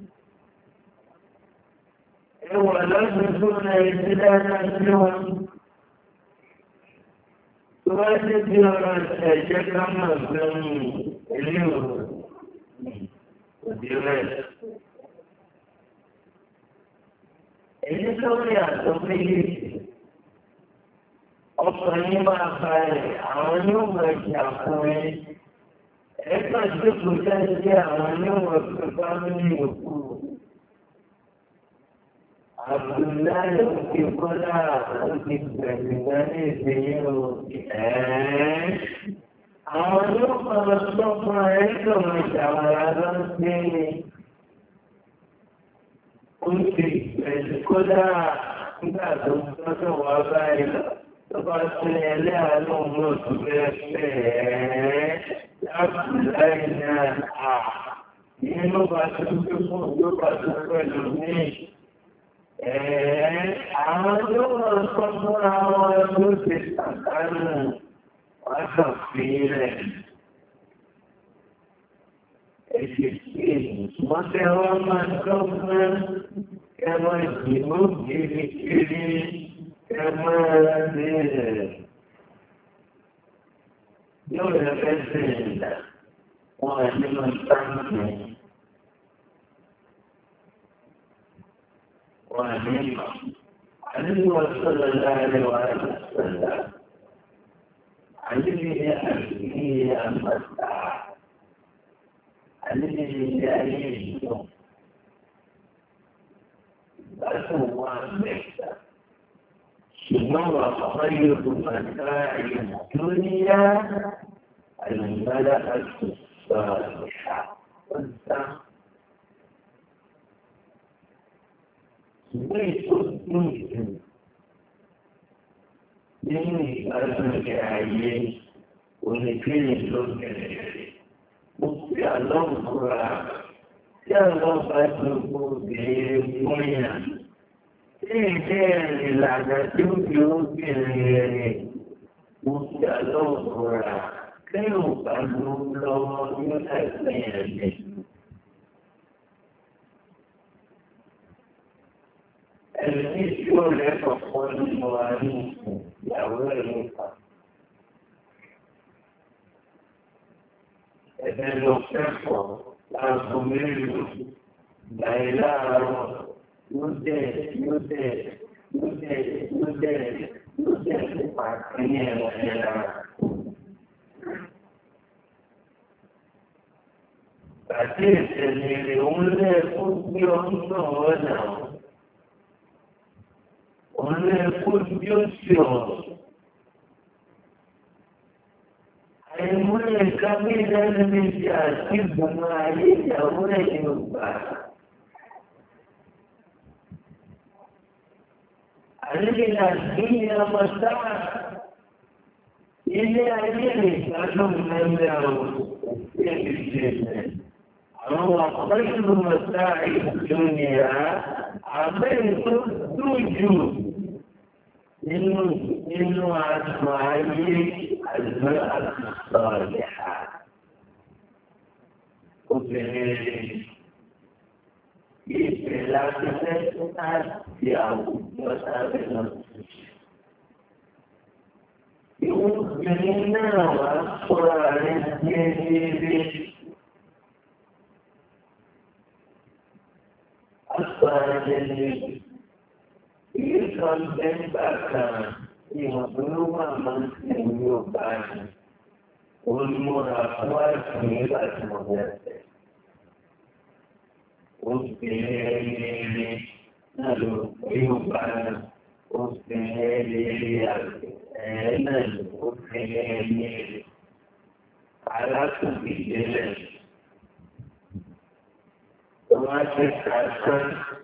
S1: ولم يكن إنزلانا منهم وظن فرعون أجل مظلم اليوم ودراسة Ele está olhando, eu falei, o sonho vai aonde vai estar com ele. É para que eu pudesse ter aonde eu vou ficar no meu cu. A verdade é que eu vou dar o que precisar e ver o que é. Aonde eu falo só para ele, eu vou chamar a você. كنت كلها لا تنفذ وبايلة تبصل لها الأمور بالشيء أبلينا ينو بسوكو existirem até lá mais calma, é mais de novo existirem, é mais Não representa uma demonstração, uma demonstração. النبي صلى الله عليه وسلم علمني أن أمسك الذي لا يجدهم بل هو المحسن شنو خير متاع الدنيا الملأة الصالحة بيت الدنيا من المجاعين ولكل الدنيا mesti Allah murah. Jangan pasal putih punya. Ini lada tujuh kiri. Mesti Allah murah. Kenapa Allah murah ini? El inicio de los pueblos modernos, la verdad, en el no los sé, no ustedes, ustedes, ustedes, ustedes, ustedes, no. no la Así se vive un refugio no un refugio الملك من المجاز كبما عليك هنا يبقى عليك الدنيا مستمع إلي عليك أنهم من يرون هو خير متاع الدنيا عملت الدجوج إنه إنه أسمعي المرأة الصالحة وبهذه يجب لا تتسعد يا أبو يؤمننا والصالحين الصالحين He comes in back you know, Bruma months in your back. उन्मुरा स्वर्ग मेरा समुद्र उस बेले नलो युपान उस बेले नल उस बेले आरास भी बेले समाज के शासन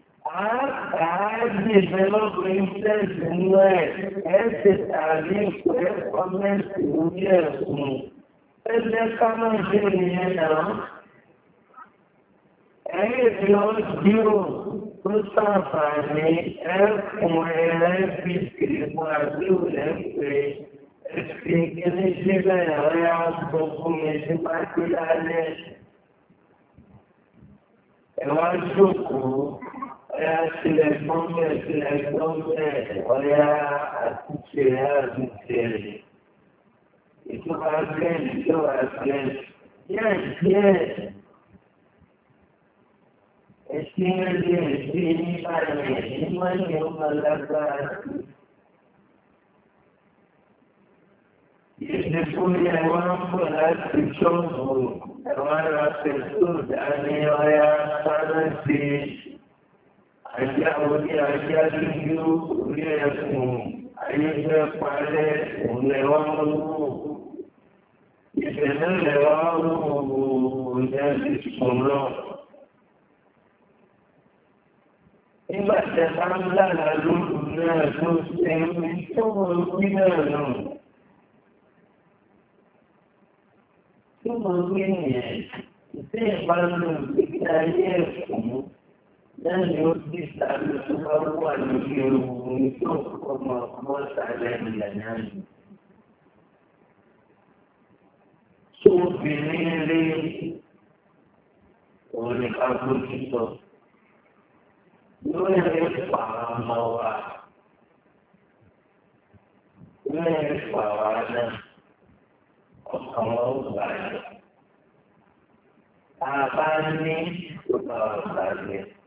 S1: Atrás pelo interjunto esse tarif é comercial mesmo. Ele é camangeria, É Deus viu o trabalho, é com ele que de Brasil é Tem que eleger ganhar um documento partidário. Eu acho que seleção minha seleção é olhar a tirar do ser. Isso vai frente, isso vai frente. Yes, yes. Estima de estima, estima nenhuma lavar. E depois eu não falar que somos, eu não aceito a minha olhada para si.
S2: àyíká orí
S1: àyíká dúdú orí ẹ̀sùn àyíká parẹ́ òǹlẹ̀wọ́n lọ́wọ́. Ìṣẹ̀lẹ̀ lẹ̀wọ́n lọ́wọ́ òjá sí sùn náà. Nígbà tí a bá ń lára lóòrù náà tó ẹ̀rù tó wọ́n gbé náà náà. Tó wọ́n gbé nìyẹn, ìṣẹ́ ìbálòpọ̀ ìgbà ayé ẹ̀kọ́. لن يثبت أنه هو المجير يحكم القوس على الأنام سوء بنيلي ونقاط الكتاب لا يشفع الله لا يشفع على الله تعالى أعطاني وتعالى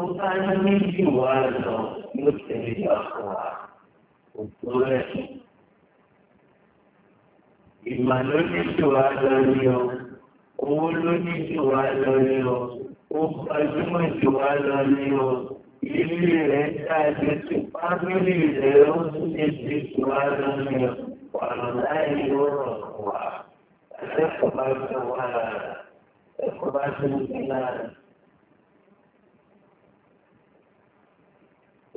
S1: وكان من جواله مجتهد أخوة وطولة إيمانون جواله قولون جواله وقلم جواله Ele é antecipado de Deus e de sua para lá e orar. Até começa a orar. Até começa a ensinar.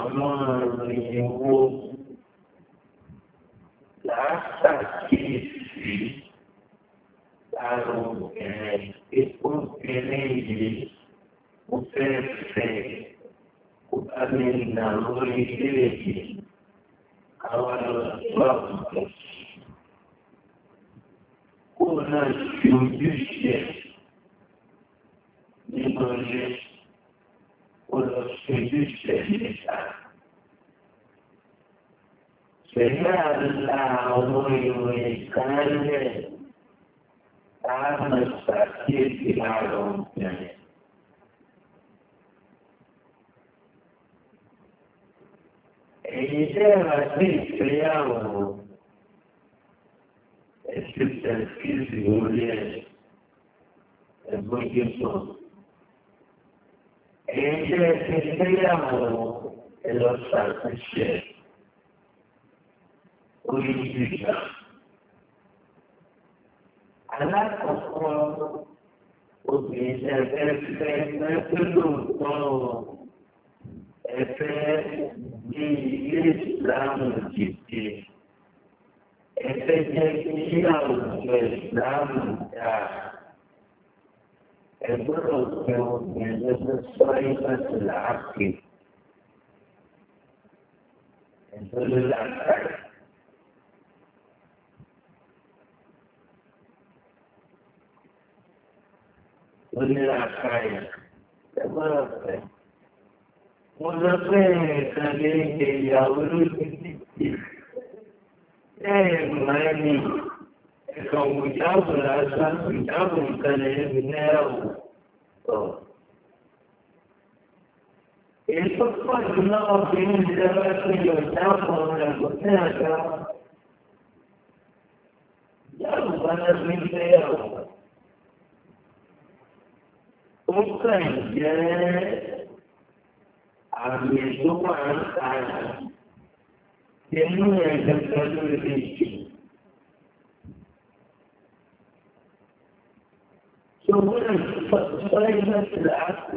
S1: àwọn ìwò làásàkíyèsí lára obìnrin epo obìnrin yìí ó fẹ́ fẹ́ kó bá mi nà lórí ilé yìí àwọn ọ̀dọ́ àbùkù kó náà fi ojúṣe nínú ilé. والسجود شهيد سيدنا الله وضعي ويسانه تعالى نستطيع كلارهم يعني إذا ما زلت يوم التفكير في هوليه المجلسون Invece scegliamo e lo Stato sceglie. Unifica. All'acqua utilizza per prendere tutto e per l'Islam città e per l'Islam che l'Islam dà. البر من صيغة العقل البر العقل وللعقائد تبارك ونقيك عليه يا ولد الدين ايه ماني كون مجاب الأسان مجاب مكانه من يرو يتفق نظر في مجابات يجاب من المتاكة يرو بنات من يرو وكان جاء عم يدور عن العالم لأنه يتفق في الشيء ولم تتغير العقل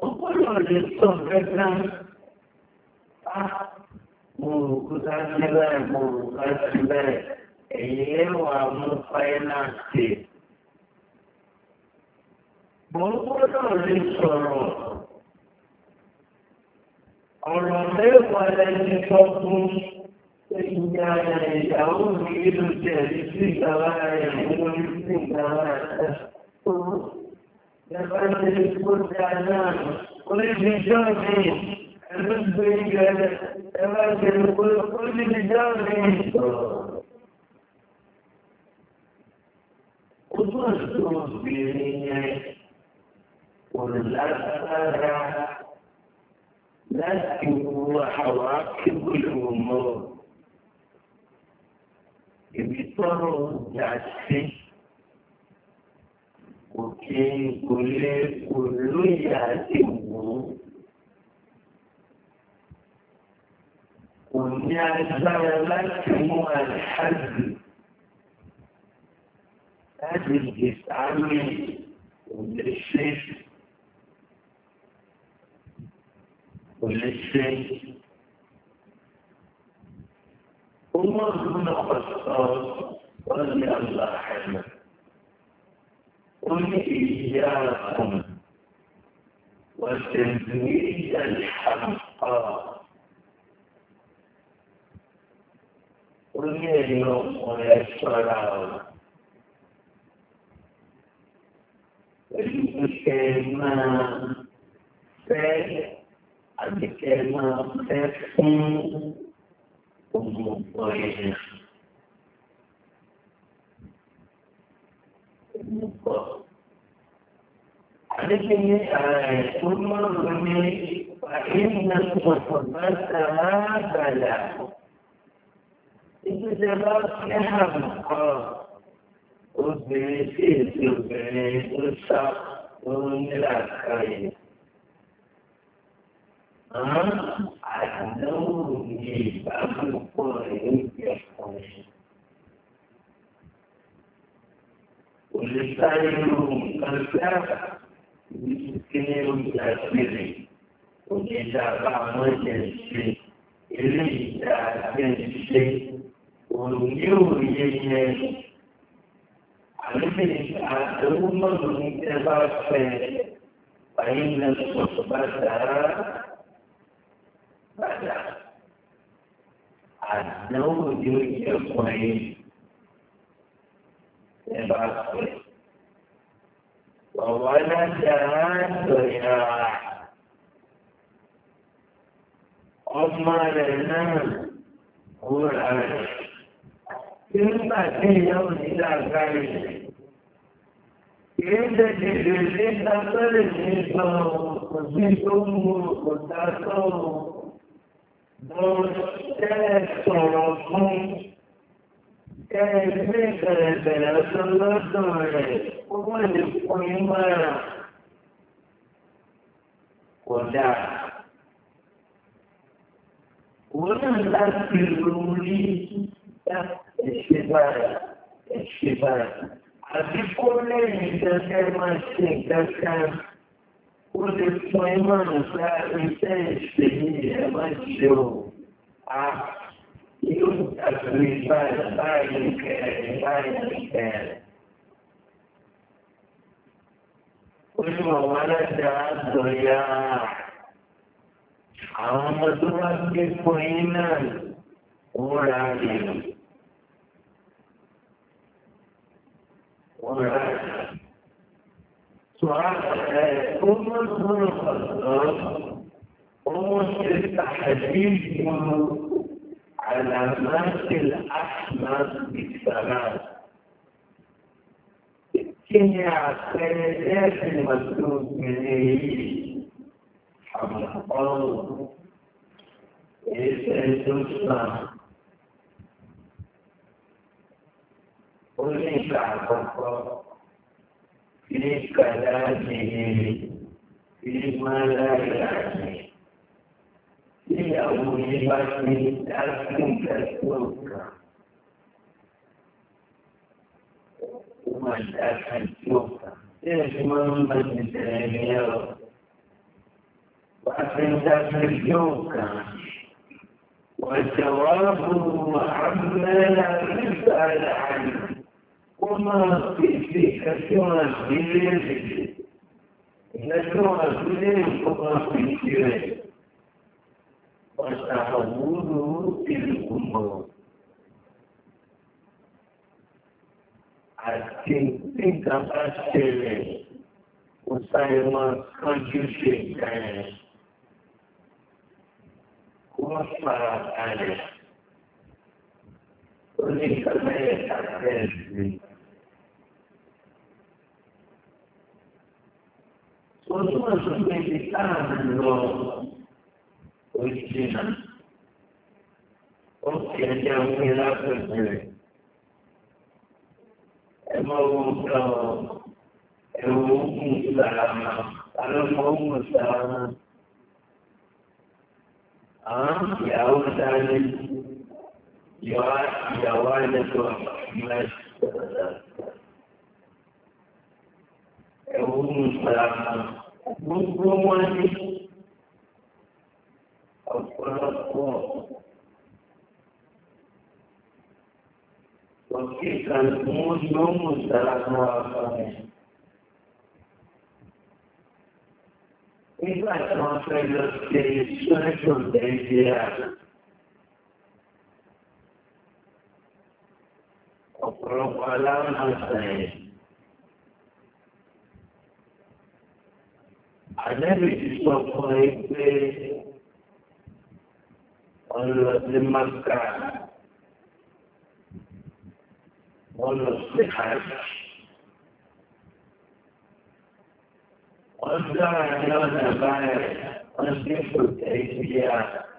S1: ọ̀rọ̀ mẹ́wàá lẹ́ni tọ́kún ìyá ìyàwó mi ìlú jẹ̀rí sí ìgbàlá rẹ̀ nínú ìgbàlá rẹ̀ يقال يكون تعلم كل بجوده الرب يقال يقال يقول كل بجوده قدرتم بيني والأثر لكن هو حواكب الأمور يبطلوا تعسف òkè òlé olóyè àti ìwò kò ní agbára láti mú àlàájì láti ìgbésàmì òlé ṣe òlé ṣe. Umar bin Khattab رضي الله عنه قل إياكم وتزميل الحق قل اليوم ويسرى الكلمة فعل الكلمة فعل لكن ثم فإن الصحبة هذا لا إذا أنا أدعو لي ولسانهم كالكاف مسكين كافرين وإذا قامت الشيء إليه كافر الشيء ونيور يجيش علمني أعلم من تبقى فإن الصحبة بدأ الزوج يقعد وولدها سيرا أما لنا هو الأمر ثم يوم إلى غيره إذا تجلس تطلب منه وزيته وتعطوه دوشته ورحمه ẹgbẹ́ ìbẹ̀rẹ̀ bẹ̀rẹ̀ ọjọ́ lọ́dún rẹ̀ ó wọ́n lè fún yín mọ́ra kò dáa. Òun náà láti lórí ẹ̀ṣẹ̀ bára ẹ̀ṣẹ̀ bára. Àbí kó lẹ́yìn dandan máa ṣe dandan. Ó lè fún yín mọ́ra sáà iṣẹ́ ìṣèlú ẹ̀ máa o. Ah. يسأل من بعد بعد الكلام كل ما ولد الضياع عامة ربك وإيمان ورعاهم ورعاهم سؤال أم الخلق أم التحديد علامات الأحمر بالثمان كني أعتقد المكتوب مني حمل الله يسأل دوسنا قل شعبك في كلامه في ملائكته إلى وجبات الأكل كالسكر والأكل سكر يجمل من الأيام وأكل ذاك الجوكر والجواب عما تسأل عنه وما في فيك سوى الدين لا سوى الدين وما في سواه é muito pelo a gente tem capacidade o Saiman codifica comparar o Nicoleta Crespi. Os nossos والزنا وكان خلاف الزنا الموت الموت سلامة الموت سلامة آه يا أولاد يا والد محمد الموت سلامة الموت ọ̀pọ̀lọpọ̀ òkìkà mú yóò Àdẹ́bìtì sọ fún ẹ لمن كان والصحة والدعاء لنا بايع والصحة الأيدياء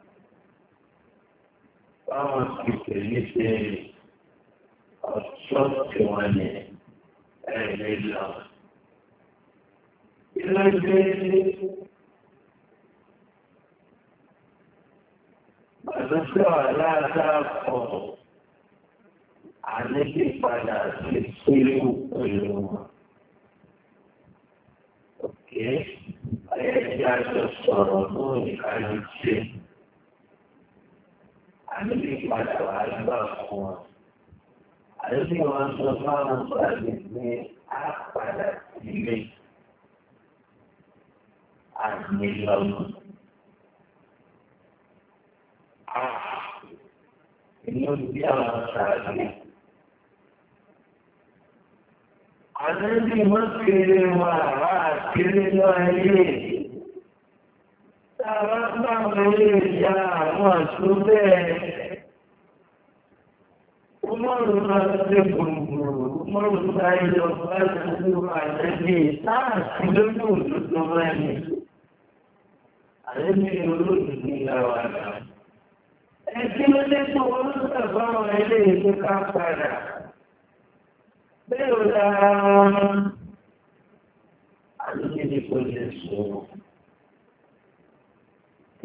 S1: فما في كلمة الصدق ونعم أهل الله إلى البيت Àlùfẹ́ la dákọ̀ àníkí padà sí sílù pẹ̀lú wọn. Òkè ayẹyẹ àjọ sọ̀rọ̀ náà ìkàlù ṣe. Àníkí padà wà gbà fún wọn. Àníkí wọn sọ fáwọn pàdé ní àpàdà sílé. Àmì lọ́nà. அனந்தி மக்கள் சுபே உமர் உமர் தான் அது நீங்க ẹgbẹ́ lẹ́gbọ́ wọn ń tàbá wọn ilé ìgbé ká padà bẹ́ẹ̀ ò dára wọn àdúgbò kò lè sọ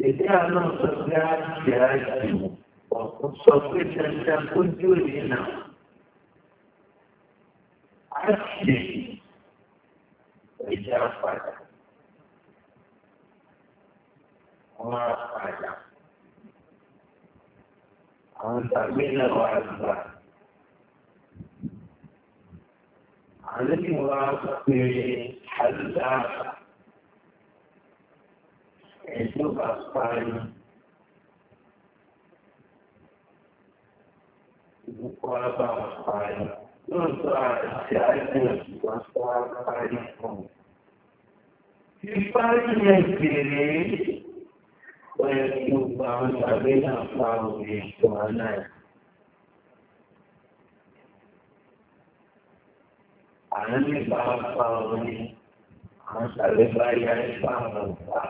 S1: èdè àná sọ pé á jẹ àjù ọ̀pọ̀ sọ pé dandan kó jó ìrìnà á sì ìjà padà wọn á padà. عن تحميل الواحد عن المرافق حلاقة يشوف أسبانيا وقرأ أسبانيا نصرع سياسة وأسبانيا في باقي الجريد wáyé kí ó gba àwọn ìgbàgbé náà pa òye ìṣòwò náà. àwọn nípa pa òye àwọn ìgbàgbé bá yá nípa àwọn ìgbà.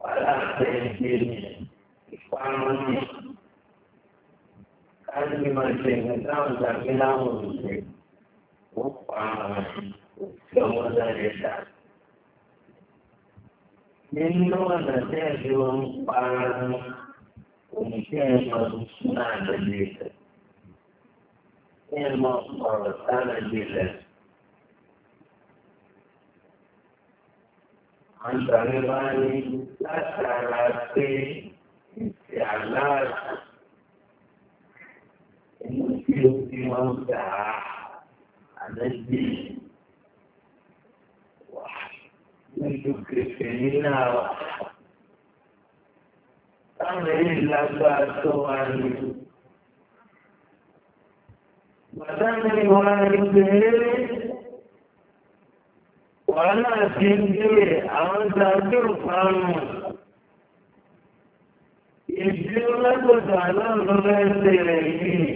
S1: wàhálà àtẹ̀yẹ́dẹ́ ni ìparun ni káàdì máa ṣe ìgbàgbé ìgbàgbé láwọn òṣèlú ó pa àwọn òṣèlú ọmọdé rẹ̀ dáa. nínú ọ̀nà tẹ́ẹ̀lú ń pa oníṣẹ́ ìmọ̀ ìṣúná àgbẹ̀lẹ̀ rẹ̀. Ìmọ̀ ọ̀rọ̀ sáàgbẹ̀lẹ̀ rẹ̀. Àǹtàrí wá ní látara pé ìsì aláàrá. Ìmọ̀ tí ó fi wọ́n gbà á àgbẹ̀lẹ̀ rẹ̀. nílùú kẹfẹ́rí náà wà. Táwọn èyí lágbára tó wà ní. Bàtà mi wà ní pèrè. Wàhálà ti dé àwọn tàbí ìparun. Ìdí ọlọ́gbọ̀dọ̀ aláàbọ̀ ẹsẹ̀ rẹ̀ yìí,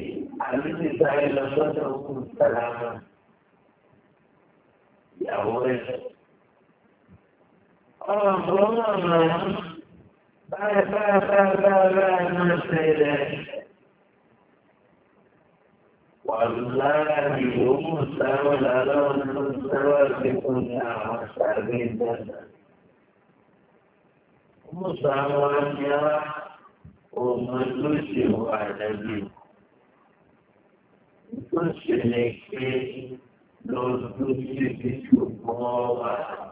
S1: àbí ti sáré lọ sọ́dọ̀ òkú sálámà. Ìyàwó ẹ̀sẹ̀. اللهم لا لا لا لا لا نسيرك والله يوسى ولا لون مستوى في كنا وسابين دنا مسامحة ومدوشي وعدبي دوشي لكي دوشي بشكوة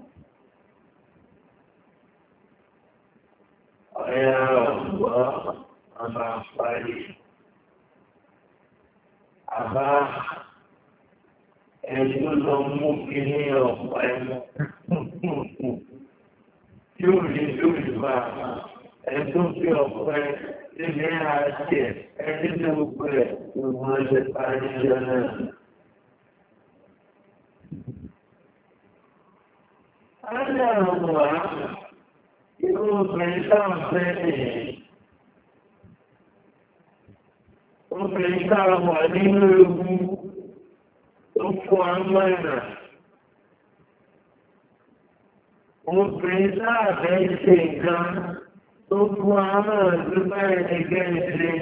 S1: ويا الله أنا صحيح أبا يجوز ممكن يوم يوجد يوجد بقى أنتم في أخرى إلي عاشر أنتم أخرى وماذا عن الجنان أنا الله irú obìnrin táwọn fẹ́ nìyẹn. Obìnrin táwọn wà nínú ewu tó fún amọ́nà. Obìnrin táwọn fẹ́ ṣe nǹkan tó fún amọ́nà tó bẹ́ẹ̀ ní gẹ́gẹ́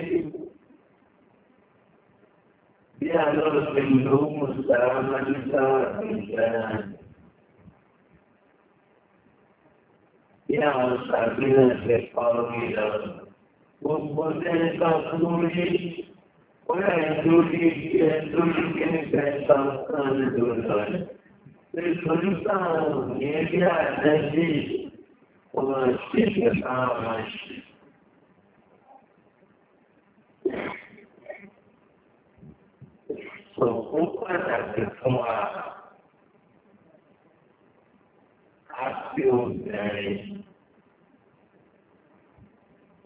S1: Bí a lọ sí ìlú Mùsùlùmí, Sáà, Sáà, Sáà. yang sabina separi dan mempunyai kasuri oleh duri duri kini pentaskan duran Resultan yedi adesi olan şirket amaçlı. So, o kadar kısma hakkı olmayı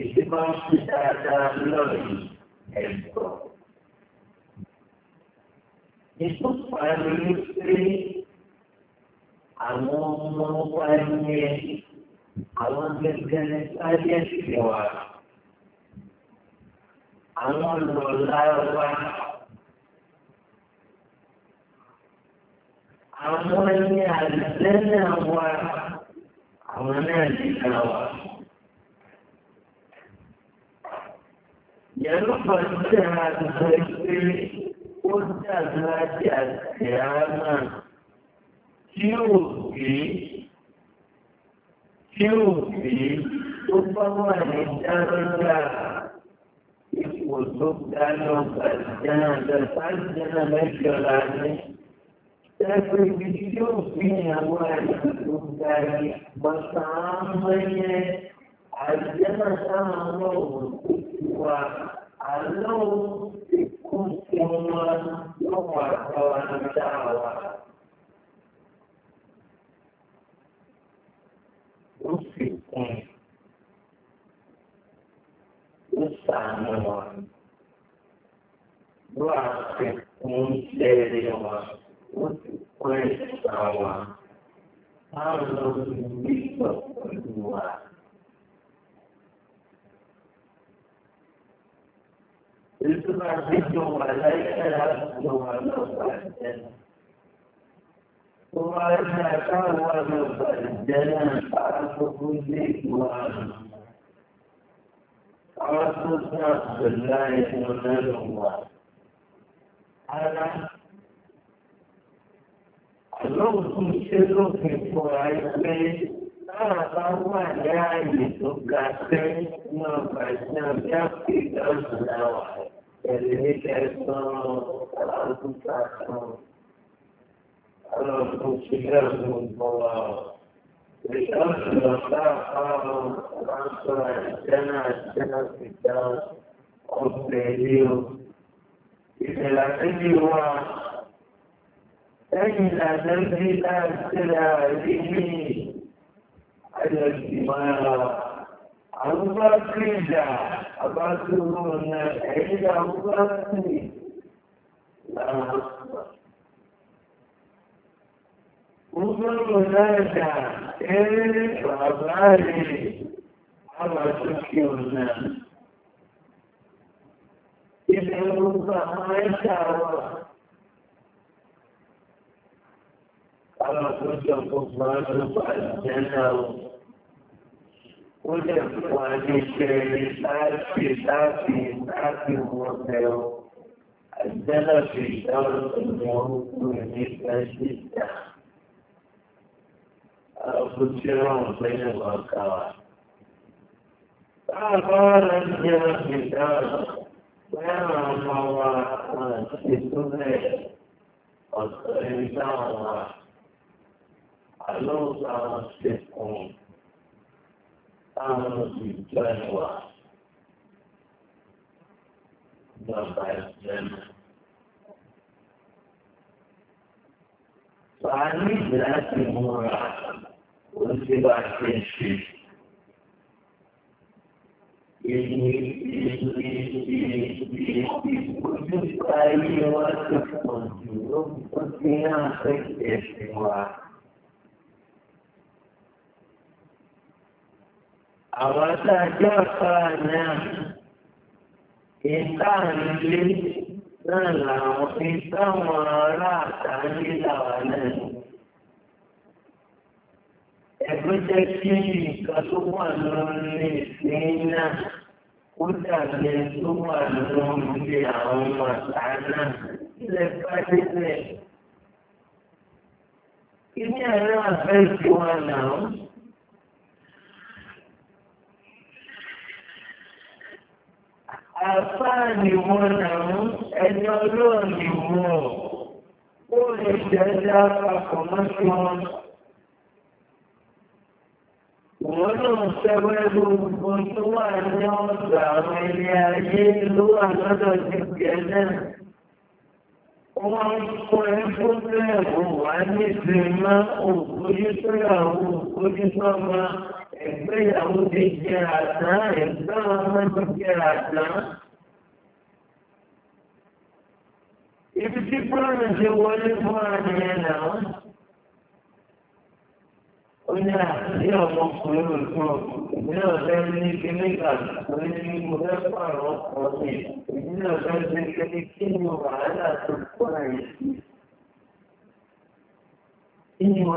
S1: is the most that uh, loving and God. Jesus paniri ang mga paniri alam bergana saja siwa ang mga alam bergana
S2: يا رب يرفع الشهادتين
S1: وانتهت القيامة شوفي شوفي ربما الدرجة يقول لو فجأة فجأة مجرد لكن بشوفي أولا تبدأ مصامية aljanna sama nau kuwa a nau kusurwa yawa ta wani dawa rufe kun rusa nawa rufe kun tserewa rufe kun tsawa har nau kusurwa إنما ذكر عليك العبد ومبدل وإذا كان مبدلا فأعطف الذكر أعطف نفس لا يكون الله هذا اللغة سر في قرآن bá wà ní ààyè tó ga sẹ́yìn náà bàjẹ́ bí àpèjọ ìlà wà pẹ̀lú ìkẹsàn-án aláàbùkà kan. Aláàbùkà ti dẹ́rù bọ̀ wá. Ìjọsìn ọ̀gá àpárọ̀ aláṣọ àìjẹ́nà àìjẹ́nà ti dá ọ̀pẹ̀ yìí o. Ìṣẹ̀lẹ̀ àtẹ́jú wa. Ẹ̀yìn ìlànà bí láti ṣẹlẹ̀ àríyìn. الاجتماع أنظر كيدا أباتون عيد أنظرني لا أكبر انظر هناك إيه وأبالي على شكرنا إذا انظر ما شاء الله على وجه الكفار الفعل لأنه وجه وهذه الشيء سافي سافي سافي وفيه عندنا في شرط اليوم ونفى جدا أفسرون بين الأركان فقال الجنة في شرط ويرى الله في السنة والإنسان allows our step on allows you to us the best then. فعني ذاتي مرة وانتبع تنشي إني إني إني إني وجود آلية وتفضل وفيها خير إشتواء àwọn tá a jẹ́ ọ̀sára náà ìtàlẹ́ náà làwọn ìtàwọn ará àtàlẹ́ làwọn náà. Ẹ̀gbẹ́ jẹ́ kí nǹkan tó wà lórí ìsìn náà ó dàbí tó wà lórí àwọn ọmọ àtà náà ilẹ̀ bá débẹ̀. Kí ni ẹ̀rọ àfẹ́ ìwà náà? àfáàní wọn làwọn ẹni ọlọ́ọ̀ni wọn ó lè jẹ́jẹ́ àpapọ̀ mọ́sí Wọ́n náà sẹ́wẹ́ gbogbo tó wà ní ọ̀dọ̀ àwọn ilé ayé ló wà lọ́dọ̀ ti gẹ̀ẹ́lẹ̀. Wọ́n kọ ẹgbẹ́ bẹ́ẹ̀ wà ní ìsinmi òkú yíṣẹ́ àwọn எப்படியும் அவங்க ஜெயிக்கிறாருன்னா எந்த வருஷம் பிடிக்கிறாருன்னா இப்படி போனது ஒரு போனதுன்னா கொஞ்சம் குழு இருக்கும் இன்னும்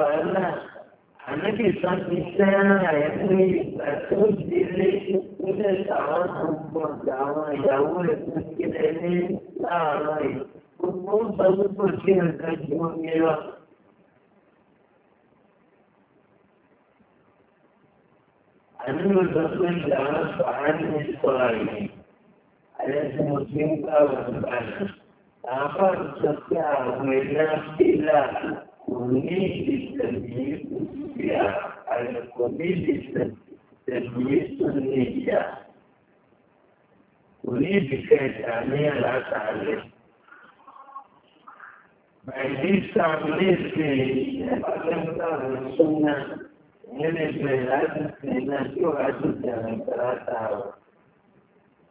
S1: النبي صلى الله عليه وسلم يقول أتود إليه إلى تعرفهم ودعوة يقول ممكن إليه لا رأي والنور ضرب فيها الأجمل يرى أنا بقول لعرف عن إسرائيل على المسلم أو البشر آخر تستطيع ولا اختلاف كلية التمييز فيها على كلية التمييز النية كلية كانت عمية لا تعلم بعدين تعمل في السنة من البلاد لأن شو عدد من ثلاثة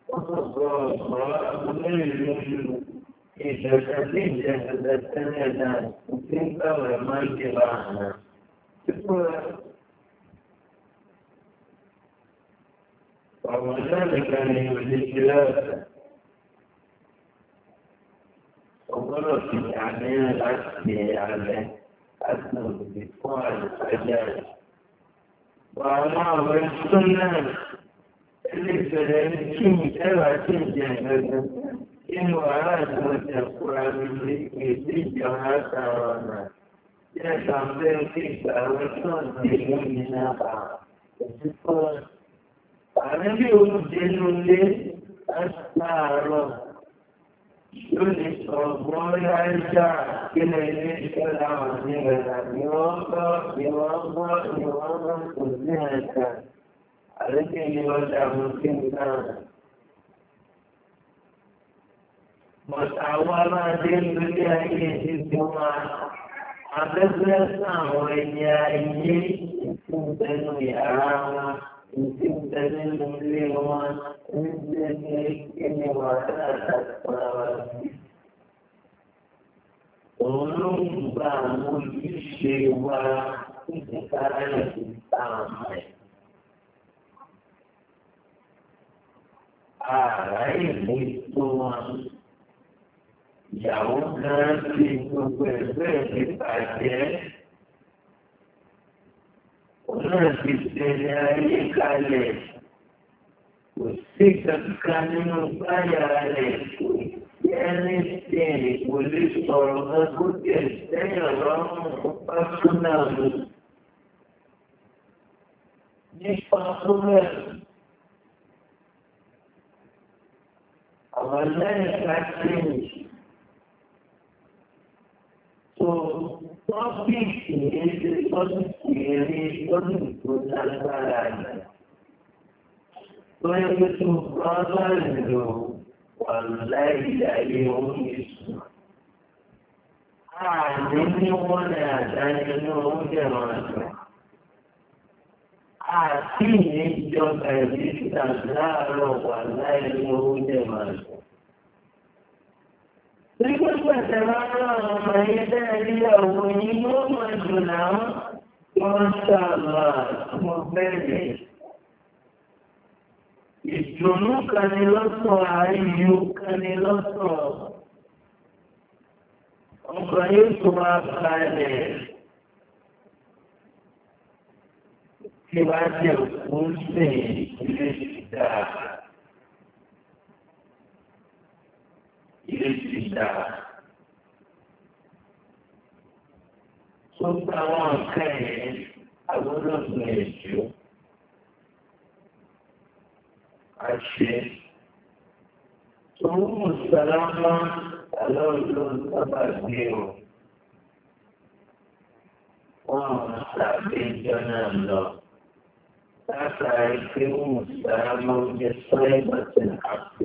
S1: وتصدر من المجلس Ibrahim da tattara da sun kawai maki ba na. ومذلك أن يولد ثلاثة وقرأت عليها العكسي على أثر بقوال الحجاج وأمر السنة اللي في الكيم تبع إن وعاد القرآن الملكي في جماعة عوانا يتعبير في سعوة من نقع عربي وجل لي أستعرض شل صبور عيشا كلا يليش العظيم يوضع يوضع يوضع كلها عربي يوضع ممكن تعرض وتعوما دين بجاهيه سوما عدسنا وإيائيه سمتن يعاما سمتن مليما سمتن يكني ولا تتطور Olóhùn bá àwọn ìṣe wa ń tẹ̀kára ìta àmọ́ ẹ̀. Ààrá ìmú tó wọn ìyàwó náà fi gbogbo ẹgbẹ́ mi bàjẹ́. Òun náà ti tẹ̀lé ayé kalẹ̀. Kò sí kankan nínú báyà rẹ̀. Kò sí ẹni tẹ̀lé kò lè sọ̀rọ̀ gbogbo tẹ̀ sẹ́yìn ọ̀rọ̀ pásúnà mi. Nípa tó mẹ́rin. Àwọn ẹlẹ́yìn ká tẹ̀lé. tọ́pìkì yẹn ṣe tọ́pìkì yẹn ní tọ́pìkì tó lágbára yìí. Lọ́yẹ́ pé tó bá bá lò wà láìláyé oúnjẹ sùn. Àní ní wọ́n lè àdáyé ní oúnjẹ wọn sùn. Àti ìyẹn jọba ìdí ìtàn láàárọ̀ wà láìláyé oúnjẹ wọn sùn. Nígbàgbà tí wọ́n rán ọmọ ẹgbẹ́ ilé ọ̀wọ́ ní yóò mọ̀ jùlọ wọ́n sàbà mọ̀ bẹ̀rẹ̀. Ìdùnnú kani lọ́sọ̀ àìyú kani lọ́sọ̀. Ọkọ̀ yóò tó máa kalẹ̀. Tí wá jẹ́ òkú sí ilé ìdá. Ilé ìdá. ìdára. Gbogbo àwọn nǹkan yẹn àgbọ́dọ̀ gbìyànjú. Àṣẹ. Òun mùsàlámà àlọ́ọ̀lọ́ sábà gbé o. Wọ́n mú sàbí ìjọ náà lọ. Látàrí pé mùsàlámà ń jẹ sọ́yìn bàtẹ̀ àpò.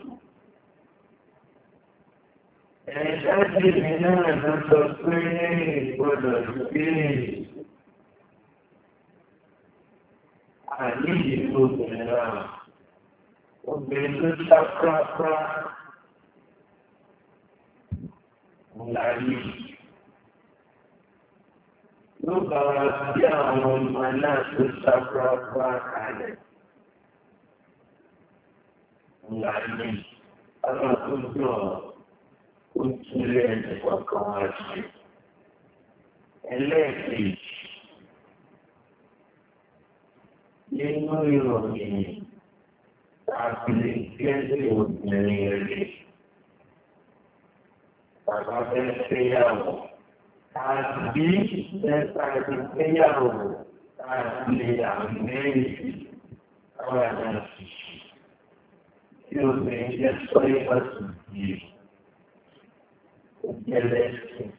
S1: ẹ̀ẹ́dẹ́gbẹ̀rẹ̀ náà lọ sọ pé gbọ́dọ̀ lókè àníyí obìnrin náà obìnrin tó sáfúráfúrá ńláyé ló bá wa bí àwọn ọmọ náà tó sáfúráfúrá kalẹ̀ ńláyé ọlọ́run tó dùn ọ́. والجلال والقواعد لا فيش لأنه يرغبني عقلي كذب والدنيا فقد الخيار عقلي نفعت الخيار عقلي عمالي على نفسي يرغبني الصيغة الدين جلست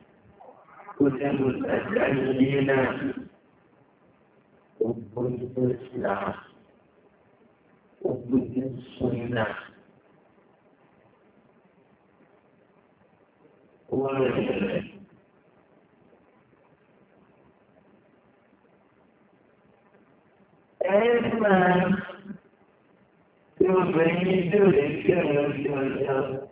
S1: كتب الأسعدين حب الإسلام حب السنة أما تبين لك الجنة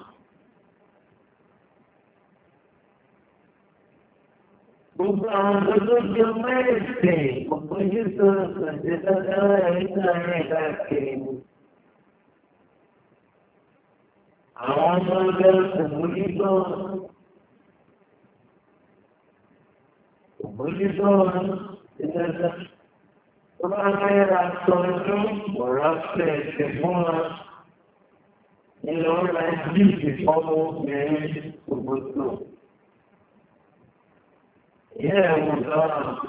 S1: gbogbo àwọn gbogbo jẹ mẹ́rẹ̀ẹ̀sẹ̀ ògbójú tó ṣàṣẹ sọ́dọ̀ nígbà rẹ̀ káàkiri ni. àwọn ọmọ ọgbẹ́ ògbójú tó ògbójú tó ṣẹṣẹ sọ. tó bá mẹ́ra sọ inú ọ̀rọ̀ fẹ́ ṣe fún wa. nínú ọ̀rọ̀ ẹ̀jú ìfọ́mọ́ obìnrin ògbójú tó. يا مدار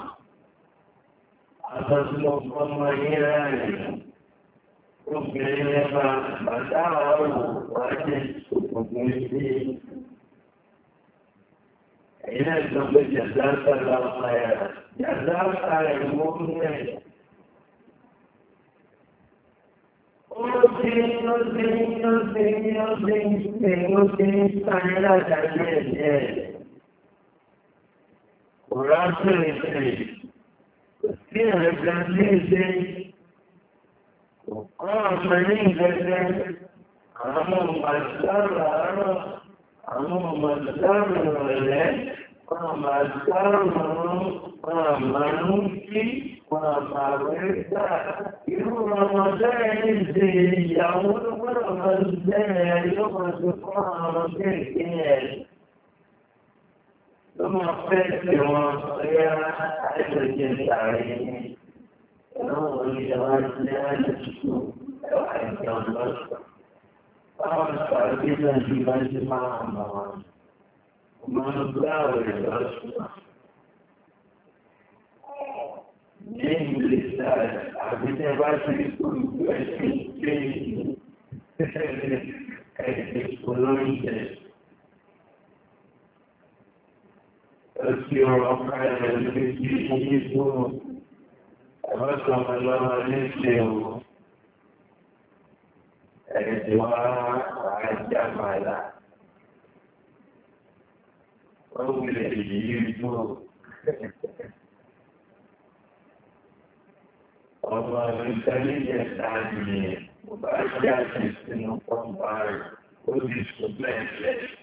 S1: أتصلب الضميران كفرهما فدعوا وأجلس مجلسين إلى الزوج جزاك الله خيرا جزاك المؤمن Yo sí, yo sí, yo sí, yo sí, yo sí, yo sí, yo sí, yo sí, yo sí, rántí ìsìn tí ẹ̀rẹ̀gẹ̀ ní ìsìn ọ̀pọ̀ ọmọ ní ìgẹ́gẹ́ àwọn ọmọdéjára àárọ̀ àwọn ọmọdéjára rẹ̀ wọ́n máa dárùn-ún wọ́n máa ń kí wọ́n máa rẹ̀ gbà irú ọmọdé ìdè ìyàwó lọ́wọ́ ọmọdé ẹ̀yọ́ máa ti kọ́ ọmọdé ìkẹ́ ẹ̀ ثم فكروا يا أهل الجميعين انظر إلى لا تشكو وحيك البشر فرفع بنا في مجمع الله وما نبلاوي البشر من لسان عبدنا باشر يكون بشر كيف كيف يكون أسير أفعال المسيحيين رسم لها نفسه الإجواء والجمال وهو الذي وما بالتالي يستعمل مباشرة في السنة والطبع ويسكت لا يفلح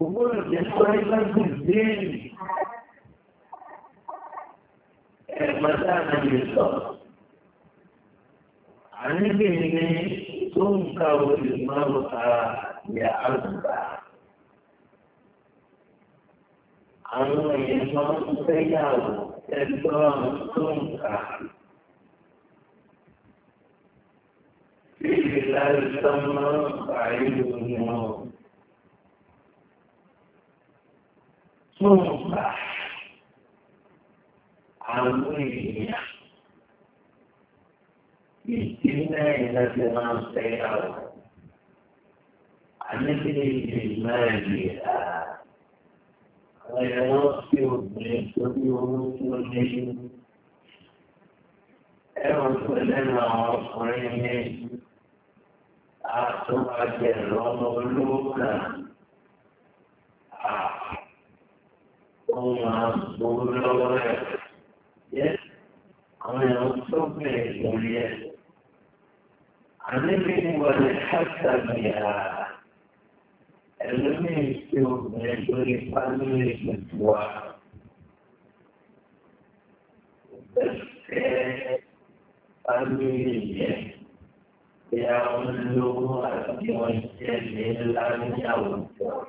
S1: وقلت يا شوي بس الدين المسألة بالصبر عن ابني تنكر المرأة يا أربعة àwọn èèyàn máa ń fẹ́yàwó ẹgbọ́n tó ń kà. Bíbí láì tán máa ń fà ìlú wọn. Tó ń kà àwọn èèyàn. Ìdílé ìlàjì máa ń fẹ́yàwó. Àníbi ìdílé ìlàjì àá. ويغفر ليتبعوا وجهه اغفر لنا وصريني اعتقد المملوكه وما صور أنا أصبح يقول عن ابن والحسن يا Eleme este următoare panele sexuale. Despre I'm a un lugar de o înțelege la neauță.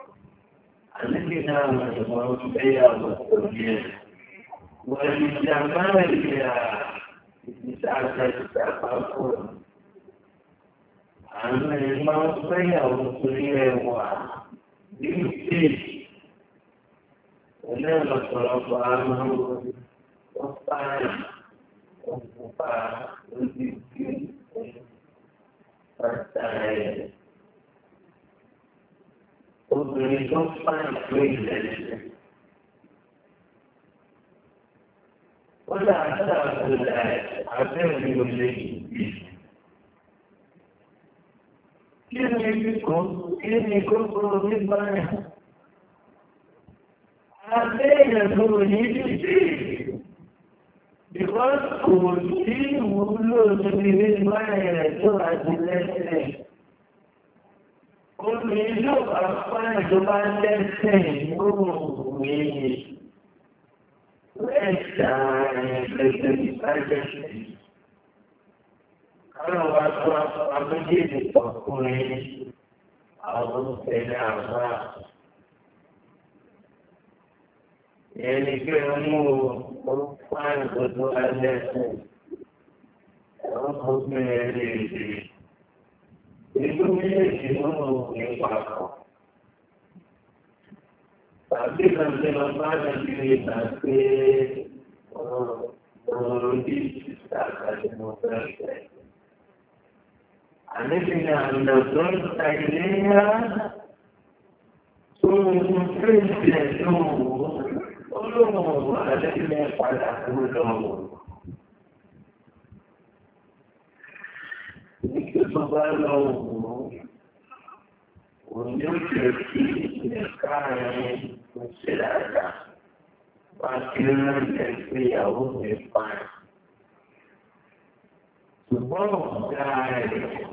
S1: Alegea mă de mă împea o stăpânie. Vă zicea mare de a a للمسلمين ونال الصلاة أمامهم والطعام والنفاع والدين والتعالي وابن صفا كويسا ولا أعتقد الآية عبد المسلمين يريكم يريكم مما عليكم يجري بقد كنتم مولود مما يدعى الله قل يجب أخبرت ما تسمعون وإستعانت بالبشر ọlọ́wọ́ àmójèdè ọkùnrin àwọn tẹ̀lé àbá. Ẹni pé mú orúkọ àgbọ̀dọ̀ alẹ́sẹ̀, àwọn ọkùnrin rẹ̀ lè rí. Ìlú méjèèjì mú òògùn papọ̀. Tàbí kan tí wọ́n bá dàbí ìgbà pé ọ̀rọ̀ òòrùn bí ìtàkàlẹ̀ mọ̀ fẹ́ fẹ́. عرفنا أن نظرت إليها ثم فزلوا قلوب ألم يفعل أقولهم Balão, o meu perfil cai na cidade, batendo entre a outra parte. Bom, cai.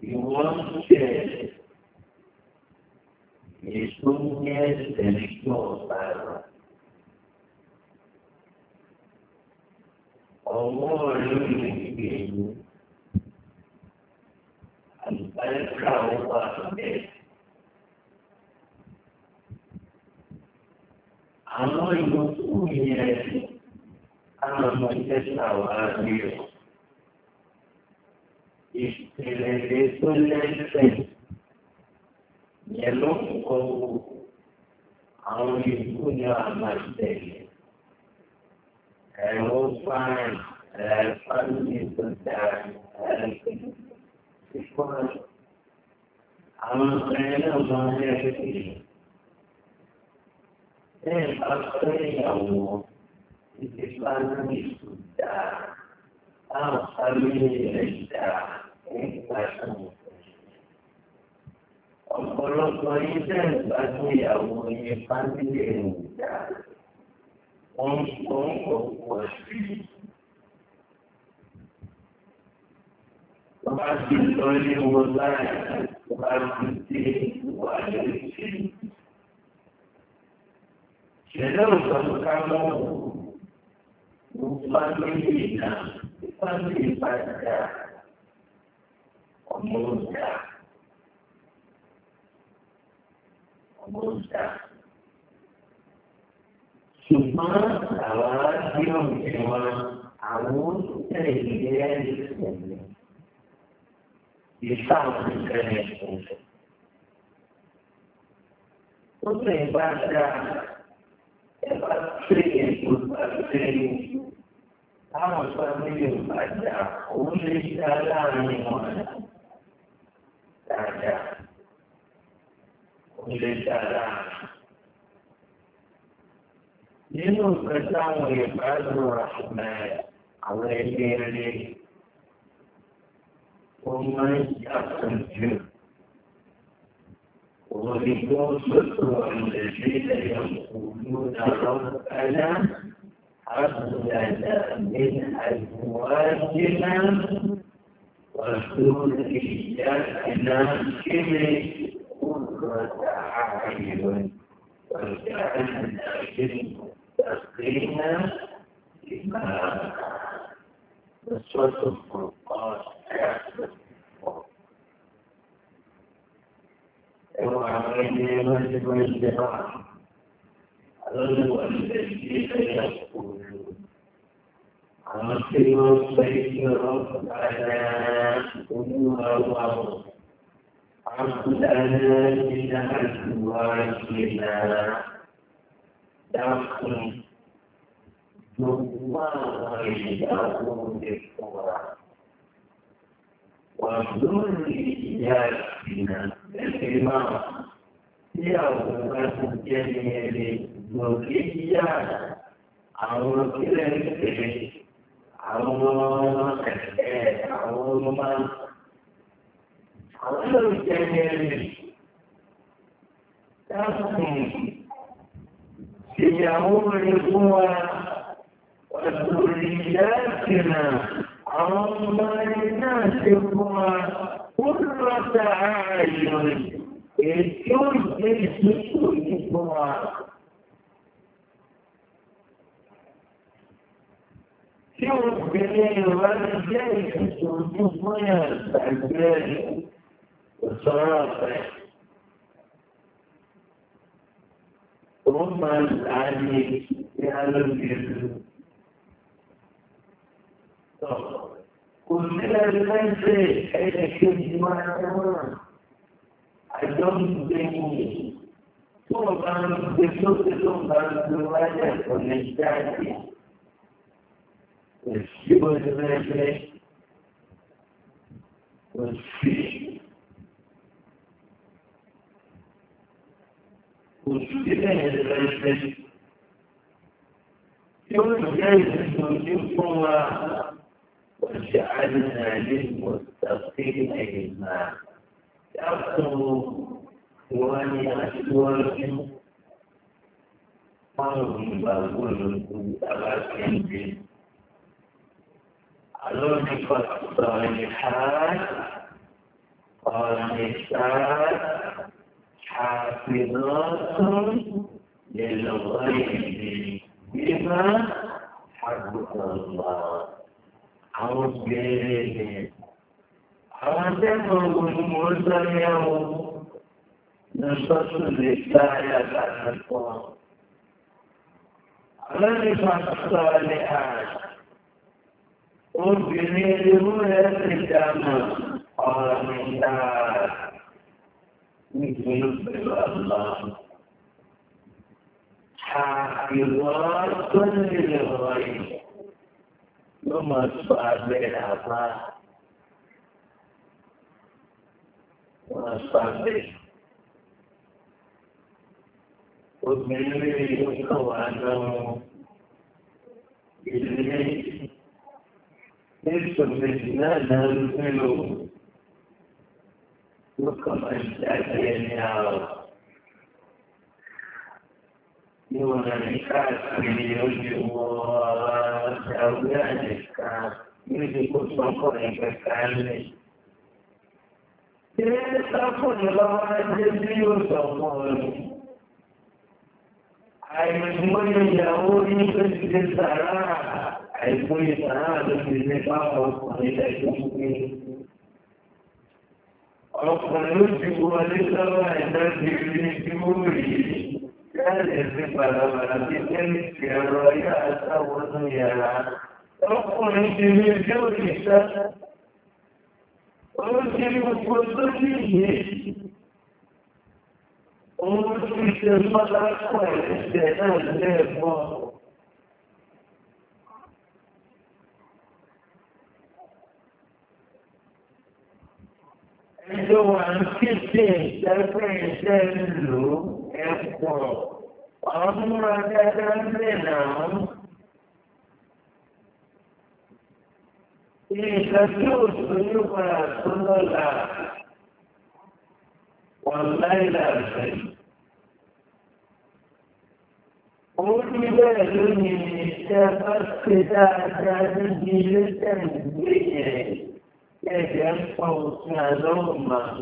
S1: You want to insomnias religiosas. Amor divino, alberga o parque. Amor insomnias, a manifestar a Deus. اشتري كل شيء يلقه أو يكون عمل أوروبا الفن السودان الكفار أما كان ما يكفي إيه أكثر يوم الإسلام السودان أو خليل الإسلام ọ̀pọ̀lọpọ̀ iṣẹ́ ìgbàgbéyàwó ni fámílì ẹ̀yìndà wọ́n kọ́ ọ̀pọ̀ sí. Bá ti lọ ní wọn láì bá ti dé wà lẹ́sí. Ṣẹ̀dá òṣèlú ká mọ́ òun fámílì náà fámílì padà. ومزدح ومزدح
S2: ṣùgbọ́n àwa bí ọ̀gbìn wa
S1: àwọn oníṣẹ́ ìlera lè sọ̀rọ̀ ìfà òṣìṣẹ́ rẹ̀ sọ̀rọ̀. ó lè bá dá ẹ bá tẹ ètò bá tẹ ẹ táwọn sọ pé yóò bá dá òun lè dá láàrin wọn náà. dáadáa ó lè dáadáa. Nínú nǹkan táwọn ìbádùn àṣùmọ̀ àwọn ẹgbẹ́ rẹ̀ ó máa ń yàtọ̀ jù. وذكر شكر الذين يقولون ربنا حبنا من أزواجنا ورسول إشتاقنا كمن قدرة عين وجعلنا للمتقين إماما نسوة الفرقان أحسن وعلينا من الجراح الذين يقولون عاصم بيت ربنا قلوبهم عبدنا من أزواجنا دخل جوار يوم القرى وذرياتنا الإمام يوم الجميع ذريات أو كلمة àwọn ọmọ ẹ̀fẹ́ àwọn ọmọ àwọn olùjẹ́gẹ́rẹ́ dákùn ìyàwó rẹ̀ fún wa ọ̀dùnrin láàkìnà àwọn ọmọ ẹni náà ṣe fún wa ó lọ́ta ààyò èyí ó jẹ́ ìtútù yìí fún wa. tí obìnrin rẹ̀ jẹ́ ìfẹ̀sọ̀ ojú fúnyà ìgbàgbẹ́ ìṣọ́rọ̀ ọ̀fẹ́. Òun máa ń láàyè ní alóbìnrin. Kò sílẹ̀ lẹ́sẹ̀ ẹ̀yẹ kejì máa ń wọ̀n. Àjọ ń gbé yìí. Tó o bá ń gbé sókè tó o bá ń gbé wáyà kò ní jáde. والسوى الماء والسين وجود هذا المسجد يوم جالس يقوى وجعلنا للمتقين إماما يأخذوا ثواني أسواقهم قالوا بقول أبا كنزين علمك الصالحات والنساء حافظات للغيب بما حفظ الله أو غيره هذا هو المرسل اليوم نصف الرسالة الله. القرآن علمك الصالحات obìnrin irú rẹ̀ ti dànù ọ̀rọ̀ níta nítorí pẹ̀lú àlọ́. Àìwọ́ tó nílò ọ̀rẹ́ ló máa tó abẹ́rẹ́ àbá. Wọ́n á sọ abẹ́rẹ́. Obìnrin rẹ̀ yóò kọ̀ wá lọ́wọ́ ilé. كيف سمينا هذا الفيلم وكم أجزاء ينهار يوم النكاح من يجي الله يجي كل صفرك كامل Ele está falando de Deus, amor. Aí, mas mãe, já ouvi que ele estará. هيكون تعادل بالنفاق والصحيح المسلمين ربنا يجب ولسوى الذي في جمهوره كان الزفر ولكن في الرياء والرياء ربنا يجب الجوزة ويجب قدرته ويجب المدرسة والاستعداد للموت lo anche senza prenderlo e poi amore da grande e capisco io per solo la والله لا شيء قولي بالدنيا تفكت أعداد الجيل التنبيه ẹ̀jẹ̀ ń pa òfin àlọ́run màá.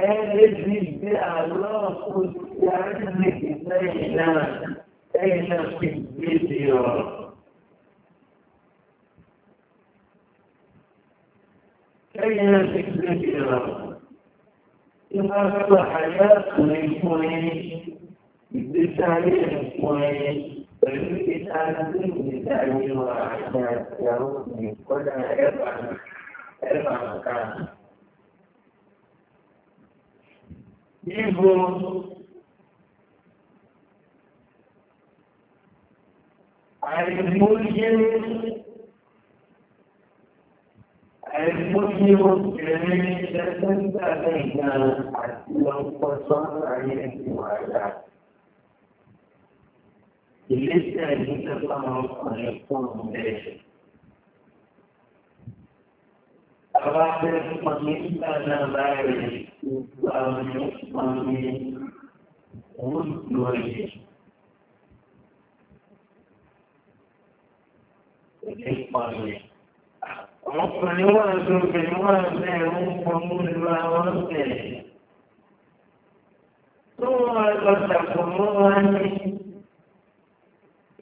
S1: Ẹ̀ẹ́dẹ́gbì gbé àlọ́run kó ti arẹ́gbẹ̀gbẹ̀ lẹ́yìn náà, lẹ́yìn náà fi gbé di ọ̀rọ̀. Lẹ́yìn náà fi gbé di ọ̀rọ̀. Ìwọ́n sọ àyàtò ìfún ẹni, ìgbésí ayé ìfún ẹni, pẹ̀lú ìdájọ́ ìgbésí ayé wa àti àti àwọn ìkọ́dà ẹ̀bà náà. ẹ̀rọ kan. Níbo àìmọye àìmọye obìnrin ṣẹ́ńtà lẹ́yìn àti ọkọ̀ sọ́nà yẹn ti wà dà. Ilé iṣẹ́ ìdíje fún ọkùnrin fún ọmọ ẹ̀ṣẹ̀. أراده ممتنا باري وأمن ممن ونوري Ọkùnrin wà tó bẹ̀rẹ̀ wà bẹ̀rẹ̀ ń fọmú ìlú àwọn ọ̀sẹ̀. Tó wà lọ sàkó mọ́ wá ní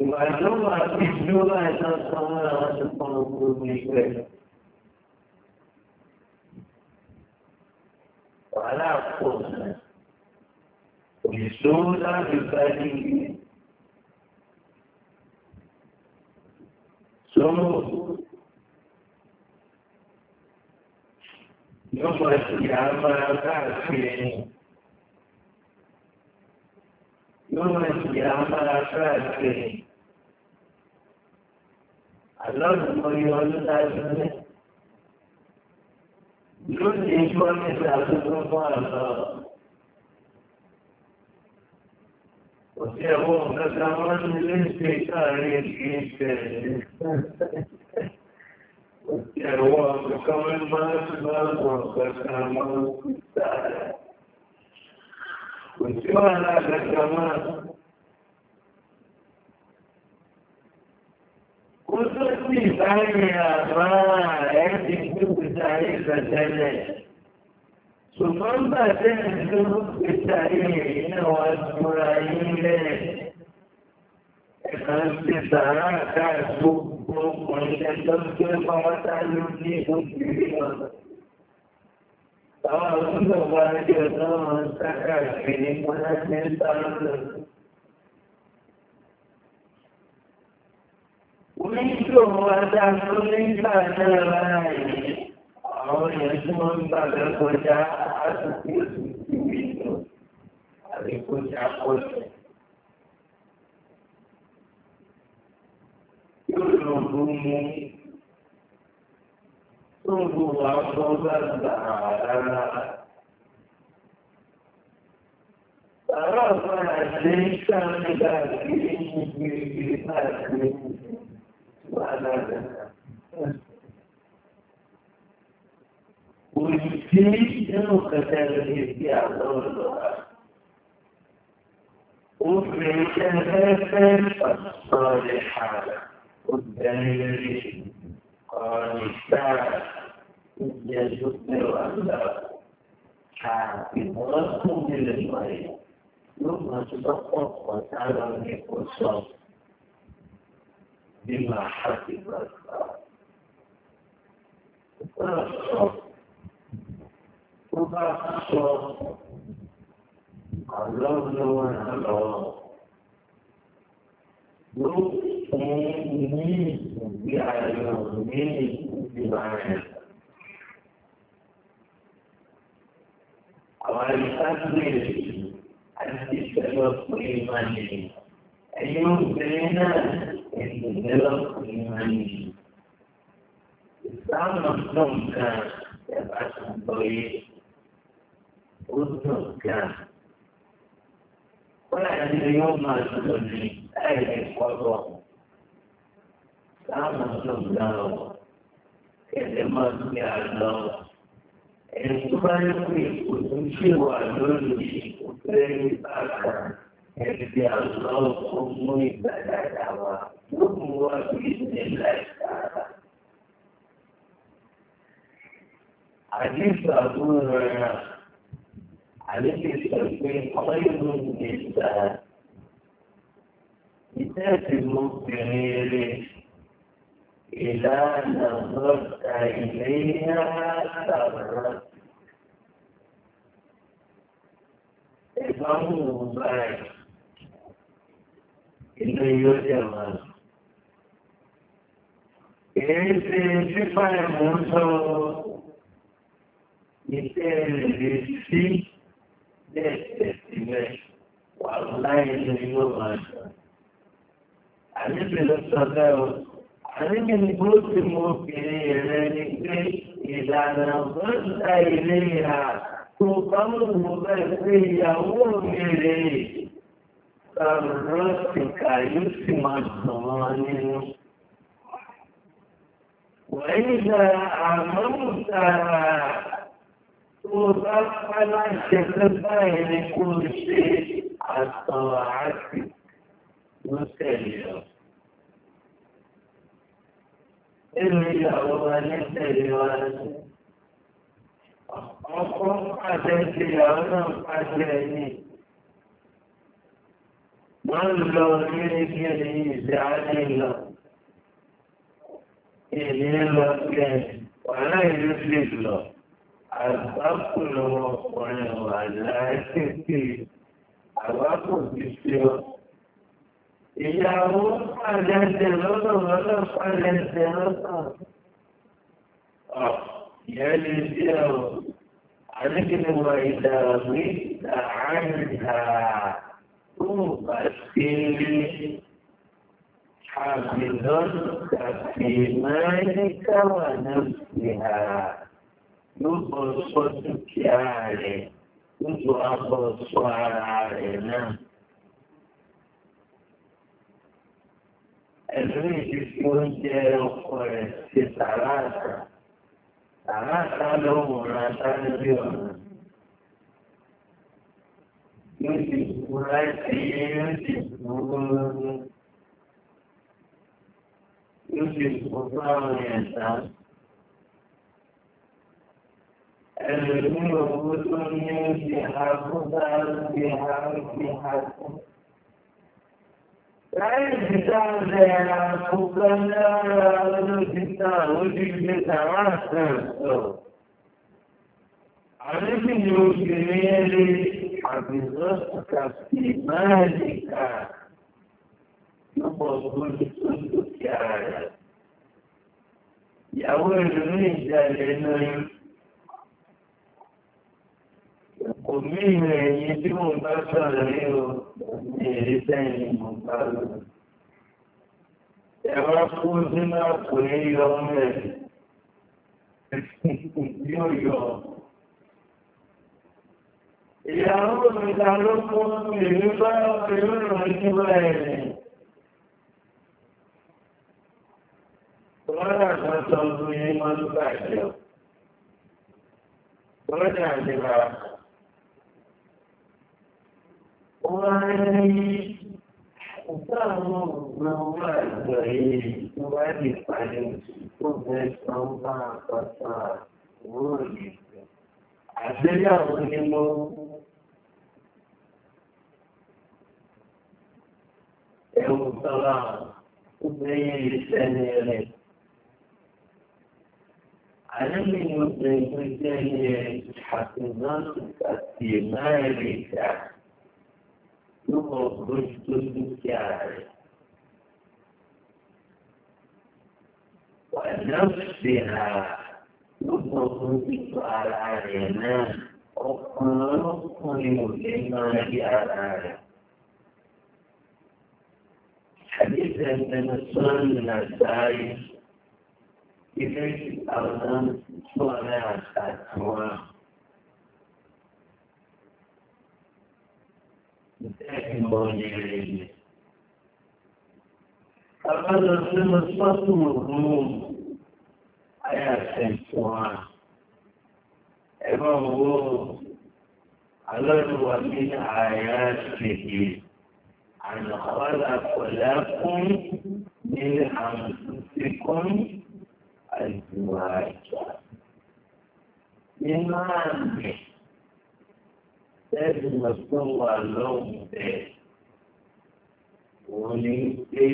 S1: ìwà tó wà bí ló wà lọ sọ́wọ́ àwọn ọ̀sẹ̀ kan gbogbo ìgbẹ́. ولا قوة ويسونا بالبني ثم يوم القيامة كافرين يوم القيامة كافرين الله يولد لن يشوان يتعلم الله وسيقوم تتعلم الاستيطان يشيك وسيقوم كمن ما تتعلم وتتعلم وسيقوم
S2: تتعلم
S1: قدرتي ثانية ما يدي بالتاريخ الجليل ثم بعدين الجنوب بالتاريخ والملايين خلق سراك سبوك ويتم كيف وتعلمني كبيرا قال الله وبارك الله وانتقل في مناسبة ومنكم وتحصل الفتواني أو يجمن بعد كجاء أسكت منه هذه كجاء قلت كلهم sungguh wabah bahara Para penasihat dan diri-diri والجيش انه قتال الهدية دور الوقت وفي ثلاثة الصالحة والدليل قال الساعة يجب الله حافظ رسول الله ثم تصدق وتعلم الصبر بما حفظت وبخصوص اللون والهلاك يؤمني بعلمي بمعنى ويقدر أن تتوقع and develop humanity. Islam menunjukkan jabat memberi untukkan. Pada hari masuk ini, ayat kotor. Islam menunjukkan kelemah dia Allah. Esubhan kuih kutunshiwa lulu kutunshiwa lulu يرجع الله أمي بلدها ثم بإذن الله تعالى عليك أقول عليك تكون خير النساء إذا المؤمنين إذا نظرت إليها سرت إذا إليه الجمال Ese jefa de mundo interesi deste time, wallahi ne yi wa Ani bela sadao, ani mi ni boti mo kiri yere ni pe ìlànà bọ́ta ilé ya, tó bá mú mo bẹ́ẹ̀ pé ìyàwó mi rèé. para ficar em cima de nós. Ainda a mão da tua para chegar em curtir a sua arte no exterior. Ele já ouve no exterior. Assim. Ao fazer de ano, fazer isso. ولو كيف يزعل إليه كان ولا يفلس له الحق له ولا يفلس الحق يفلس إذا هو قد انتظر ولا قد انتظر يلزم عليك إذا غبت عنها مبشر حافظ في مالك ونفسها يبسط كاره يبسط علينا الريش كنت أخرى في ثلاثة ثلاثة لهم ثلاثة لهم Ẹlẹ́gbẹ́ òun tó ní ṣe àkóbá ti àrùn ti àkó. Láì ti dáadẹ́ àkóbá lára olóòtítà olóòtítà tàwọn àṣẹ ọ̀tọ̀. Àrífì ni òṣèré ẹlẹ́gbẹ́. حفظتك في مالك وظلتك يقول ليس لمن يقومين يجب بصره لسان مقابل يرفضنا كل يوم يوم ìyàwó ìta ló kó èmi bá pẹ̀lú ìrọ̀lẹ́jú báyìí. Rọ́dà kan sọ ọdún yìí máa ń bàjẹ́ o. Rọ́dà ti bá wọ́n rí òkúta àwọn òògùn ọmọ àgbà yìí tó bá di pàdé tó bẹ́ẹ̀ sọ ń bá àpáta òwúrò yìí. àgbéyàwó ni mo ẹ̀wù sọ́lá obìnrin iṣẹ́ ní rẹ̀. Àlẹ́lẹ́ ni obìnrin tó jẹ́ ní àtìmọ́lù àti ìmáàrí ìjà ló mọ̀ lójú tó dúkìá rẹ̀. Wà náà ṣe hàn. نصوص تلك الآية ركن ركن للإيمان بالآية حديث عندنا السنن النسائي إليه أردن صلاة الأكوان أقل من الصوت الروم àyàṣẹ̀ṣọ́wà ẹgbẹ́ owó alọ́lùwà ní àyàṣẹ̀ṣẹ̀ ànàkọ́lá pọ̀lẹ́kún ní àmùsíkún àjùwàjà nínú àmì tẹ́lẹ̀ mọ̀tò wà lọ́wọ́ bẹ́ẹ̀ òun ni pé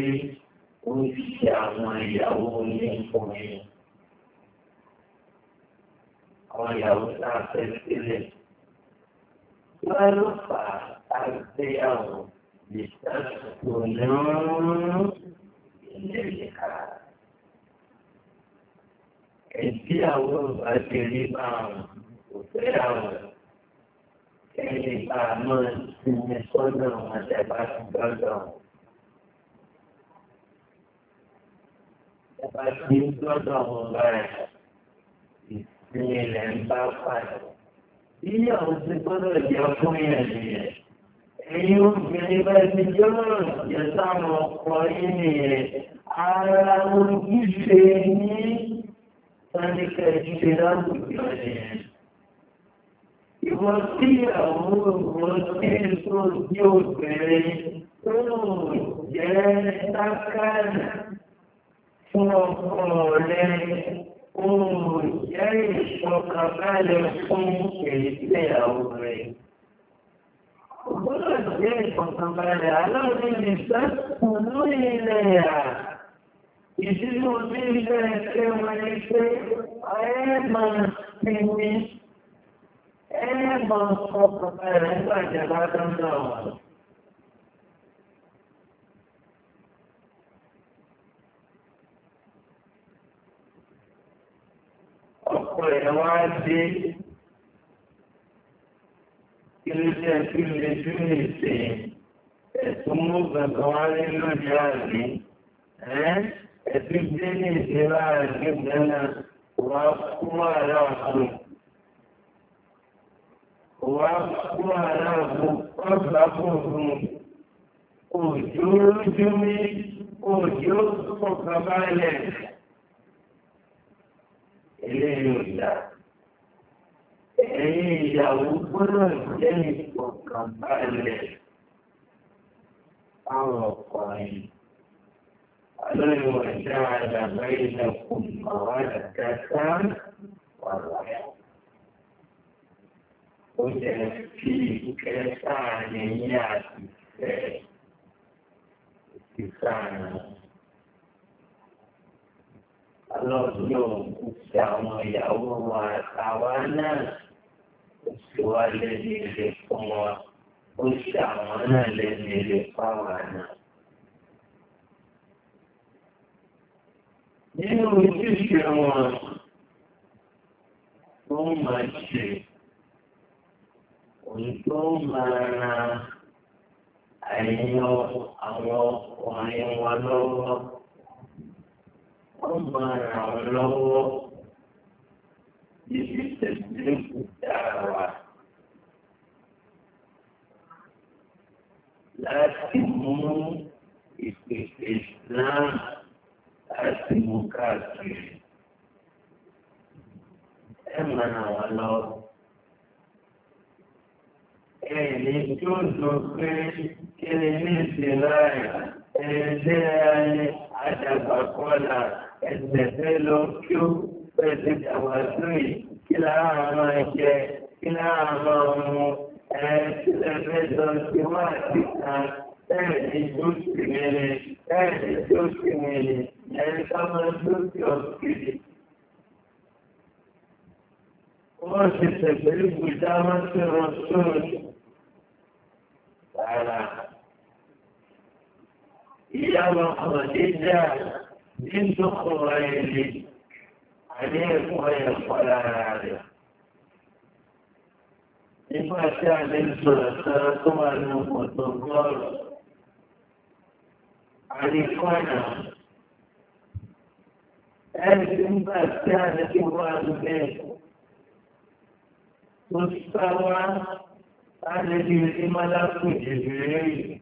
S1: ó ń ṣe àwọn ìyàwó ní ọkùnrin. àwọn ìyàwó náà fẹ́ sílẹ̀. Wọ́n ló fà á àgbéyàwó lè sàkóso náà ilé ìka. Ìgbéyàwó àtẹ̀lé bá wọn kò fẹ́ àwọn ẹni bá a máa sinmi sọ́dọ̀ wọn dẹ́gbà sí gbọ́dọ̀ wọn. Ẹ̀bá sí gbọ́dọ̀ wọn báyìí. ni ilẹ̀ ń bá pàdé. Ilé ọ̀sẹ̀ gbọ́dọ̀ jẹ́ fún yẹn nìyẹn. Ẹ̀yin obìnrin bá ti jọ́rọ̀ jẹ́ sáwọn ọkọ yín nìyẹn. Ara ojúṣe ní Sáníkà ìṣe láwùjọ nìyẹn. Ìwọ tí àwọn òun ti ń tó ní obìnrin tó jẹ́ sákàlà fún ọkọ rẹ̀. ohun ìyá ìṣọ̀kan balẹ̀ fún ìgbéyàwó rẹ̀. Ògbọ́dọ̀ jẹ́ ìṣọ̀kan balẹ̀ aláwọ̀ ní sẹ́kù lórí ilẹ̀ yà. Ìdílé onílé ẹgbẹ́ wọn ni pé ẹ máa sinmi, ẹ máa sọ̀kan balẹ̀ bá dáńdá wọn. tọ́pọ̀ ẹ̀ wá dé iléeṣẹ́ tí lè jú ní ìsìn ẹ̀tún mú gbẹ̀gbẹ̀ wá ní lóde àrí ẹ̀tí gbé ní ìdíra àrí gbẹ̀nà wà kú ara àbò wà kú ara àbò ọ̀gbà fòfin òjò lójú ní òjò kọ̀ọ̀kan báyẹ̀ eléyìí ìyá ẹ̀yìn ìyàwó gbọ́dọ̀ jẹ́ ìfọ̀kàn balẹ̀ àwọn ọkọ̀ yìí alóyún ọ̀dá àdàbà ilẹ̀ kùn àwọn àdàkà wà láyà. ó jẹ́ fi ìkẹta àníyàn àti ìfẹ́ ìfẹ́ àná. lọ́dún òkú sí àwọn ìyàwó wọn àtàwa náà ìwà lẹ́nu ilé fún wa ó sì àwọn náà lẹ́nu ilé fáwa náà. nínú ojúṣe wọn tó máa ṣe òun tó máa ra àìyàn àwọn ọkùnrin wọn lọ́wọ́. ثم يعلو بتسليم الدعوة لكنهم الإسلام أسم كافر أما ولو ẹni tó sọ pé kí ni ní التسلل شو بسد أواسوي كلا ما شيء كلا ما مو تسلل سواتي تأتي دوش كميلي تأتي دوش كميلي الكما دوش كميلي وفي التسلل قدامة الرسول تعالى يا محمد الله دين دخل غيري عليك وهي الصلاة عليه إما كان الصلاة كما أنه تنظر عليكنا ألف إما كانت الواجبات تستوى على الإملاك الجبريل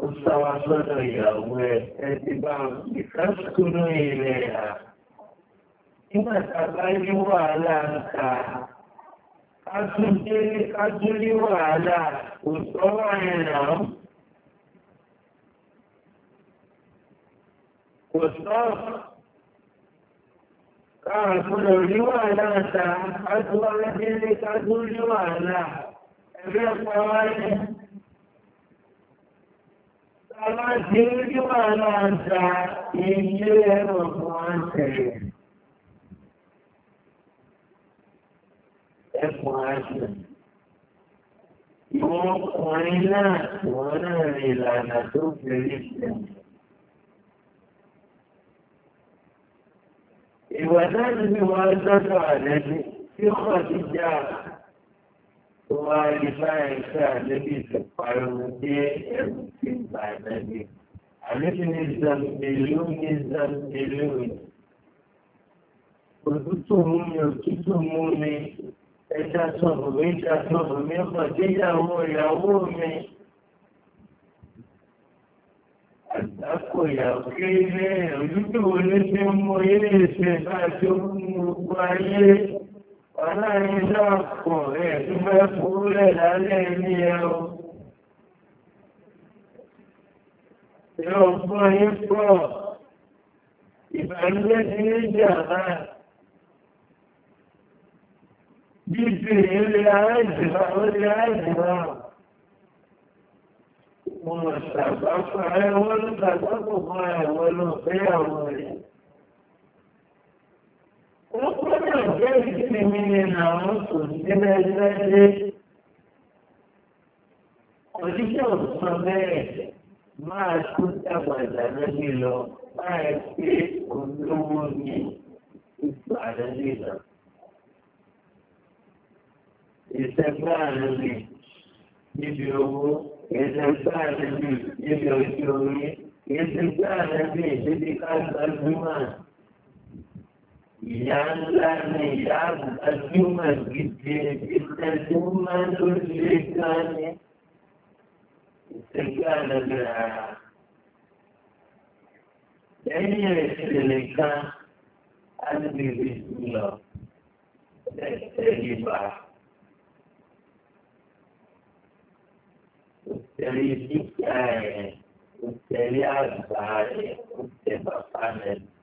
S1: استوى صدري واتباع تسكن إليها إن تغير لك أتجري أتجري وعلى استوى إليهم واستوى كافر لوالك أتوى لك أتجري وعلى أبي الصوائب Samadhi Manasa Injira Mwase. Mwase. Yóò kọrin náà wọ́n náà rí ìlànà tó fèrè sí. Ìwà náà ni wọ́n lọ́dọ̀ àlẹ́bí tí kọ̀ sí jáà. kowa ya sa ya sa annabi ta faru da yankin ba annabi alifinizam ilunizam iluni kututumu ni okutumu ni ẹja sọ̀rọ̀ mi ẹja sọ̀rọ̀ mi ọkọ̀déyàwó ìyàwó mi àdàkọ ìyàwó kéré ojútùú oníṣẹ́ mú eré ìṣẹ̀dá tó mú gbogbo ayé. Ọlọ́rin lọ́pọ̀ rẹ̀ tó fẹ́ fúrúlẹ̀ lálẹ́ ilé ẹ̀rọ. Yóò fún yí pọ̀, ìbàlúwẹ́ ti ní jàmá. Bíbí ilé aláìsìnwá, ó lé aláìsìnwá. Wọ́n ṣàgbáfà ẹwọ́n ló ṣàgbáfà fún ẹwọ́n ló fẹ́ àwọn rẹ̀. jẹ́ ìsinmi ní àwọn kò ní tẹ́lẹ̀ lẹ́lẹ́ òṣìṣẹ́ òṣìṣẹ́ bẹ́ẹ̀ máa tún dàgbàdà lẹ́bí lọ máa ṣe olówó ní ìgbà lẹ́bí lọ. Ìṣẹ́gbà lẹ́bí níbi owó, ìṣẹ́gbà lẹ́bí níbi ojú orí, ìṣẹ́gbà lẹ́bí níbi káàkiri máa. يعني يعرف الجمل جدا الجمل اللسانية استقال لأن اللسان قلبي بسم الله تستجيبها تستجيب آية تستجيب آية تستجيب آية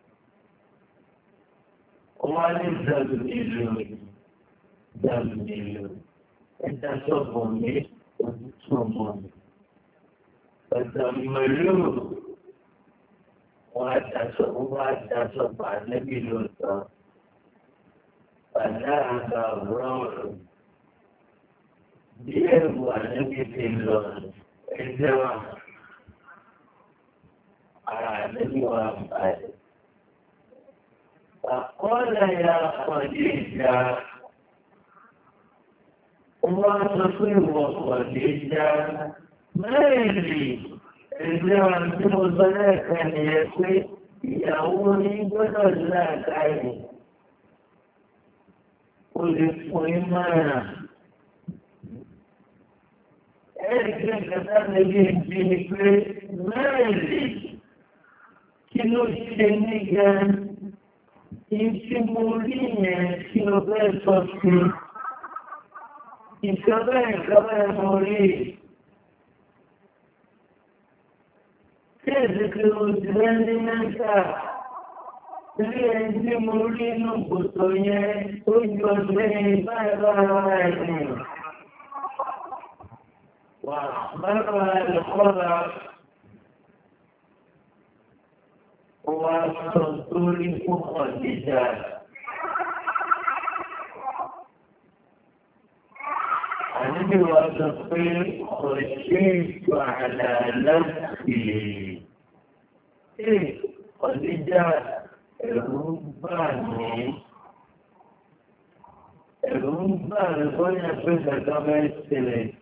S1: وأنا زاد مليون زاد مليون أنت صبوني وتصوموني فدمروا وحتى صبوا حتى صب على النبي لوطا فذهب الروح بيروا النبي في اللون عندما على النبي وأمثاله فقال يا خديجة وتصيب خديجة ما يدري إذا أنتم البنات أن يكون يهودي ولا لا تعلم قلت إيمانا Erken kadar bir birlikte ne Kim o kendine gelen ìdí mo rí yẹn tí o bẹ́ẹ̀ sọ sí ìṣọ́bẹ̀ ìṣọ́bẹ̀ mo rí tí èsì kí o ti rẹ́ ní mẹ́ta ilé ẹni tí mo rí inú kòtò yẹn ó ju ọdún vai para bára ẹ̀sìn وتنطلق الرجال أنا وأتصل خشيت على نفسي إيه ولذا رباني رباني وأنا في الغمام السلسلة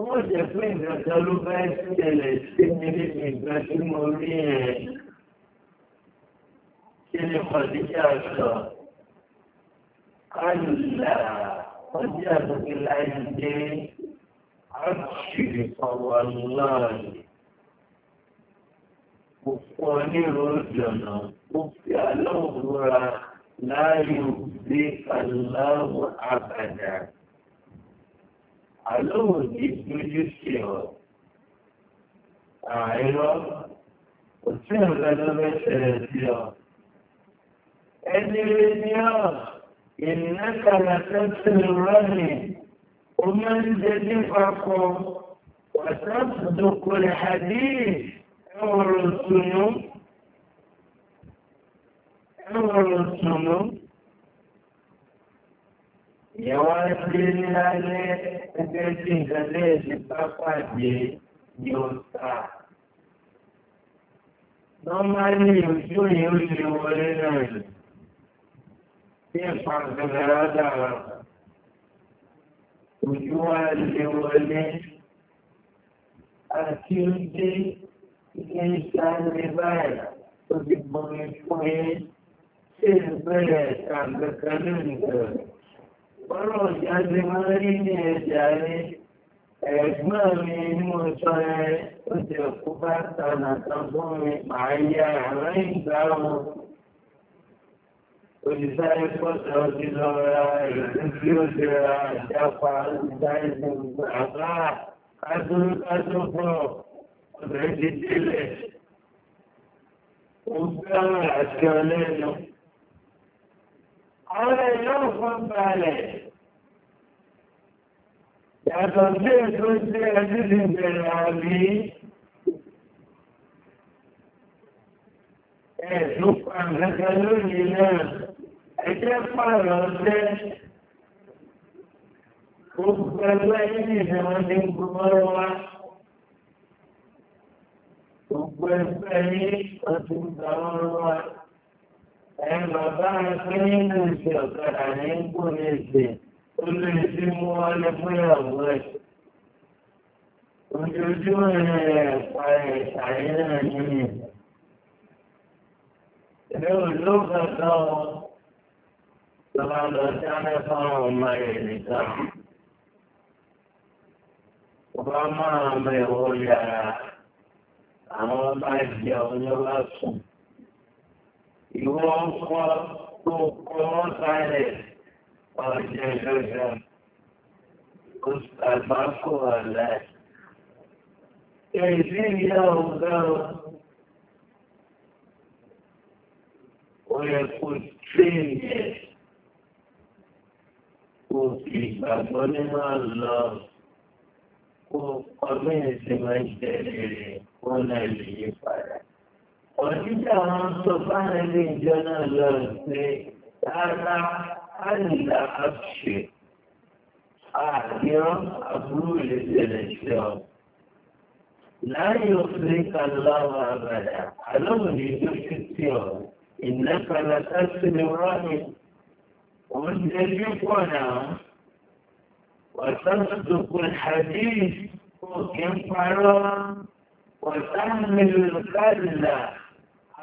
S1: Wọ́n jẹ pé ìdájọ́ ló bá ṣẹlẹ̀ sí mi ní ìgbà tí mo rí ẹ̀. Kí ni Fọ̀díjà sọ? Kálùlà, Fọ̀díjà tó fi láì dé, àṣírí ọ̀wọ̀ láàrin. Kò fún ọ ní ìròjọ̀nà, ó fi àlọ́ òwúra láàrin òbí aláwọ̀ àbàdà. a logo disso existiu. Aí eu, o Senhor da Nossa Edilenior, إنك لتنسل الرهن ومن جدفكم وتصدق الحديث أمر السنو أمر السنو Ìwádìí ńlá ní ẹgbẹ́ tí ìgbẹ́lẹ́ ìṣẹ́pá pàdé yóò ta. Normally, ojú yìí ó lè wọlé náà rẹ̀. Tí ìpàgbẹ̀rẹ̀ rádà rẹ̀, ojú wá lè wọlé. Àti ojú ilé ìṣàlẹ̀ báyìí, ó ti bọ̀ mí fún ẹ. Ṣé ìbẹ̀rẹ̀ ìṣàgbẹ̀kẹ̀ lónìí rẹ̀? ọ̀rọ̀ ìjáde máa rí ní ẹ̀jà rẹ̀ ẹ̀gbọ́n mi ní mo sọ ẹ ó ti ọ̀kú bá tànà tán fún mi màá yá àwọn ìgbà wọn olùsáré pọ̀tà ọdún lọ ra ìlú tí ó ti ra ìjápa olùsáré gbogbo àbá kádúrúkádúrúkọ ọ̀rẹ́ ti délẹ̀ ó gbára àti ọlẹ́nu. على يوم فعليه يتصير كنت أجل بالعبي شوف أن ذكروني ناس أجاب مرضي شوف كلايني زمان كمروا شوف كلايني أتم داروا ẹ̀yìn bàbá akẹ́yìn náà ṣe ọ̀kadà ní kò ní ṣe ó lè ṣe mú wálé fún ìyàwó ẹ̀. Ojoojúmọ́ ẹ̀ pa ẹ̀ṣà yẹn náà nínú. Ẹ̀rọ ló kàkà ọ lọ́wọ́ lọ sáré fáwọn ọmọ rẹ̀ nìkan. Ọba máa mọ ẹ̀wọ̀ yàrá àwọn ọba ìjẹun ló bá sùn. ìwọ ọkọ tó kọ́ sálẹ̀ ọ̀jẹ̀ ìjọba kò àgbákò ọ̀la. Èyí ìyá ọ̀gá o. Ó yẹ kó tréyìn kó fi ìgbàgbọ́ nínú àlọ́ kó ọmọ ìsinmi jẹ́ rere kó náà lè yí padà. Wanita orang sopan ini jenazah ini Karena anda aksi Akhirnya Abu Lisanisham لا يخلق الله أبدا علم يجوش السيوم إنك لتسل الرحم وتجيبنا وتصدق الحديث وكفرا وتحمل الكلا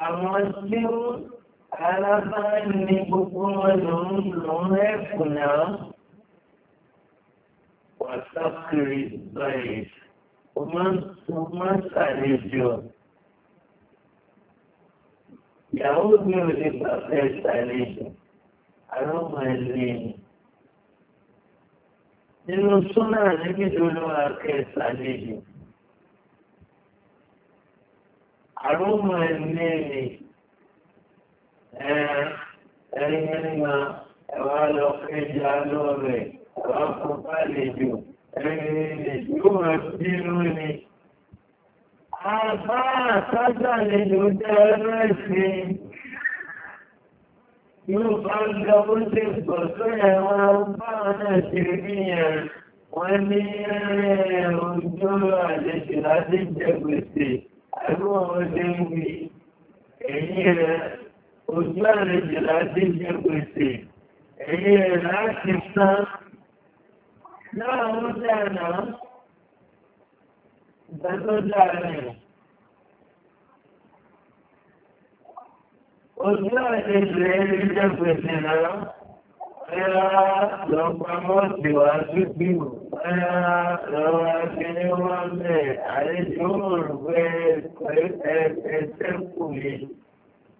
S1: المسجد ألفاني بقولهم لهفنا وسقر الضيف ومن ومن سالجو يعود من البقر سالجو أروم الدين nínú súnà níbi ìdúró wa kẹsàn-án lè yìí aroma nene ẹ̀yìnrìnà ẹ̀wà lọ péjà lọ́rẹ̀ wà fún pàlejò ẹ̀rìnrìnà yóò máa bínú ni àbá àtàjàlejò jẹ́ ẹlẹ́sìn yóò bá gbọ́ bó ṣe pọ̀ tó ẹ̀wà bá náà ṣe rí yẹn wọ́n ní ẹ̀rẹ̀ òjò àlejò láti jẹ gbèsè alóòrùn ẹ̀yìn rẹ̀ ojú àrẹ̀ jìlá dé jẹ́ pèsè ẹ̀yìn rẹ̀ láti sán láàrún dáná ìdájọ́ dáná ojú àrẹ̀ jìlá dé jẹ́ pèsè náà Ọya lọ pamọ́ sí wá sí bíò, ọya lọ wá sí ní wọ́n bẹ̀, àlejò òrùgbẹ́ ẹ̀ẹ́sẹ̀ kù yìí.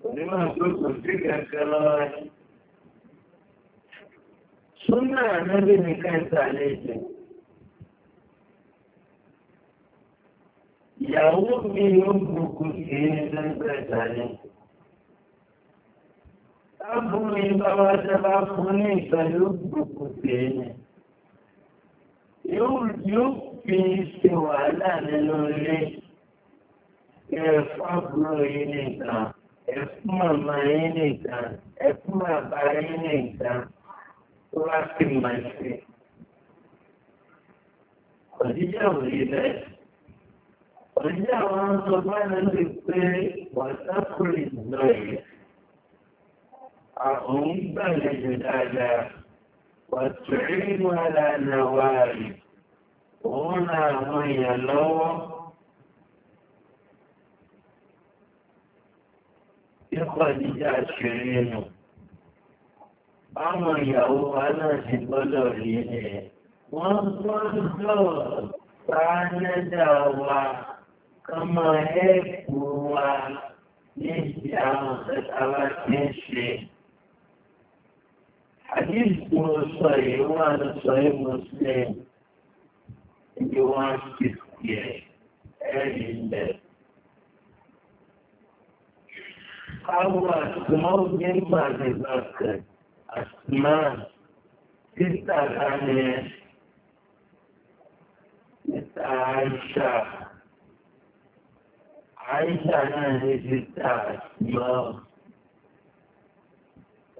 S1: Onímọ̀ tó kò sí kẹ̀kẹ́ lọ́wọ́ yìí. Súnà ànábì nìkan ìsàlejò. Ìyàwó mi yóò gbogbo kìí ní ẹgbẹ́ ìsàlejò. أبوي بواسبا خوني فيبكتين يبكي سوالا للولي يفضل إليك يسمى ما إليك يسمى با إليك ولكن ما يشفي قد جاءوا إليك قد جاءوا أن سبحانه وتقول إسرائيل أهم الأذى وتعين على نواري هنا هي لو إخوتي الشرين أما يهو أنا سبلو ليه وانظر كان دعوة كما هيك هو ليش يا أخي حديث صحيح وانا صحيح مسلم جواز تسكيه أهل قالوا أسماء من بعد ذلك أسماء تستعاني عائشة عائشة أنا تستعاني أسماء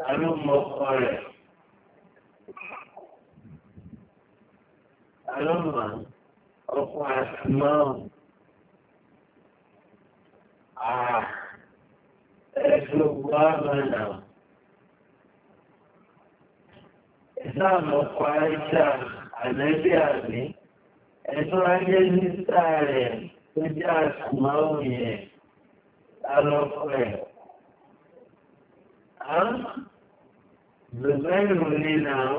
S1: قالوا مقالة alọ́mà ọkọ̀ àtìmọ́ọ̀ ẹ̀sùn gbọ́mọ̀nà ìsáàmù ọkọ̀ àìsà àlẹ́bí àmì ẹ̀sùn ayé ní sáàrẹ̀ tó jẹ́ àtìmọ́ọ̀ yẹn alọ́kọ̀ ẹ̀ Zubairu ni náà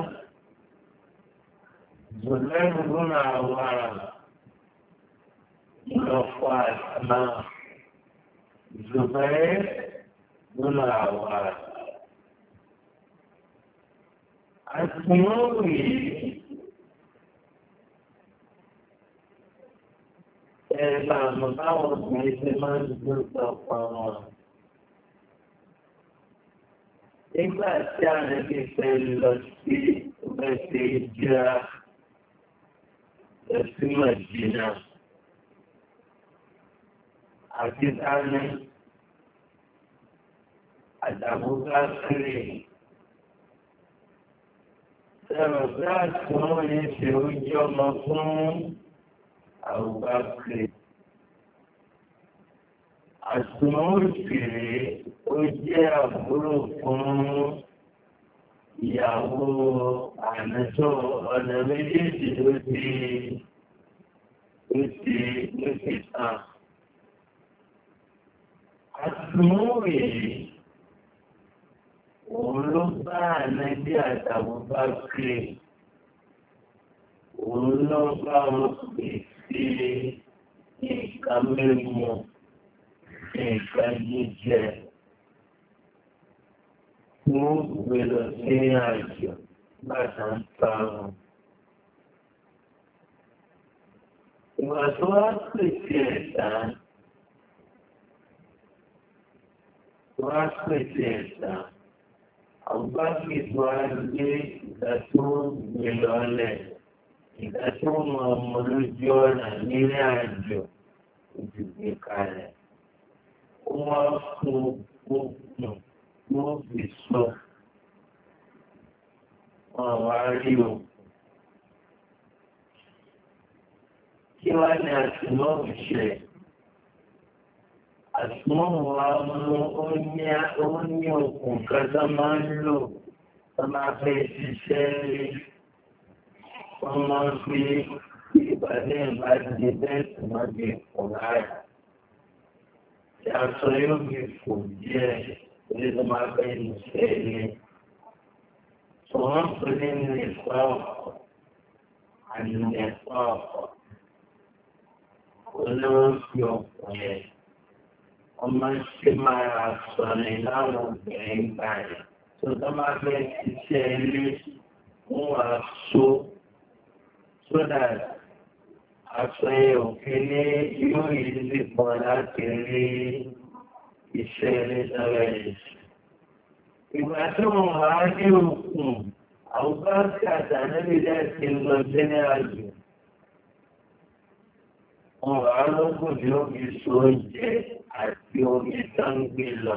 S1: زليم بن عوام وفاطمة زبير بن عوام السيوطي إذا مطور بإتمام السلطة إذا كانت في الوسيط وفي الجاه في مدينة أكيد أنا أدعوك أخري سبقات كوني سوج مفهوم أو بكري أسمعك وجه أبروكم ìyàwó àmẹ́tọ́ ọ̀nà méjèèjì ló ti ló ti ló ti tàn. Àtúnwòye òun ló bá àmẹ́bí àtàwọn bá kiri. Òun ló bá wọn pèsè nǹkan mímu, nǹkan jíjẹ. Tudo pela ciência, mas não Uma sua presença, sua presença, ao batizar de da sua melhora, e da sua amorosa miragem, de cara, uma sua wọ́n fi sọ ọ̀rọ̀ àríwò. Kí wá ní àtìmọ́ọ̀mù ṣe? Àtìmọ́ọ̀mù wa mú ó ní okùn kan tó máa ń lò tó máa fẹ́ ṣiṣẹ́ rí. Wọ́n máa ń fi ìpàdé ìbáṣe bẹ́ẹ̀ tó máa di ọ̀rá rẹ̀. Ìyàtọ̀ yóò fi kò díẹ̀. ولازم عارفين المسائل صنف من الإطلاق عن الإطلاق كل يوم وما اجتمع الصليلان وبعين بعد فطبعا بين السيلس هو السوق سودان أصيب كلي يوم يجب ولا كلي ìṣẹ̀lẹ̀ sàrẹ̀lẹ̀. Ìgbà tí wọ́n wá ní òkun, àwùbáṣẹ́ àtàlẹ́bí láti lọ jẹ́nẹ́ràjù. Wọ́n wá lọ́gùn ní omi sóúnjẹ àti omi sáńgbé lọ.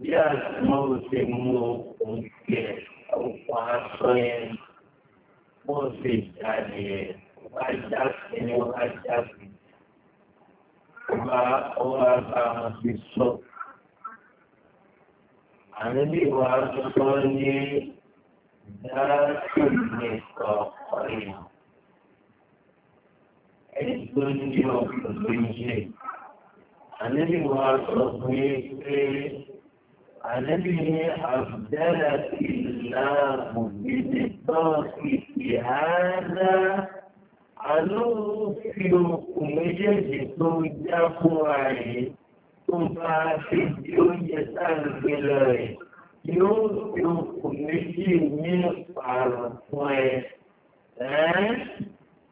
S1: Bí àtúmọ̀ ò ṣe mú òkun jẹ, òkun aṣọ yẹn, wọ́n ṣe jáde, wọ́n á já sí ni wọ́n á já sí. bá wá bá wọn ti sọ. Àníbí wa sọ ní dáàbò ní ọ̀pọ̀ èèyàn. Ẹni tó ní ọ̀pọ̀ tó ń ṣe. Àníbí wa sọ pé pé àníbí ní àbúdára sí ìlànà òbí ní tọ́ọ̀sì ìhádá. àlọ́ fi okùn méjèèjì tó já fún wa rẹ̀ tó bá fi di oúnjẹ sáàgbé lọ rẹ̀ yóò fi okùn méjì ní ìpààrọ̀ fún ẹ.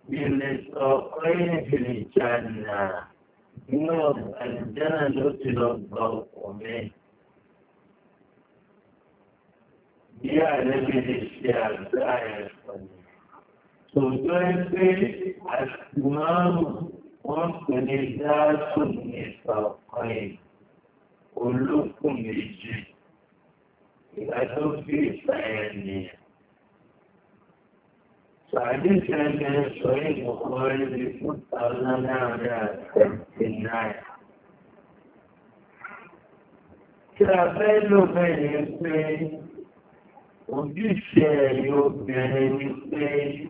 S1: Bìlẹ̀ sọ̀kọ́ yẹn bìlẹ̀ jàǹdà inú ọ̀gbà ìjánà ló ti lọ gba ọkọ̀ mẹ́. Bí àlẹ́ mi lè ṣe àgbá ẹ̀ pẹ̀lú. Entonces, actuamos con sanidad con esta fe, con luz con ella, y la luz está en ella. Sadece kendine söyleyip okumayı bir kurtarla ne arasın dinler. Trafelo benim o bir şey yok benim değil.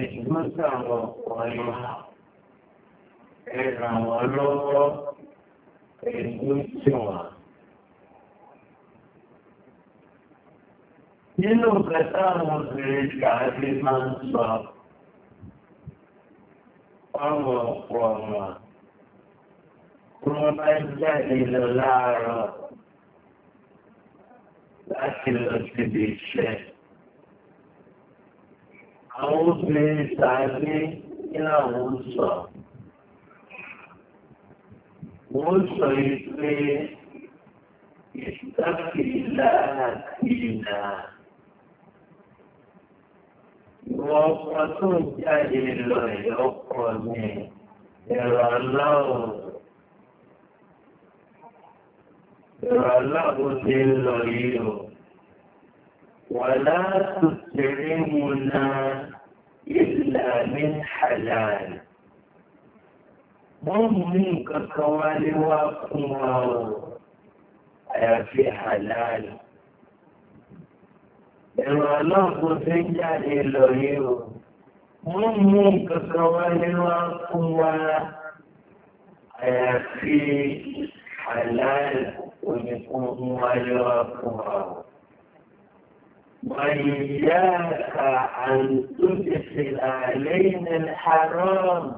S1: ìgbésẹ̀ àwọn ọ̀pọ̀lọpọ̀ ìrànwọ́ lọ́wọ́ ìgbésẹ̀ wọn. Nínú kẹta àwọn obìnrin kàábí máa ń sọ ọmọ ọ̀pọ̀ ọmọ tí wọ́n bá jáde lọ láàárọ̀ láti lọ síbi iṣẹ́. àwọn obìnrin sàárè ilá wọn sọ. Wọ́n sọ ìpé ìtàkìlá àkìlá. Ìwọ ọkọ tó ń jáde lọ ìyọkọ ni ẹ̀rọ aláwọ̀. Ẹ̀rọ aláwọ̀ ti ń lọ yìí o. ولا تكرمنا إلا من حلال وهم منك كوالي وقمار أي في حلال إن الله تفجع إلهيو وهم منك كوالي وقمار أي في حلال ونكون مالي وقمار وإياك أن تدخل علينا الحرام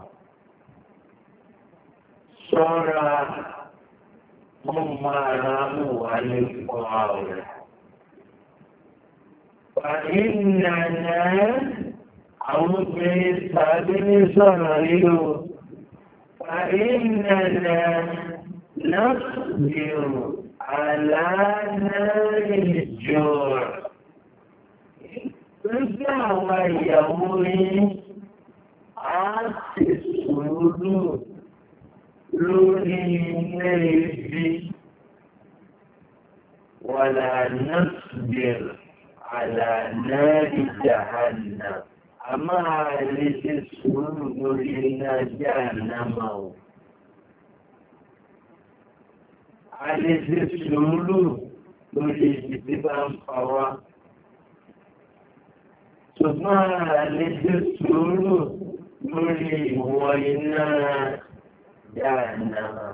S1: سورة هم راموا عليك فإننا أعوذ بالله سورة فإننا نصبر على نار الجوع Nígbà àwọn ìyàwó yìí, a ti sùúrù lórí ilé ibi wàlà nọ́sùgbẹ̀rẹ̀ àlànà ìjàhánà. A máa lè ṣe sùúrù lórí iná jàhánàmà o. A lè ṣe sùúrù lórí ibi tí bá ń pa wá. ṣùgbọ́n àlejò sùúrù lórí ìwọ iná dáadáa.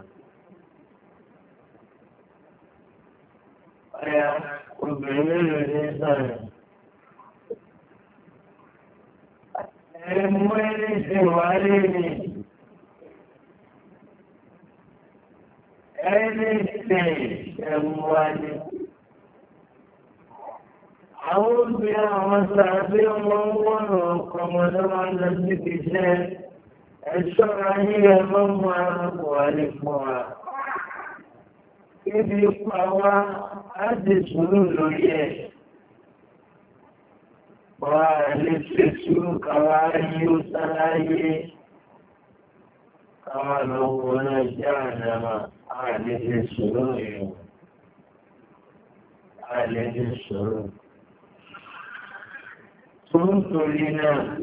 S1: Ọya obìnrin mélòó ní sọ̀rọ̀? Ẹmú ẹni ti wà lẹ́ni. Ẹni tẹ̀ ẹ̀mú wa ni. أعوذ بالله وسعدي الله وقمد على الاتجاه الشرعية مما وألفها إذ يقوى أدس نولوية وألفسو كواهي سلاهي كما لو نجعلما ألفسو ألفسو nítorí náà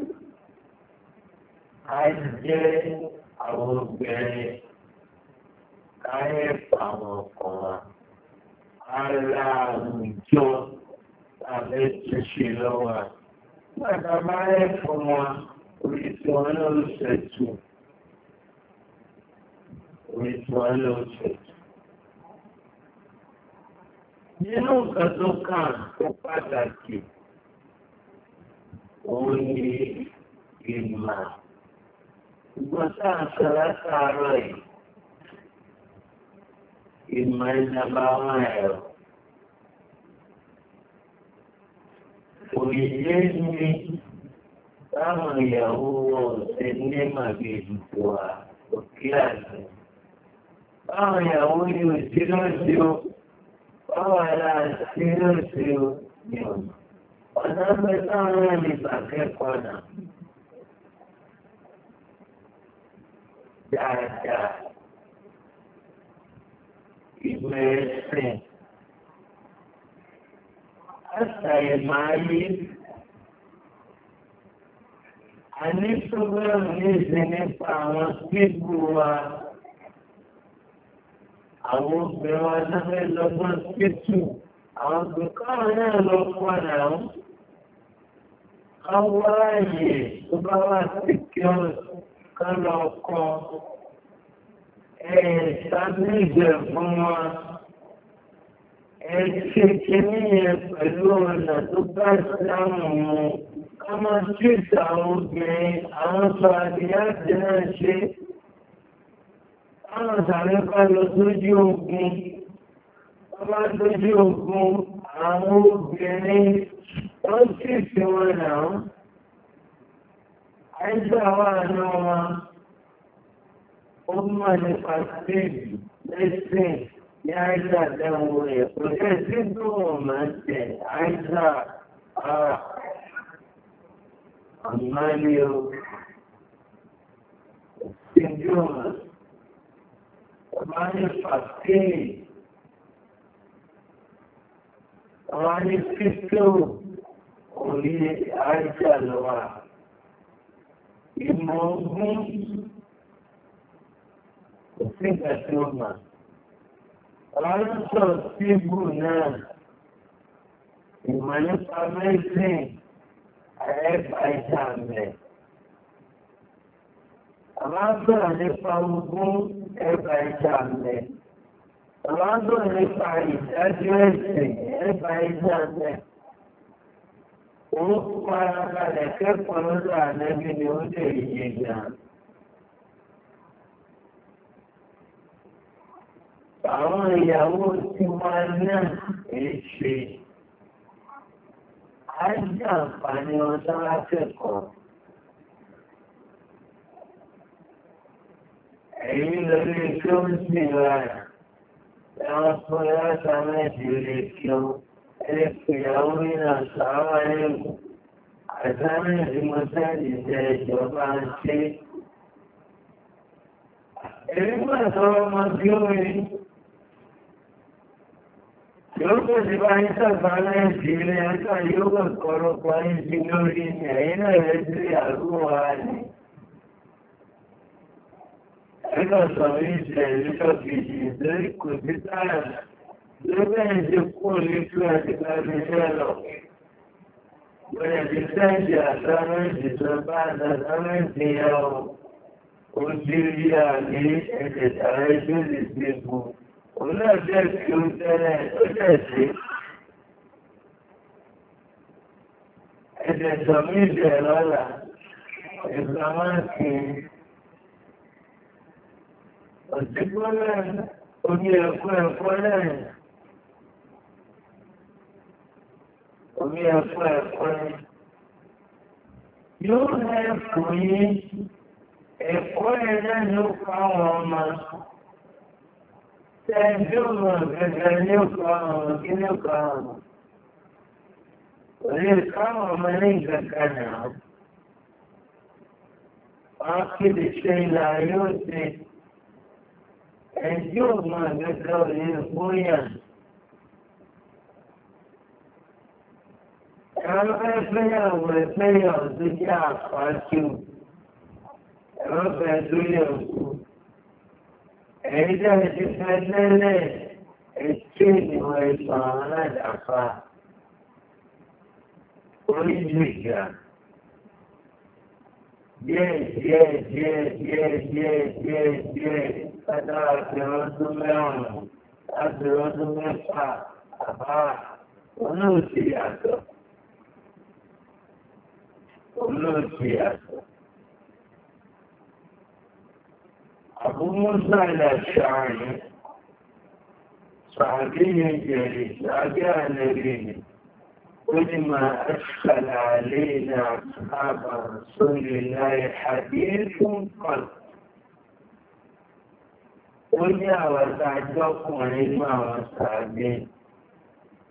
S1: a jẹ́ àwọn obìnrin káyẹ̀ fáwọn ọkọ̀ wa ara àwùjọ tàbí ṣíṣe lọ́wọ́ Bàbá máa ń fún wa orísun ọlọ́ọ̀ṣẹ̀tù. Orísun ọlọ́ọ̀ṣẹ̀tù. Nínú nǹkan tó kàn tó pàtàkì. òun ni ìmọ̀. Ṣùgbọ́n tá à ń sọ látàárọ̀ yìí, ìmọ̀ ìjọba wọn ẹ̀rọ. Òyìnbó ni táwọn ìyàwó wọn ṣe ní màgbé ìdìbò à òkè àgbẹ̀. Báwọn ìyàwó ni òṣèlú ṣe o, báwọn ará ṣe ló ṣe o ní ọ̀nà. kwana mai tsawo ne ba kai kwana dada ìwé ẹsẹ̀ àṣàyè máa yí àníṣọ́gbọ́n níṣe nípa àwọn pípù wa àwọn obìnrin wa sáfẹ́ lọ́gbọ́n pípù àwọn gbẹ̀kọ́ náà lọ pọ̀ náà. káwáyè tó bá wà sí kí ọ ká lọ kọ ẹ̀ sábẹ́jẹ̀ fún wa ẹ ṣe kíní yẹn pẹ̀lú ọ̀nà tó bá ìsìlámù mu ká máa tíìtì obìnrin àwọn sọ àdìyáàdì náà ṣe káwọn sàrẹ́ bá lọ sójú ogun bá lójú ogun àwọn obìnrin oríṣiríṣi wọn náà àìgbà wà náà wọn ó mọ̀ nípa stéèjì lẹ́sìn ní àìgbà dẹ́wọ̀ rẹ̀ kò jẹ́ síbí wọn máa ń tẹ̀ àìgbà ara àmọ́ ní o síbí wọn máa ń nípa stéèjì. Àwọn ní fífẹ́ òun. orí àjà lọ́wà ìmọ̀ ogun kò sí ìgbà tí ó mà ọ̀rọ̀ sọ síbù náà ìmọ̀ nípa mẹ́sìn àyẹ̀bá ìjà mẹ́ àbábọ̀ nípa ogun ẹ̀bá ìjà mẹ́ àbábọ̀ nípa ìdájọ́ ẹ̀sìn ẹ̀bá ìjà mẹ́. orúkọ padà kẹ́kọ̀ọ́ lọ́dọ̀ ànábì ni ó lè yé ga. Àwọn ìyàwó tí wọ́n náà ń ṣe. A jẹ́ àǹfààní ọjọ́ akẹ́kọ̀ọ́. Èyí lórí kí ó ń sìn ra ẹ̀wọ̀n fún ẹ̀rọ sáà mẹ́sì lè kí ó. ملك يومنا صائم
S2: عزمنا المساجد
S1: وبعثي إما صار مظلوم Yoga Divaisa Bana Jilayaka Yoga Korokwai Jinori Naina Vedri Aguwani. Eka Swami Jailika Vijizari Kuditayana. لبنجكون لفلات الرجال ويجتاجع ثمن سبعة ثمن ديار وجريا لشدة عجل الدبو ولا تسكن ثلاثة إذا سميت جلالا إسلاماتي وتقول أن أمي أكون أكون omi ẹ̀kọ́ ẹ̀kọ́ yóò rẹ̀ ẹ̀kọ́ yìí ẹ̀kọ́ ẹ̀rẹ́ ni ó pa àwọn ọmọ tẹ́jọ́ mọ̀ gẹ́gẹ́ ní ọkọ̀ àwọn ọ̀gí ní ọkọ̀ àwọn òní káwọn ọmọ ní ìgbàgbà náà wọ́n kéde ṣe ìlà yóò ṣe ẹ̀jọ́ mọ̀ gẹ́gẹ́ òní ìgbóyàn fẹ́yàwó ẹ fẹ́yàwó tó jẹ́ àpáṣẹ́wò ẹ̀rọ fẹ́ tó lè kú ẹ̀ẹ́dá ti fẹ́ lẹ́lẹ̀ ẹ̀ṣẹ́ ìwọ̀n ẹ̀sọ̀ àwọn àdàfà orí ìlú ìjà díẹ̀ díẹ̀ díẹ̀ díẹ̀ díẹ̀ díẹ̀ díẹ̀ kátà àti ọdún mẹ́wọ̀n àti ọdún mẹ́fà àbá wọn náà ti yàtọ̀. كلهم أبو موسى الأشعري صحابي جليل أجاء نبيه ولما أشكل علينا أصحاب رسول الله حديث قلب ويا وتعجبكم لما وصعبين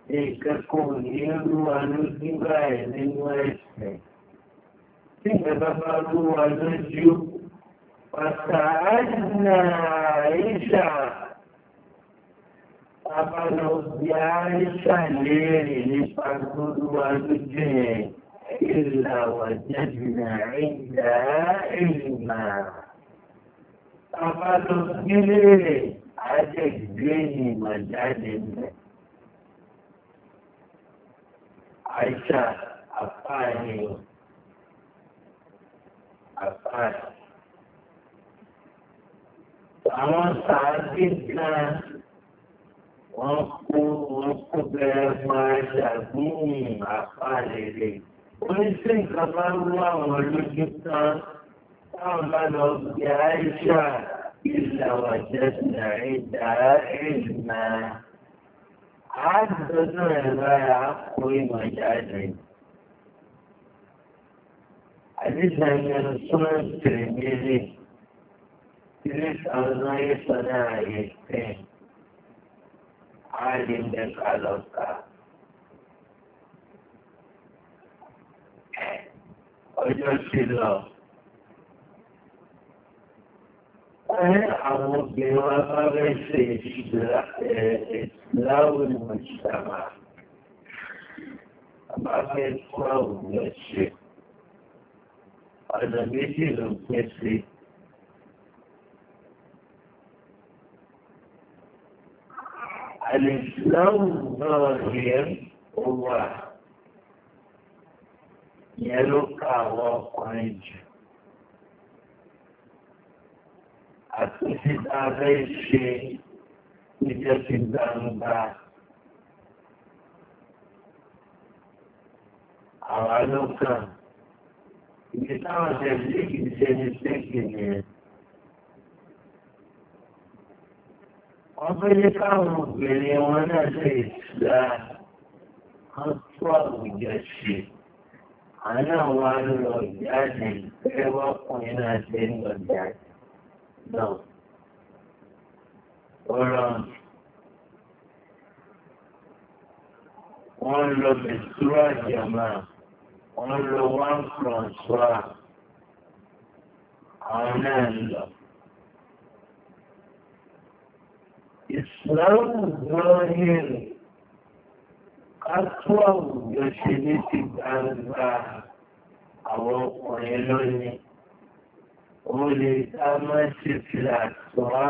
S1: إيه ككون يدوى نجيب عيد ويسعي فبروا ونجوا وساعدنا عيشا أبلغ بعيشا ليل فبروا ونجوا إلا وجدنا عندها علما أبلغ بعيشا عدد بيني مجال عيشا أفاني عفان فأما سعادين كان وقو وقو بما شابون عفان لي ونسين كمان الله ولجبتا تعمل بعيشة إلا وجدنا عندها علما عدنا لا يعقل مجالين حديث من السنة الترمذي تلك أرضي صنع يكتين عالم لك على الطاعة أجل الله أنا بوفر في إسلام المجتمع ما في القوم والشرك الذي لم يسري الإسلام ظاهر هو يلقى واقعج أتسد عليه الشيء لتسد أنباه estava servindo de ser sentimento. وبالكون مليون الإسلام أطول جسي أنا والو جاسي وقنا سين وجاسي نو ولون ولو بسرعة جماعة only one Francois Ananda. Islam Zahir Katwa Yoshiditi Ganga àwọn ọkùnrin lónìí. Ó lè dá mọ́sífìlà sọ́ra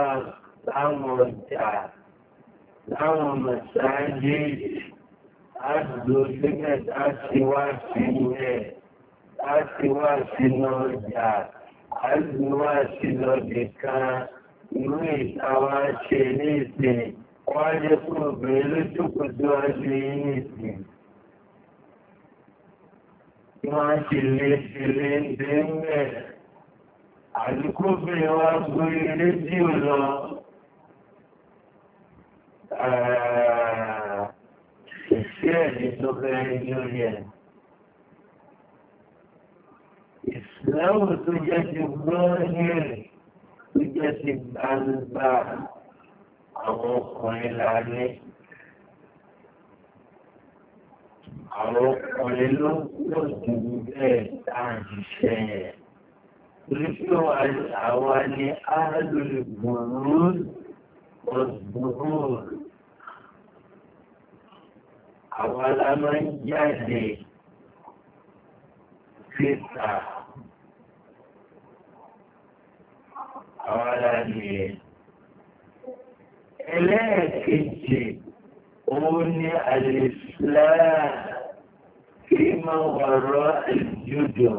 S1: láwọn ọjà láwọn mọ̀sáájì. àdòjúlẹ̀ àtiwá sínú ẹ̀ àtiwá sínú ọjà àtiwá sínú ọdẹ kan inú ìtawá ṣe ní ìsìn wáyé fún obìnrin lójúkòtò ọdún yìí ìsìn. Wọ́n ti lè ṣe lè ń dé ń bẹ̀. Àdúgbòbìnrin wa gbé rédíò lọ. Ẹ̀ẹ́ ìbéèrè tó bẹ̀rẹ̀ lórí ẹ̀. Ìsìláwò tó jẹ́ ti gbọ́ nírì tó jẹ́ ti gbangba àwọn ọkùnrin lálẹ́. Àwọn ọkùnrin ló pọ̀ jù bẹ́ẹ̀ táàṣìṣẹ́ ẹ̀. Oríṣiríṣi àwa ni áàlù gbòòrò ọ̀gbòòrò. àwọ̀lámọ́ jáde kíta àwọ̀lámọ́ ẹlẹ́ẹ̀kejì òun ni àlèsíláà kí máa wọ̀rọ̀ ìjúdò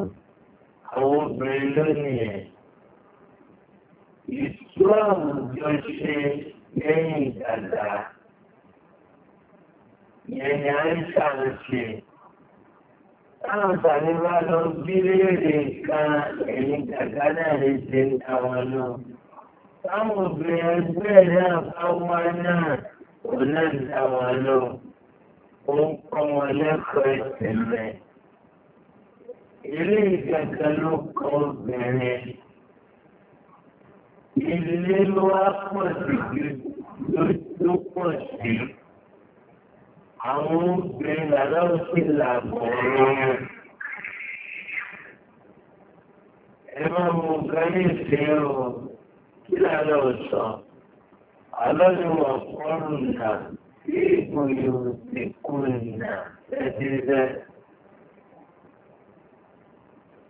S1: àwọn obìnrin lónìí ìṣúra àwùjọ ṣe lẹ́yìn dáadáa. يعني àìsà ṣe àǹfààní bá lọ bí léèrè kan ẹ̀yìn kàkà náà lè ṣe àwọn náà táwọn obìnrin ẹgbẹ́ náà bá wá náà kò náà dá wọn lọ ó ń kọ́ wọn lẹ́kọ̀ọ́ ìtẹ̀lẹ̀ ilé ìkẹkẹ ló kọ́ obìnrin ilé ló wá pọ̀ sí ló pọ̀ sí. àwọn obìnrin làlọ́run sí làbọ̀rọ̀ ẹ máa mú nǹkan ní ìfẹ́ o kí làlọ́run sọ àlọ́run wà fọ́ọ̀rùn náà sí ìgbòyò ìkùnrin náà ẹ̀dí rẹ̀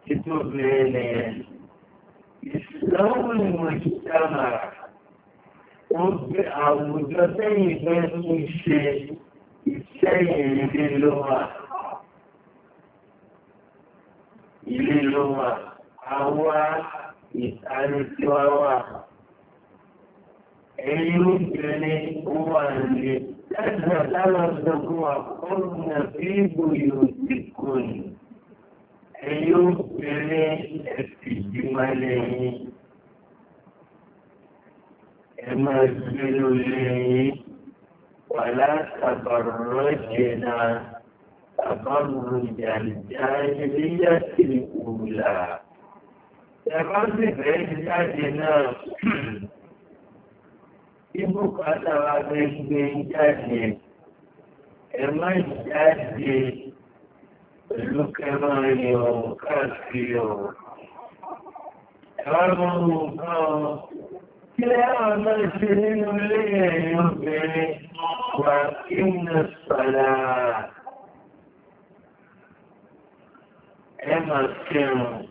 S1: títí obìnrin nìyẹn ìsìláwò ni mo ti dá màrà ó gbé àwùjọ sẹ́yìn fẹ́ ń ṣe. شيء في اللغة إلى اللغة هو يسأل السواوى علم جنيه هو أنجي تذهب الأرض قلنا في بيوتكم علم جنيه في جماله أما الجنيه ولا تبرجنا تبرج الجاهلية الأولى تبرج الجاهلية Ibu kata wabih bin jadi, emang jadi, lu kemayo, kasiyo. Kalau kau, kira-kira masih ini mulai yang beri, وإن الصلاة إما السن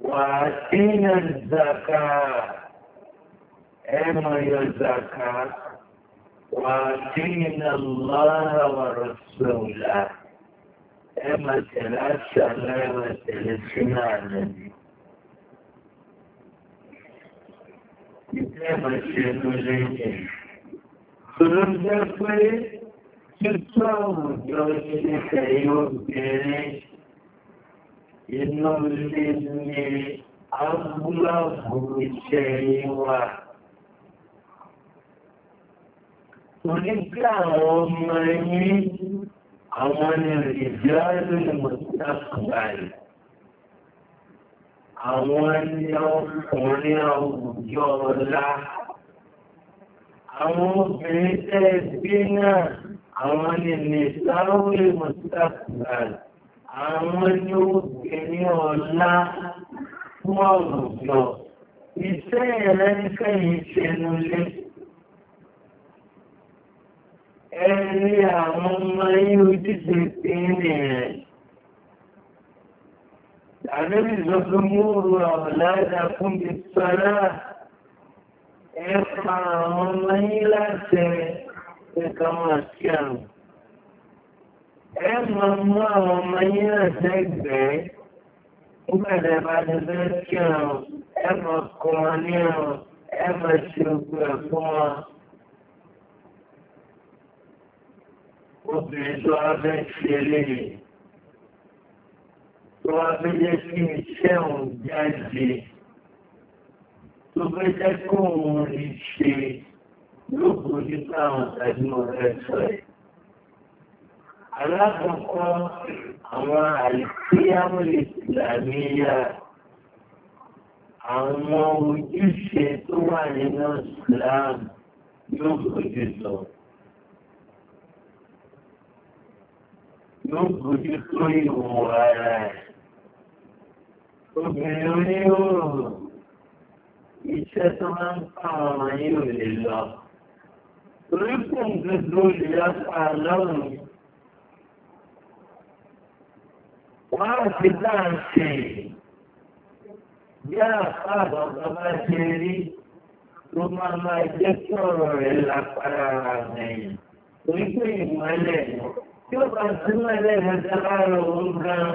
S1: وإن الزكاة إما الزكاة وإن الله ورسوله إما ثلاثة لا وثلاثين النبي إما الشيء Sonunda fue Yutsu, yo le creo ustedes, en nombre de Allah, Bukhariwa. ونبقى أمين عن الرجال المستقبل àwọn ẹni ọkùnrin àwùjọ ọ̀la àwọn obìnrin tẹ́ gbé náà àwọn ni nìsáwé mustaqbal àwọn ni obìnrin ọ̀la fún àwùjọ iṣẹ́ ẹlẹ́nikẹ́yìn ṣẹnulé ẹni àwọn ọmọ yìí ojúṣe pínlẹ̀ rẹ̀ àdébìsọ́fún mú ọ̀la ẹ̀dá fún bí sọ́lá É essa alma enlace de É Essa alma enlace de uma devastação, é uma comunhão, é uma chuva Obviamente, jovem feliz. Sua objeção de agir. dove da comunici dopo di tanta dimorazione. Allora dopo ama al-Qiyam al-Islamiyya ama ujishe tuwa nino Islam yóò bójú tó yóò bójú tó ìwò ara ẹ̀ obìnrin oníhòòhò iṣẹ́ tó máa ń fáwọn yìí ò lè lọ. Torí kò ń gbogbo olùyọ́fà lọ́rùn. Wọ́n á fi dáǹsì bí àfáàbọ̀ bàbá ṣe rí ló máa máa jẹ́ kí ọ̀rọ̀ rẹ̀ lápára àgbẹ̀yìn. Torí pé ìmọ̀lẹ̀ tí ó bá sí mọ́lẹ̀ rẹ̀ dábàá rẹ̀ òun gan-an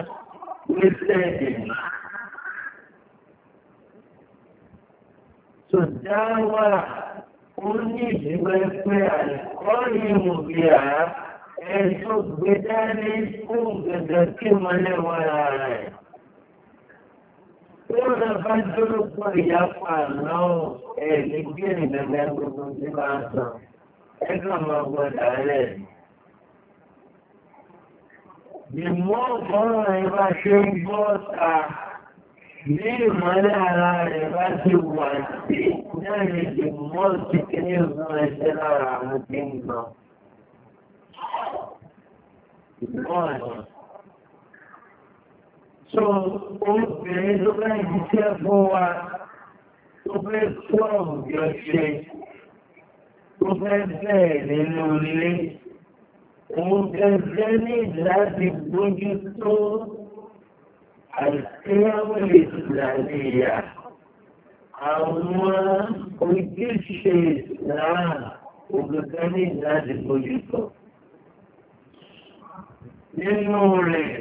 S1: ló ṣẹ̀dẹ̀ náà. tó dáwà ó ní ìdíwẹ́ pé àìkọ́ ìmọ̀ bí a ẹjọ́ gbé dání fún gẹ̀gẹ̀ kí wọ́n lè wọ́n ara rẹ̀. Tó lọ bá dúró pọ̀ ìyapa náà ẹ̀ẹ́dì bí ìgbẹ̀gbẹ̀ gbogbo ti máa sàn. Ẹgbẹ́ ọmọ gbọ́dọ̀ rẹ̀. The more foreign Russian bought are bí ìmọ̀lẹ́ ara rẹ̀ bá ti wà sí náà ni ìmọ̀ ti kéré fún ẹsẹ̀ lára àwọn tí ń lọ. Ìmọ̀ ẹ̀sán. So, obìnrin ló bá ń jíṣẹ́ fún wa tó fẹ́ tó àwùjọ ṣe, tó fẹ́ bẹ̀ẹ̀ nínú ilé, òun gẹ́gẹ́ ní láti gbójú tó القيم الإسلامية àwọn ojúṣe náà ògbẹ́gbẹ́ni láti bójútó. Nínú rẹ̀,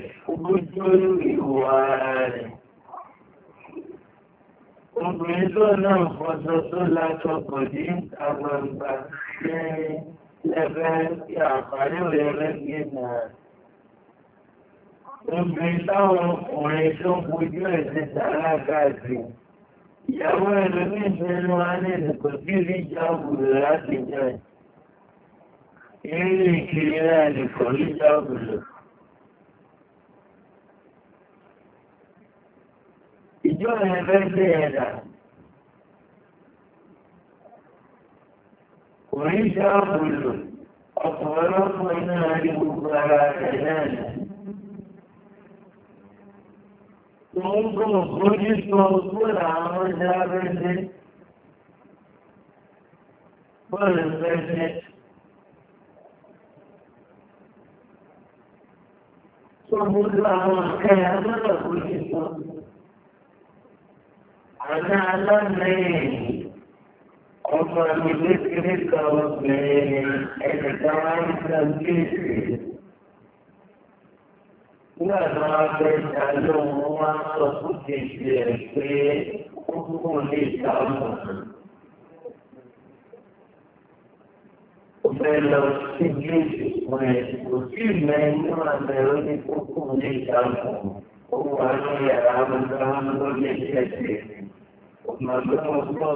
S1: ojú ìwà rẹ̀. Obìnrin tó náà fọ́sọ tó látọ̀ kò ní àgbàgbà ṣe lẹ́fẹ́ àpárí òyẹ́rẹ́ gbé náà. ìgbè táwọn ọkùnrin tó gbojú ẹ̀sìn tààrà káàkiri. Ìyàwó ẹ̀rọ ní ìfẹ́lú Anẹ́sì kò sí rí jágùrù láti jẹ́. Ilé ìkiri náà lè kò rí jágùrù. Ìjọ rẹ̀ fẹ́ sí ẹ̀dà. Kò rí jágùrù, ọkùnrin ọkùnrin náà rí gbogbo ara rẹ̀ náà तुम तुम खुद ही उसको राम जा रहे थे पर बैठे तो मुद्दा क्या है खुद ही आना आना नहीं और मुझे क्रिकेट का वक्त नहीं है ऐसे तमाम सब चीज़ náà bẹ ìdájọ́ wọn wá sọ fún kejì rẹ̀ pé ó kúkú lè dá ọmọ rẹ̀. Ó fẹ́ lọ sí géèjì fún ẹ, kò sí mẹ́rin náà bẹ̀rẹ̀ ní kókó lè dá ọmọ rẹ̀. Ó wà ní yàrá ọmọdé ló lè tẹ̀sẹ̀. Ọmọdé wọn gbọ́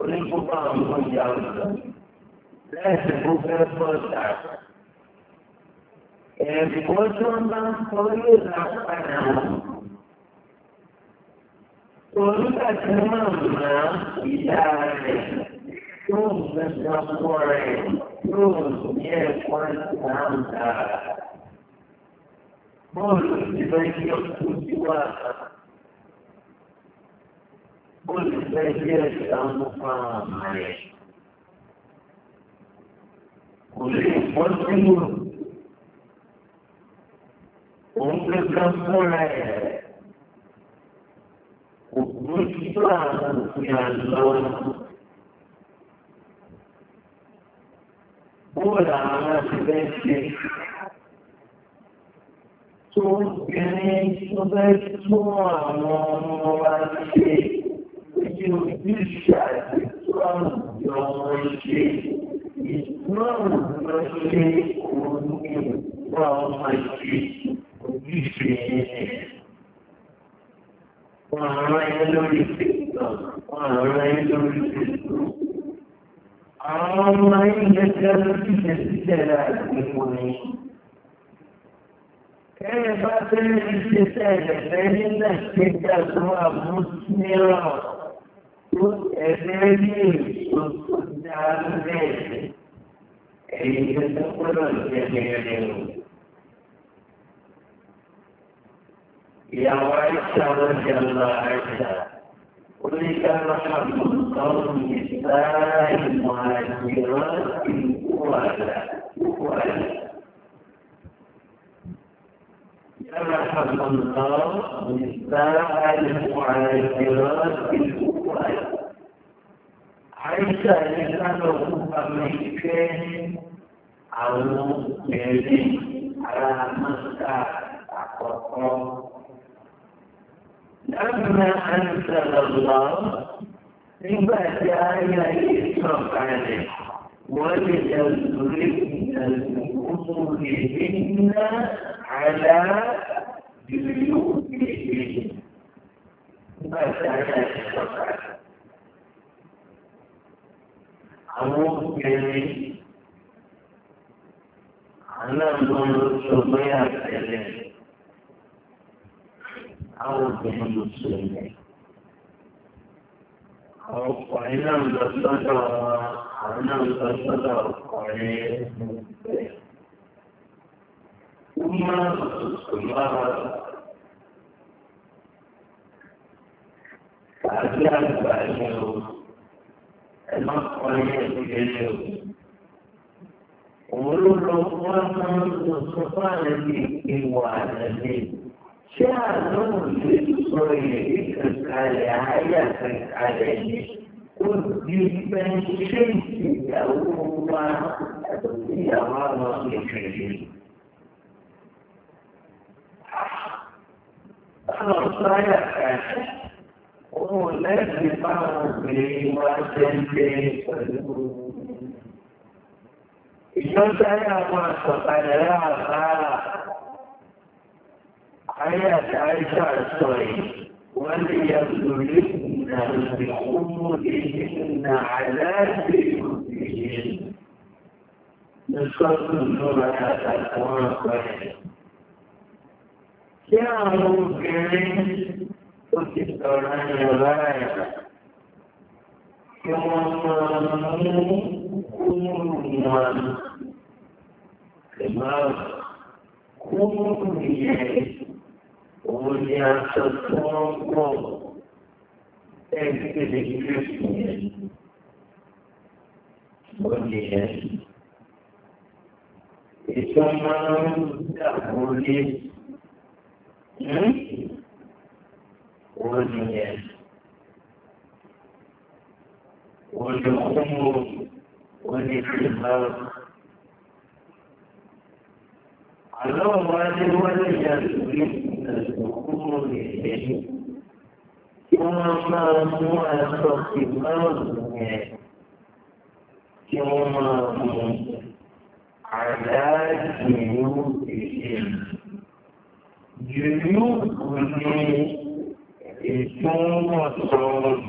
S1: onígbọ́n àwọn ọmọ ìyá ọ̀dọ́. Lẹ́sìn kó fẹ́ bọ́ sàkó. because of the story Raspana, story का जमाना इधर है, तुम बजाओगे, तुम ये कौन काम था? बोल बजाओ कुछ बोल बजाओ काम काम है, बोल बोल òǹkankan fúnra ẹ̀ kò mójútó àwọn òfin àlọ́wọ́. Bóòlù àwọn àtìlẹ́ ṣe tó obìnrin tó bẹ́ tó àwọn ọmọ wa ṣe ojú ojúṣe àti tó àwọn òbí ọmọ ṣe ìdúrà òbí ọmọ ṣe kò ní ìgbà ọmọ ṣe. ojúṣe wọn àwọn ẹni lórí fíìtàn wọn àwọn ẹni lórí fíìtàn àwọn ọmọ ẹni gẹ́gẹ́ lórí ìṣẹ̀síṣẹ́ láti mú ni. Ẹni bá fẹ́rẹ̀ ìṣẹ̀ṣẹ̀ ẹ̀fẹ́ nígbà tí ìjà tó wà mú sílẹ̀ tó ẹ̀fẹ́ rí èso tó dáa bẹ́ẹ̀ ẹ̀yìn tó gbọ́dọ̀ jẹ́ bẹ́ẹ̀ rẹ̀ o. يا عائشة رضي الله عنها ولك الرحمة القوم نساء المهاجرات الأولى يا رحمة القوم نساء المهاجرات الأولى عائشة لسانه أمريكان أو ميلي على مكة أقوى لما أنزل الله آية إشرف عليه ولتزرين الوجوههن على جيوبهن بداية يشرف عليه أنا أو
S2: بمسلمين
S1: أو قائنا مدرسة قائنا مدرسة قائنا ثم الله أجاب بعده المقام يجلس ومن الأخوان من الصفان في وعلى الدين كانوا في الصيف على عيافك عليه قلت بمن شئت يا الله يا الله شيء أنا صايع والذي قلبي وسلبي قلبي إذا كان ما استطاع حياة عيسى الصغير وليبلغن بخمرهن على كلهن نسخة الجمعة القرآن يا ممكن كنت القرآن غاية كما كما كما كما يتصور تجد الجسم والنيات ثم تحول والنيات والخمر والإخلاق على واجب والجنب الحكم للشيء وما هو الاختبار كما على جيوب الشيء جيوب الشيء ثم صوت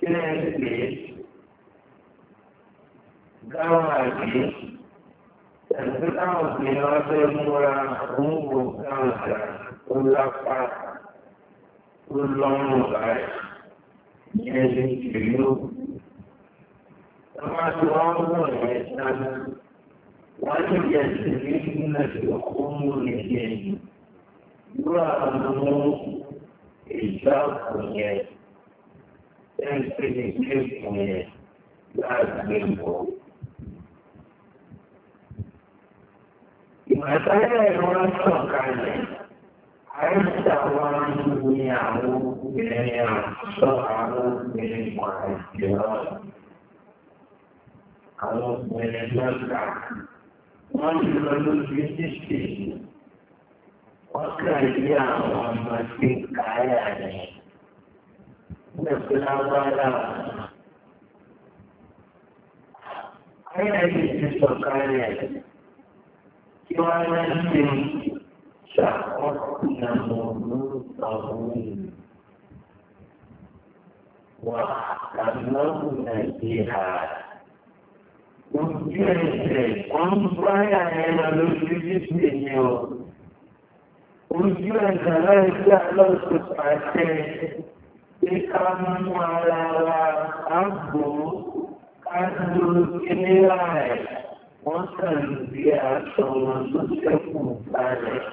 S1: كيف دواعي Estamos que no tenemos un constante, una paz, un longo lugar, y es increíble. Tomás Longo en esta, cuando ya se digna su comunicación, yo abandono el ya con él, el que se con él, da tiempo. أنا يوافق عليه حيث أمر يعود إلى صعب من المعذرات أو من المبدع ومن بالنسبة وكان يعلم تلك عيانه مثل ظلام أين تلك العيانه يعلم شخصنا منصرون واحتملنا بها Ojú ẹ̀rẹ̀ ẹ̀rọ lórí jíjì ni ó. Ojú ẹ̀rẹ̀ lọ́ẹ̀dá lọ́sọ̀ àṣẹ ìka mú ara wa àgbò ká lórí kíníra ẹ̀. quantas viagens lanças que ocultaram,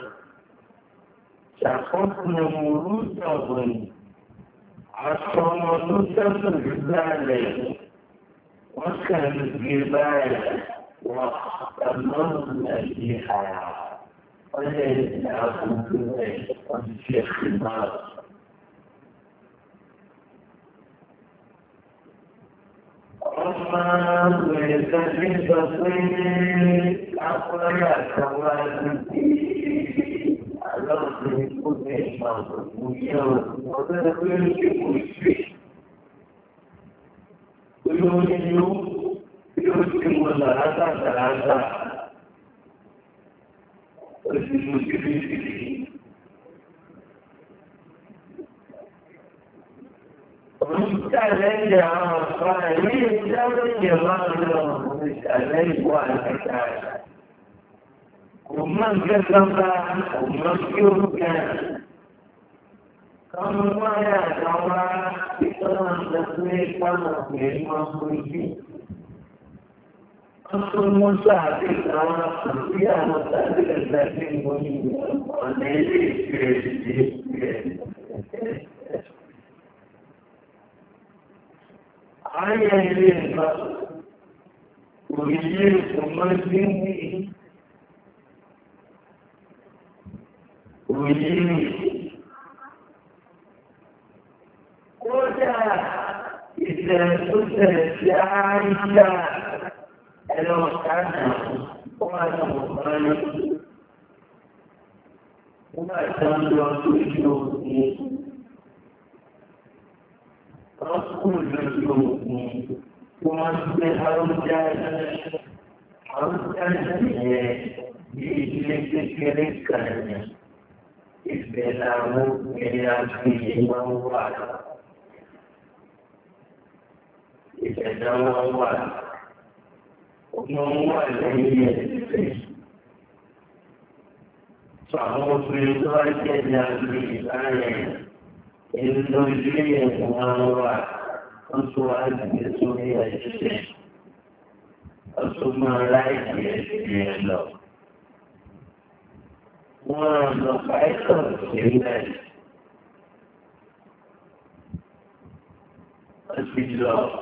S1: se acompanhamos também, assomamos tantas viagens, quantas viagens وأخطأنا بها وليس أخذ الشيخ الناصر الرحمن ويزداد بصير أقول يا كوان الله يكون يشمل ويشمل ويشمل مستعلن عقالي سمن يمانا مستعلن وعلا ومن كذب ومن يمكن كما يا كما إكرام تسمية كما يجمع كل أصل موسى إكرام تسمية متأكد لكن مني أنا ليش hanya ile ba uriye kuma zindi uriye ko da idan kuka shari'a ɗan wakana kuma da mutane kuma da wani wasu shi ne رسول المؤمن ومصدره جاهز بإجلس الشريك كان إبلاغ إلهي موال يتجاوز وموال هي فهو في ذلك الذي آمن الزوجية الأرواح أنتوا عندي سوريا الشيخ ثم رأيت يشتري له ونفعت الخلال أسجله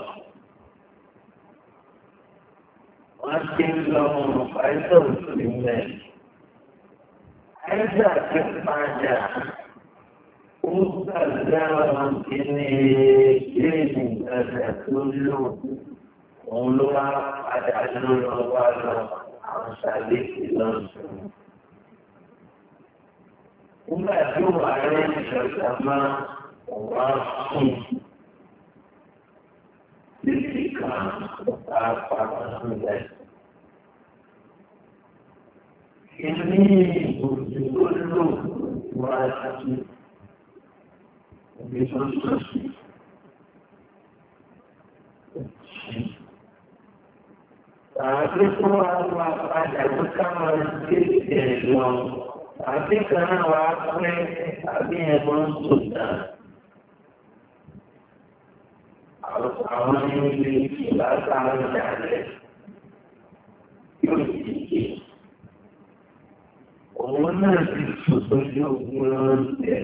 S1: أسجله ونفعت الخلال هذا كما جاء Usahawan ini kini ada dulu Mula ada dulu walau Asalik langsung Umar juga yang bersama Wasim Diberikan betapa menjadi Ini bujur dulu Wasim Àbíkú wa wá padà tó káwọn kéèké lọ. Àbíkú náà wá pẹ́ àbí ẹ̀gbọ́n sòdà. Àwọn ilé ìlàkà ń dàlẹ̀ yóò sì ké. Òun náà ti sòdò yóò gbọ́n tẹ̀lé.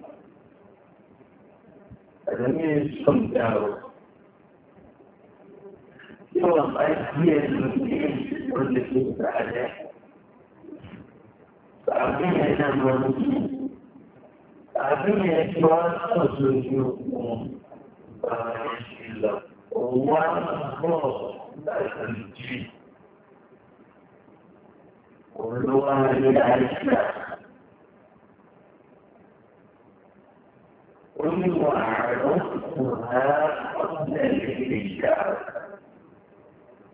S1: أدمير شم دارو يوم أدمير المسيح كل شيء بعده تعبين إلى المسيح تعبين إلى كواس وزوجيكم فارش الله والله هو لا تنجي والله لا يشتغل كل قل وعرفتها قبل الهجرة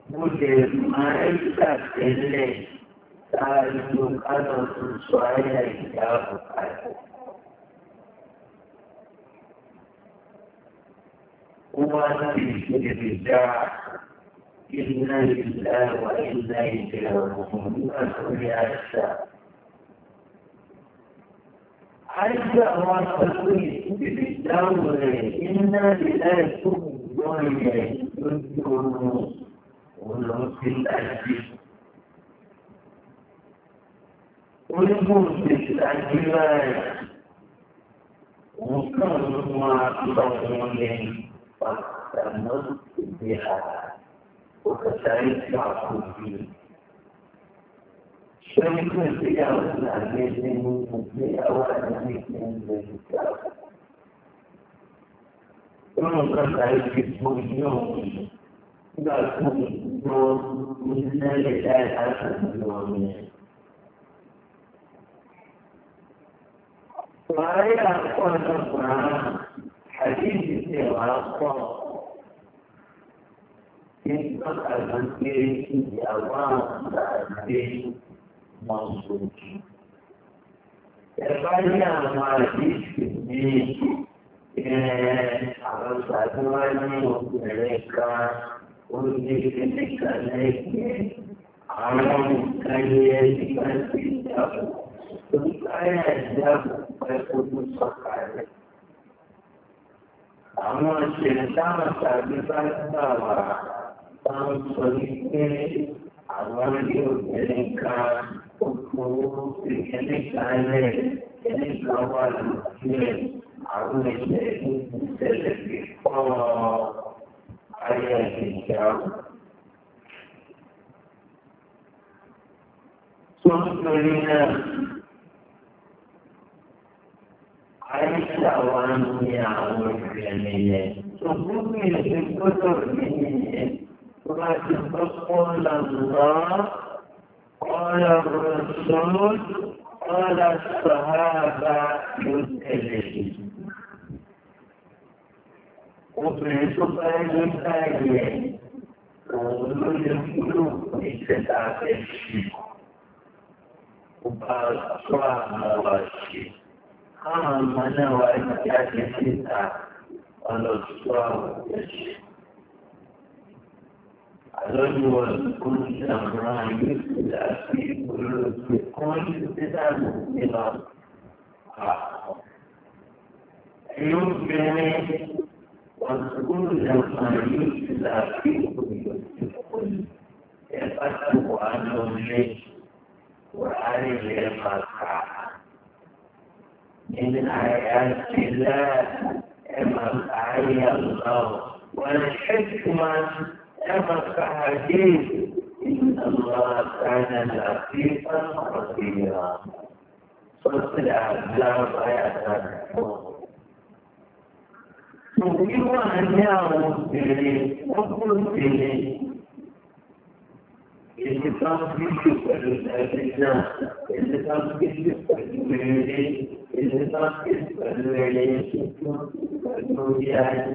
S1: مجمعك الليل تعرف قدر سؤال الجواب وانا في الرجاع إنا لله وإنا إليه راجعون أسأل حتى هو التصوير بالدولة إنا لا تكون ونوصل الأجل ونوصل الأجلات وكان ما تضمن فاستمرت بها وكتعيش عقوبتي شركة تجارة عزيزين ممكن أو عزيزين بالكتاب ومن عليك اسمه اليوم لا تكون دور من ذلك آية عشر مليون وآية أقوال القرآن حديث في العصر إن تقع من كيري في أوان بعد mansuki. Trabalha magicamente avançadores América, os diferentes América Ama şeytan sabitler var. Tam söylediğim Amerika الخروج كليس عليه كليس على المسلمين عن الشيء الذي قام عليه الشعب صرت لنا عيش وأني أعود جميعا صرت من الكتب من ولكن تقول الله قال الرسول على الصحابة والتابعين وبنشوف أهل الآية ومن القلوب استدعى الشيء وبعد أصلاح الشيء أما أنا وإنك أتي على الصلاة والشيء رجل كل امرأة يبدأ في كل ابتداء إلى يمكن وكل امرأة يبدأ في كل يفتح عنه ليش وعليه الفتحة من آيات الله أمر آية الله والحكمة كما فحديث إن الله كان لطيفا خبيرا صوت الأعذاب آياتنا تقيم أن يعود إليه وقل إليه اللي كان بيشوف الأجنة اللي كان بيشوف الولي اللي كان بيشوف الولي شوفوا الولي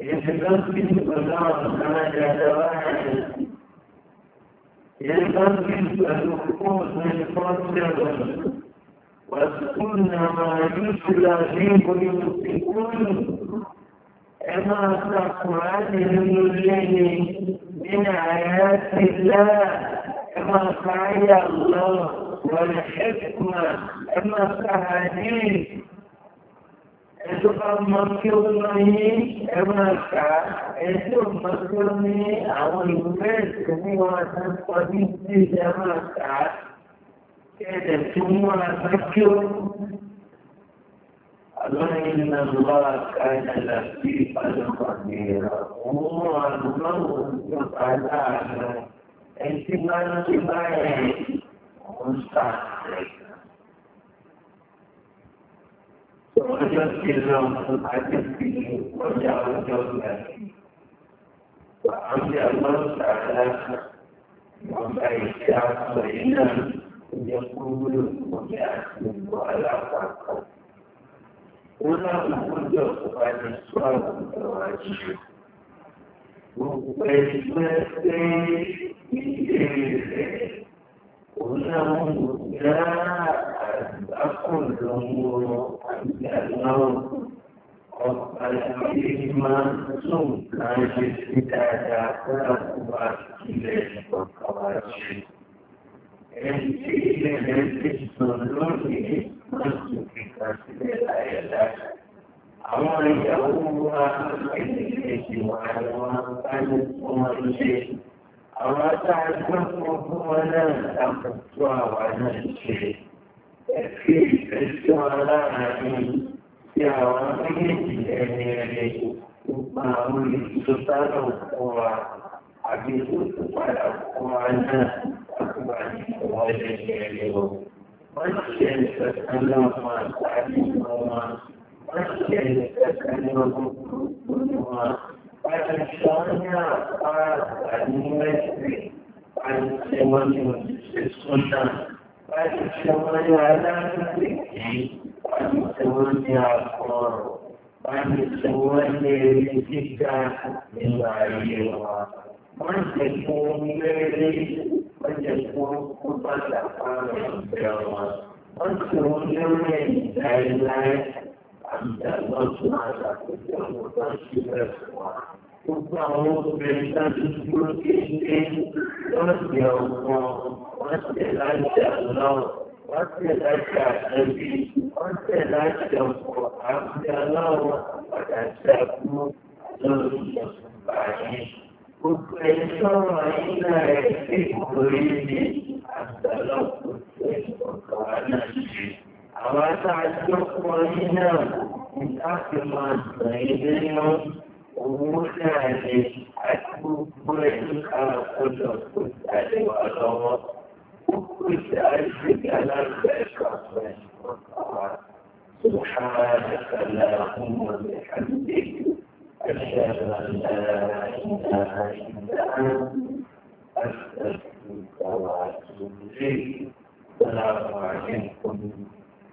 S1: يتمكن الله تعالى دواعي يتمكن الوقوف من فضله وكل ما يتلى فيه أما تقرأته إليه من آيات الله أما سعي الله والحكمة أما فهديه itu memakilkan ini mereka itu memakilkan ini awal bulan ini wawasan posisi mereka itu semua memakil Allah إن الله كان لطيفا وأنزل لهم العزيز به وجعل جوزا وعمل الله تعالى وما يشاء بينا يقول ويأخذ على طاقته ولا نقدر على الصلاة والواجب وقد ما أنهم لا أكلهم عند الموت ربنا فيما سمت أجل إذا تأكلت إليه والقواعد
S2: الذين يستنون بصدقك
S1: الآيات أما يقولها من الجوع وأنتم الشيء وتعزفه ولا تقطع نفسه في الشعراء في عوامل معمول سلطان القوى عبيد سلطان القوى أنا أكبر وجهه واشهدت اللهم تعلمهما واشهدت اللهم Pakistania are an industry. Pakistani is Sunnah. Pakistani are not a big thing. Pakistani are poor. Pakistani is Jika in Iowa. Once they o famoso verdadeiro o campeão com ansiedade anão, ansiedade arranque, ansiedade campo, ansiedade agachado, anjo, país. O pressão ainda é figurine, a salão por ser contrário. وتعجب قرينا من أكمل قرينا ومتعجب أكبر قرينا أكبر قرينا وأدوى وكنت أشرك على الخير سبحانك اللهم وبحمدك أشهد أن لا إله إلا أنت أستغفرك وأتوب إليك السلام عليكم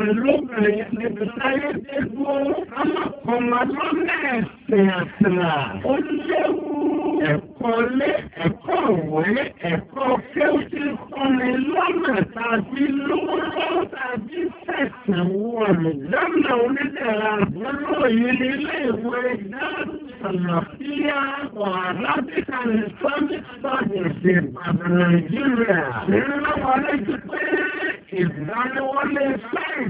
S2: ọkùnrin lóbìnrin níbi táyé dé dúró. Ọmọkùnrin lọ́nà ẹ̀sìn àtìlà. Ó léwu ẹ̀kọ́ lé ẹ̀kọ́ ìwé
S1: ẹ̀kọ́ kéwìtì fúnni lọ́nà tàbí lówó lọ́wọ́ tàbí fẹ̀sìn wọ̀ mí. Lọ́nà onídẹ̀ra lọ́lọ́yìn ní ilé ìwé dáàbò àlàáfíà wàhálà bíkà ní Islamic studies Ìbàdàn Nàìjíríà. Nínú wọlé ti pé ìdánilọ́lé sáyẹ̀nsì.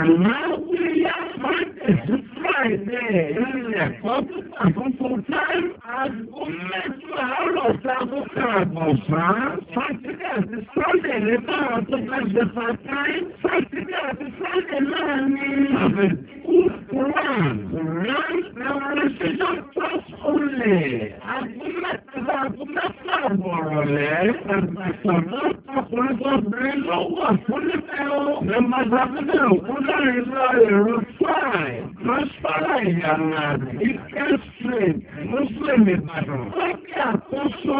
S2: Àmọ́gbéyá máa tẹ̀sí
S1: Friday ìrìnlẹ̀ fọ́tún
S2: àkókò táìmù aago mẹ́tò àárọ̀ sáàbù kààbọ̀ fàá. àti Sunday ní báwọn tó bá ṣe fa táìmù. àti Sunday náà ní àbẹ̀kú Quran. Quran Revolution
S1: Plus Only.
S2: Aago mẹ́tò aago mẹ́tò àbọ̀
S1: rọ̀lẹ́. Àgbàsàn náà tọkùnrin tó bẹ̀rẹ̀ lọ́wọ́ vocabulary lawyer reply, Masfara Yanabi, Ikesri, Muslim Ibadan, Waka Koso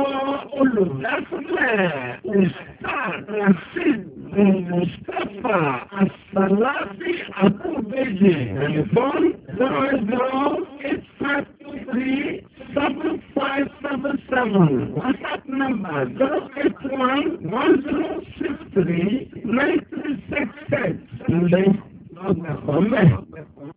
S1: Olùdásílẹ̀, Ustaz Nasib bin Mustapha Asalabi Abubeji, Telephone 00 853 Seven five seven seven. that number? one. One 081 1063 three Sunday, God
S2: bless you.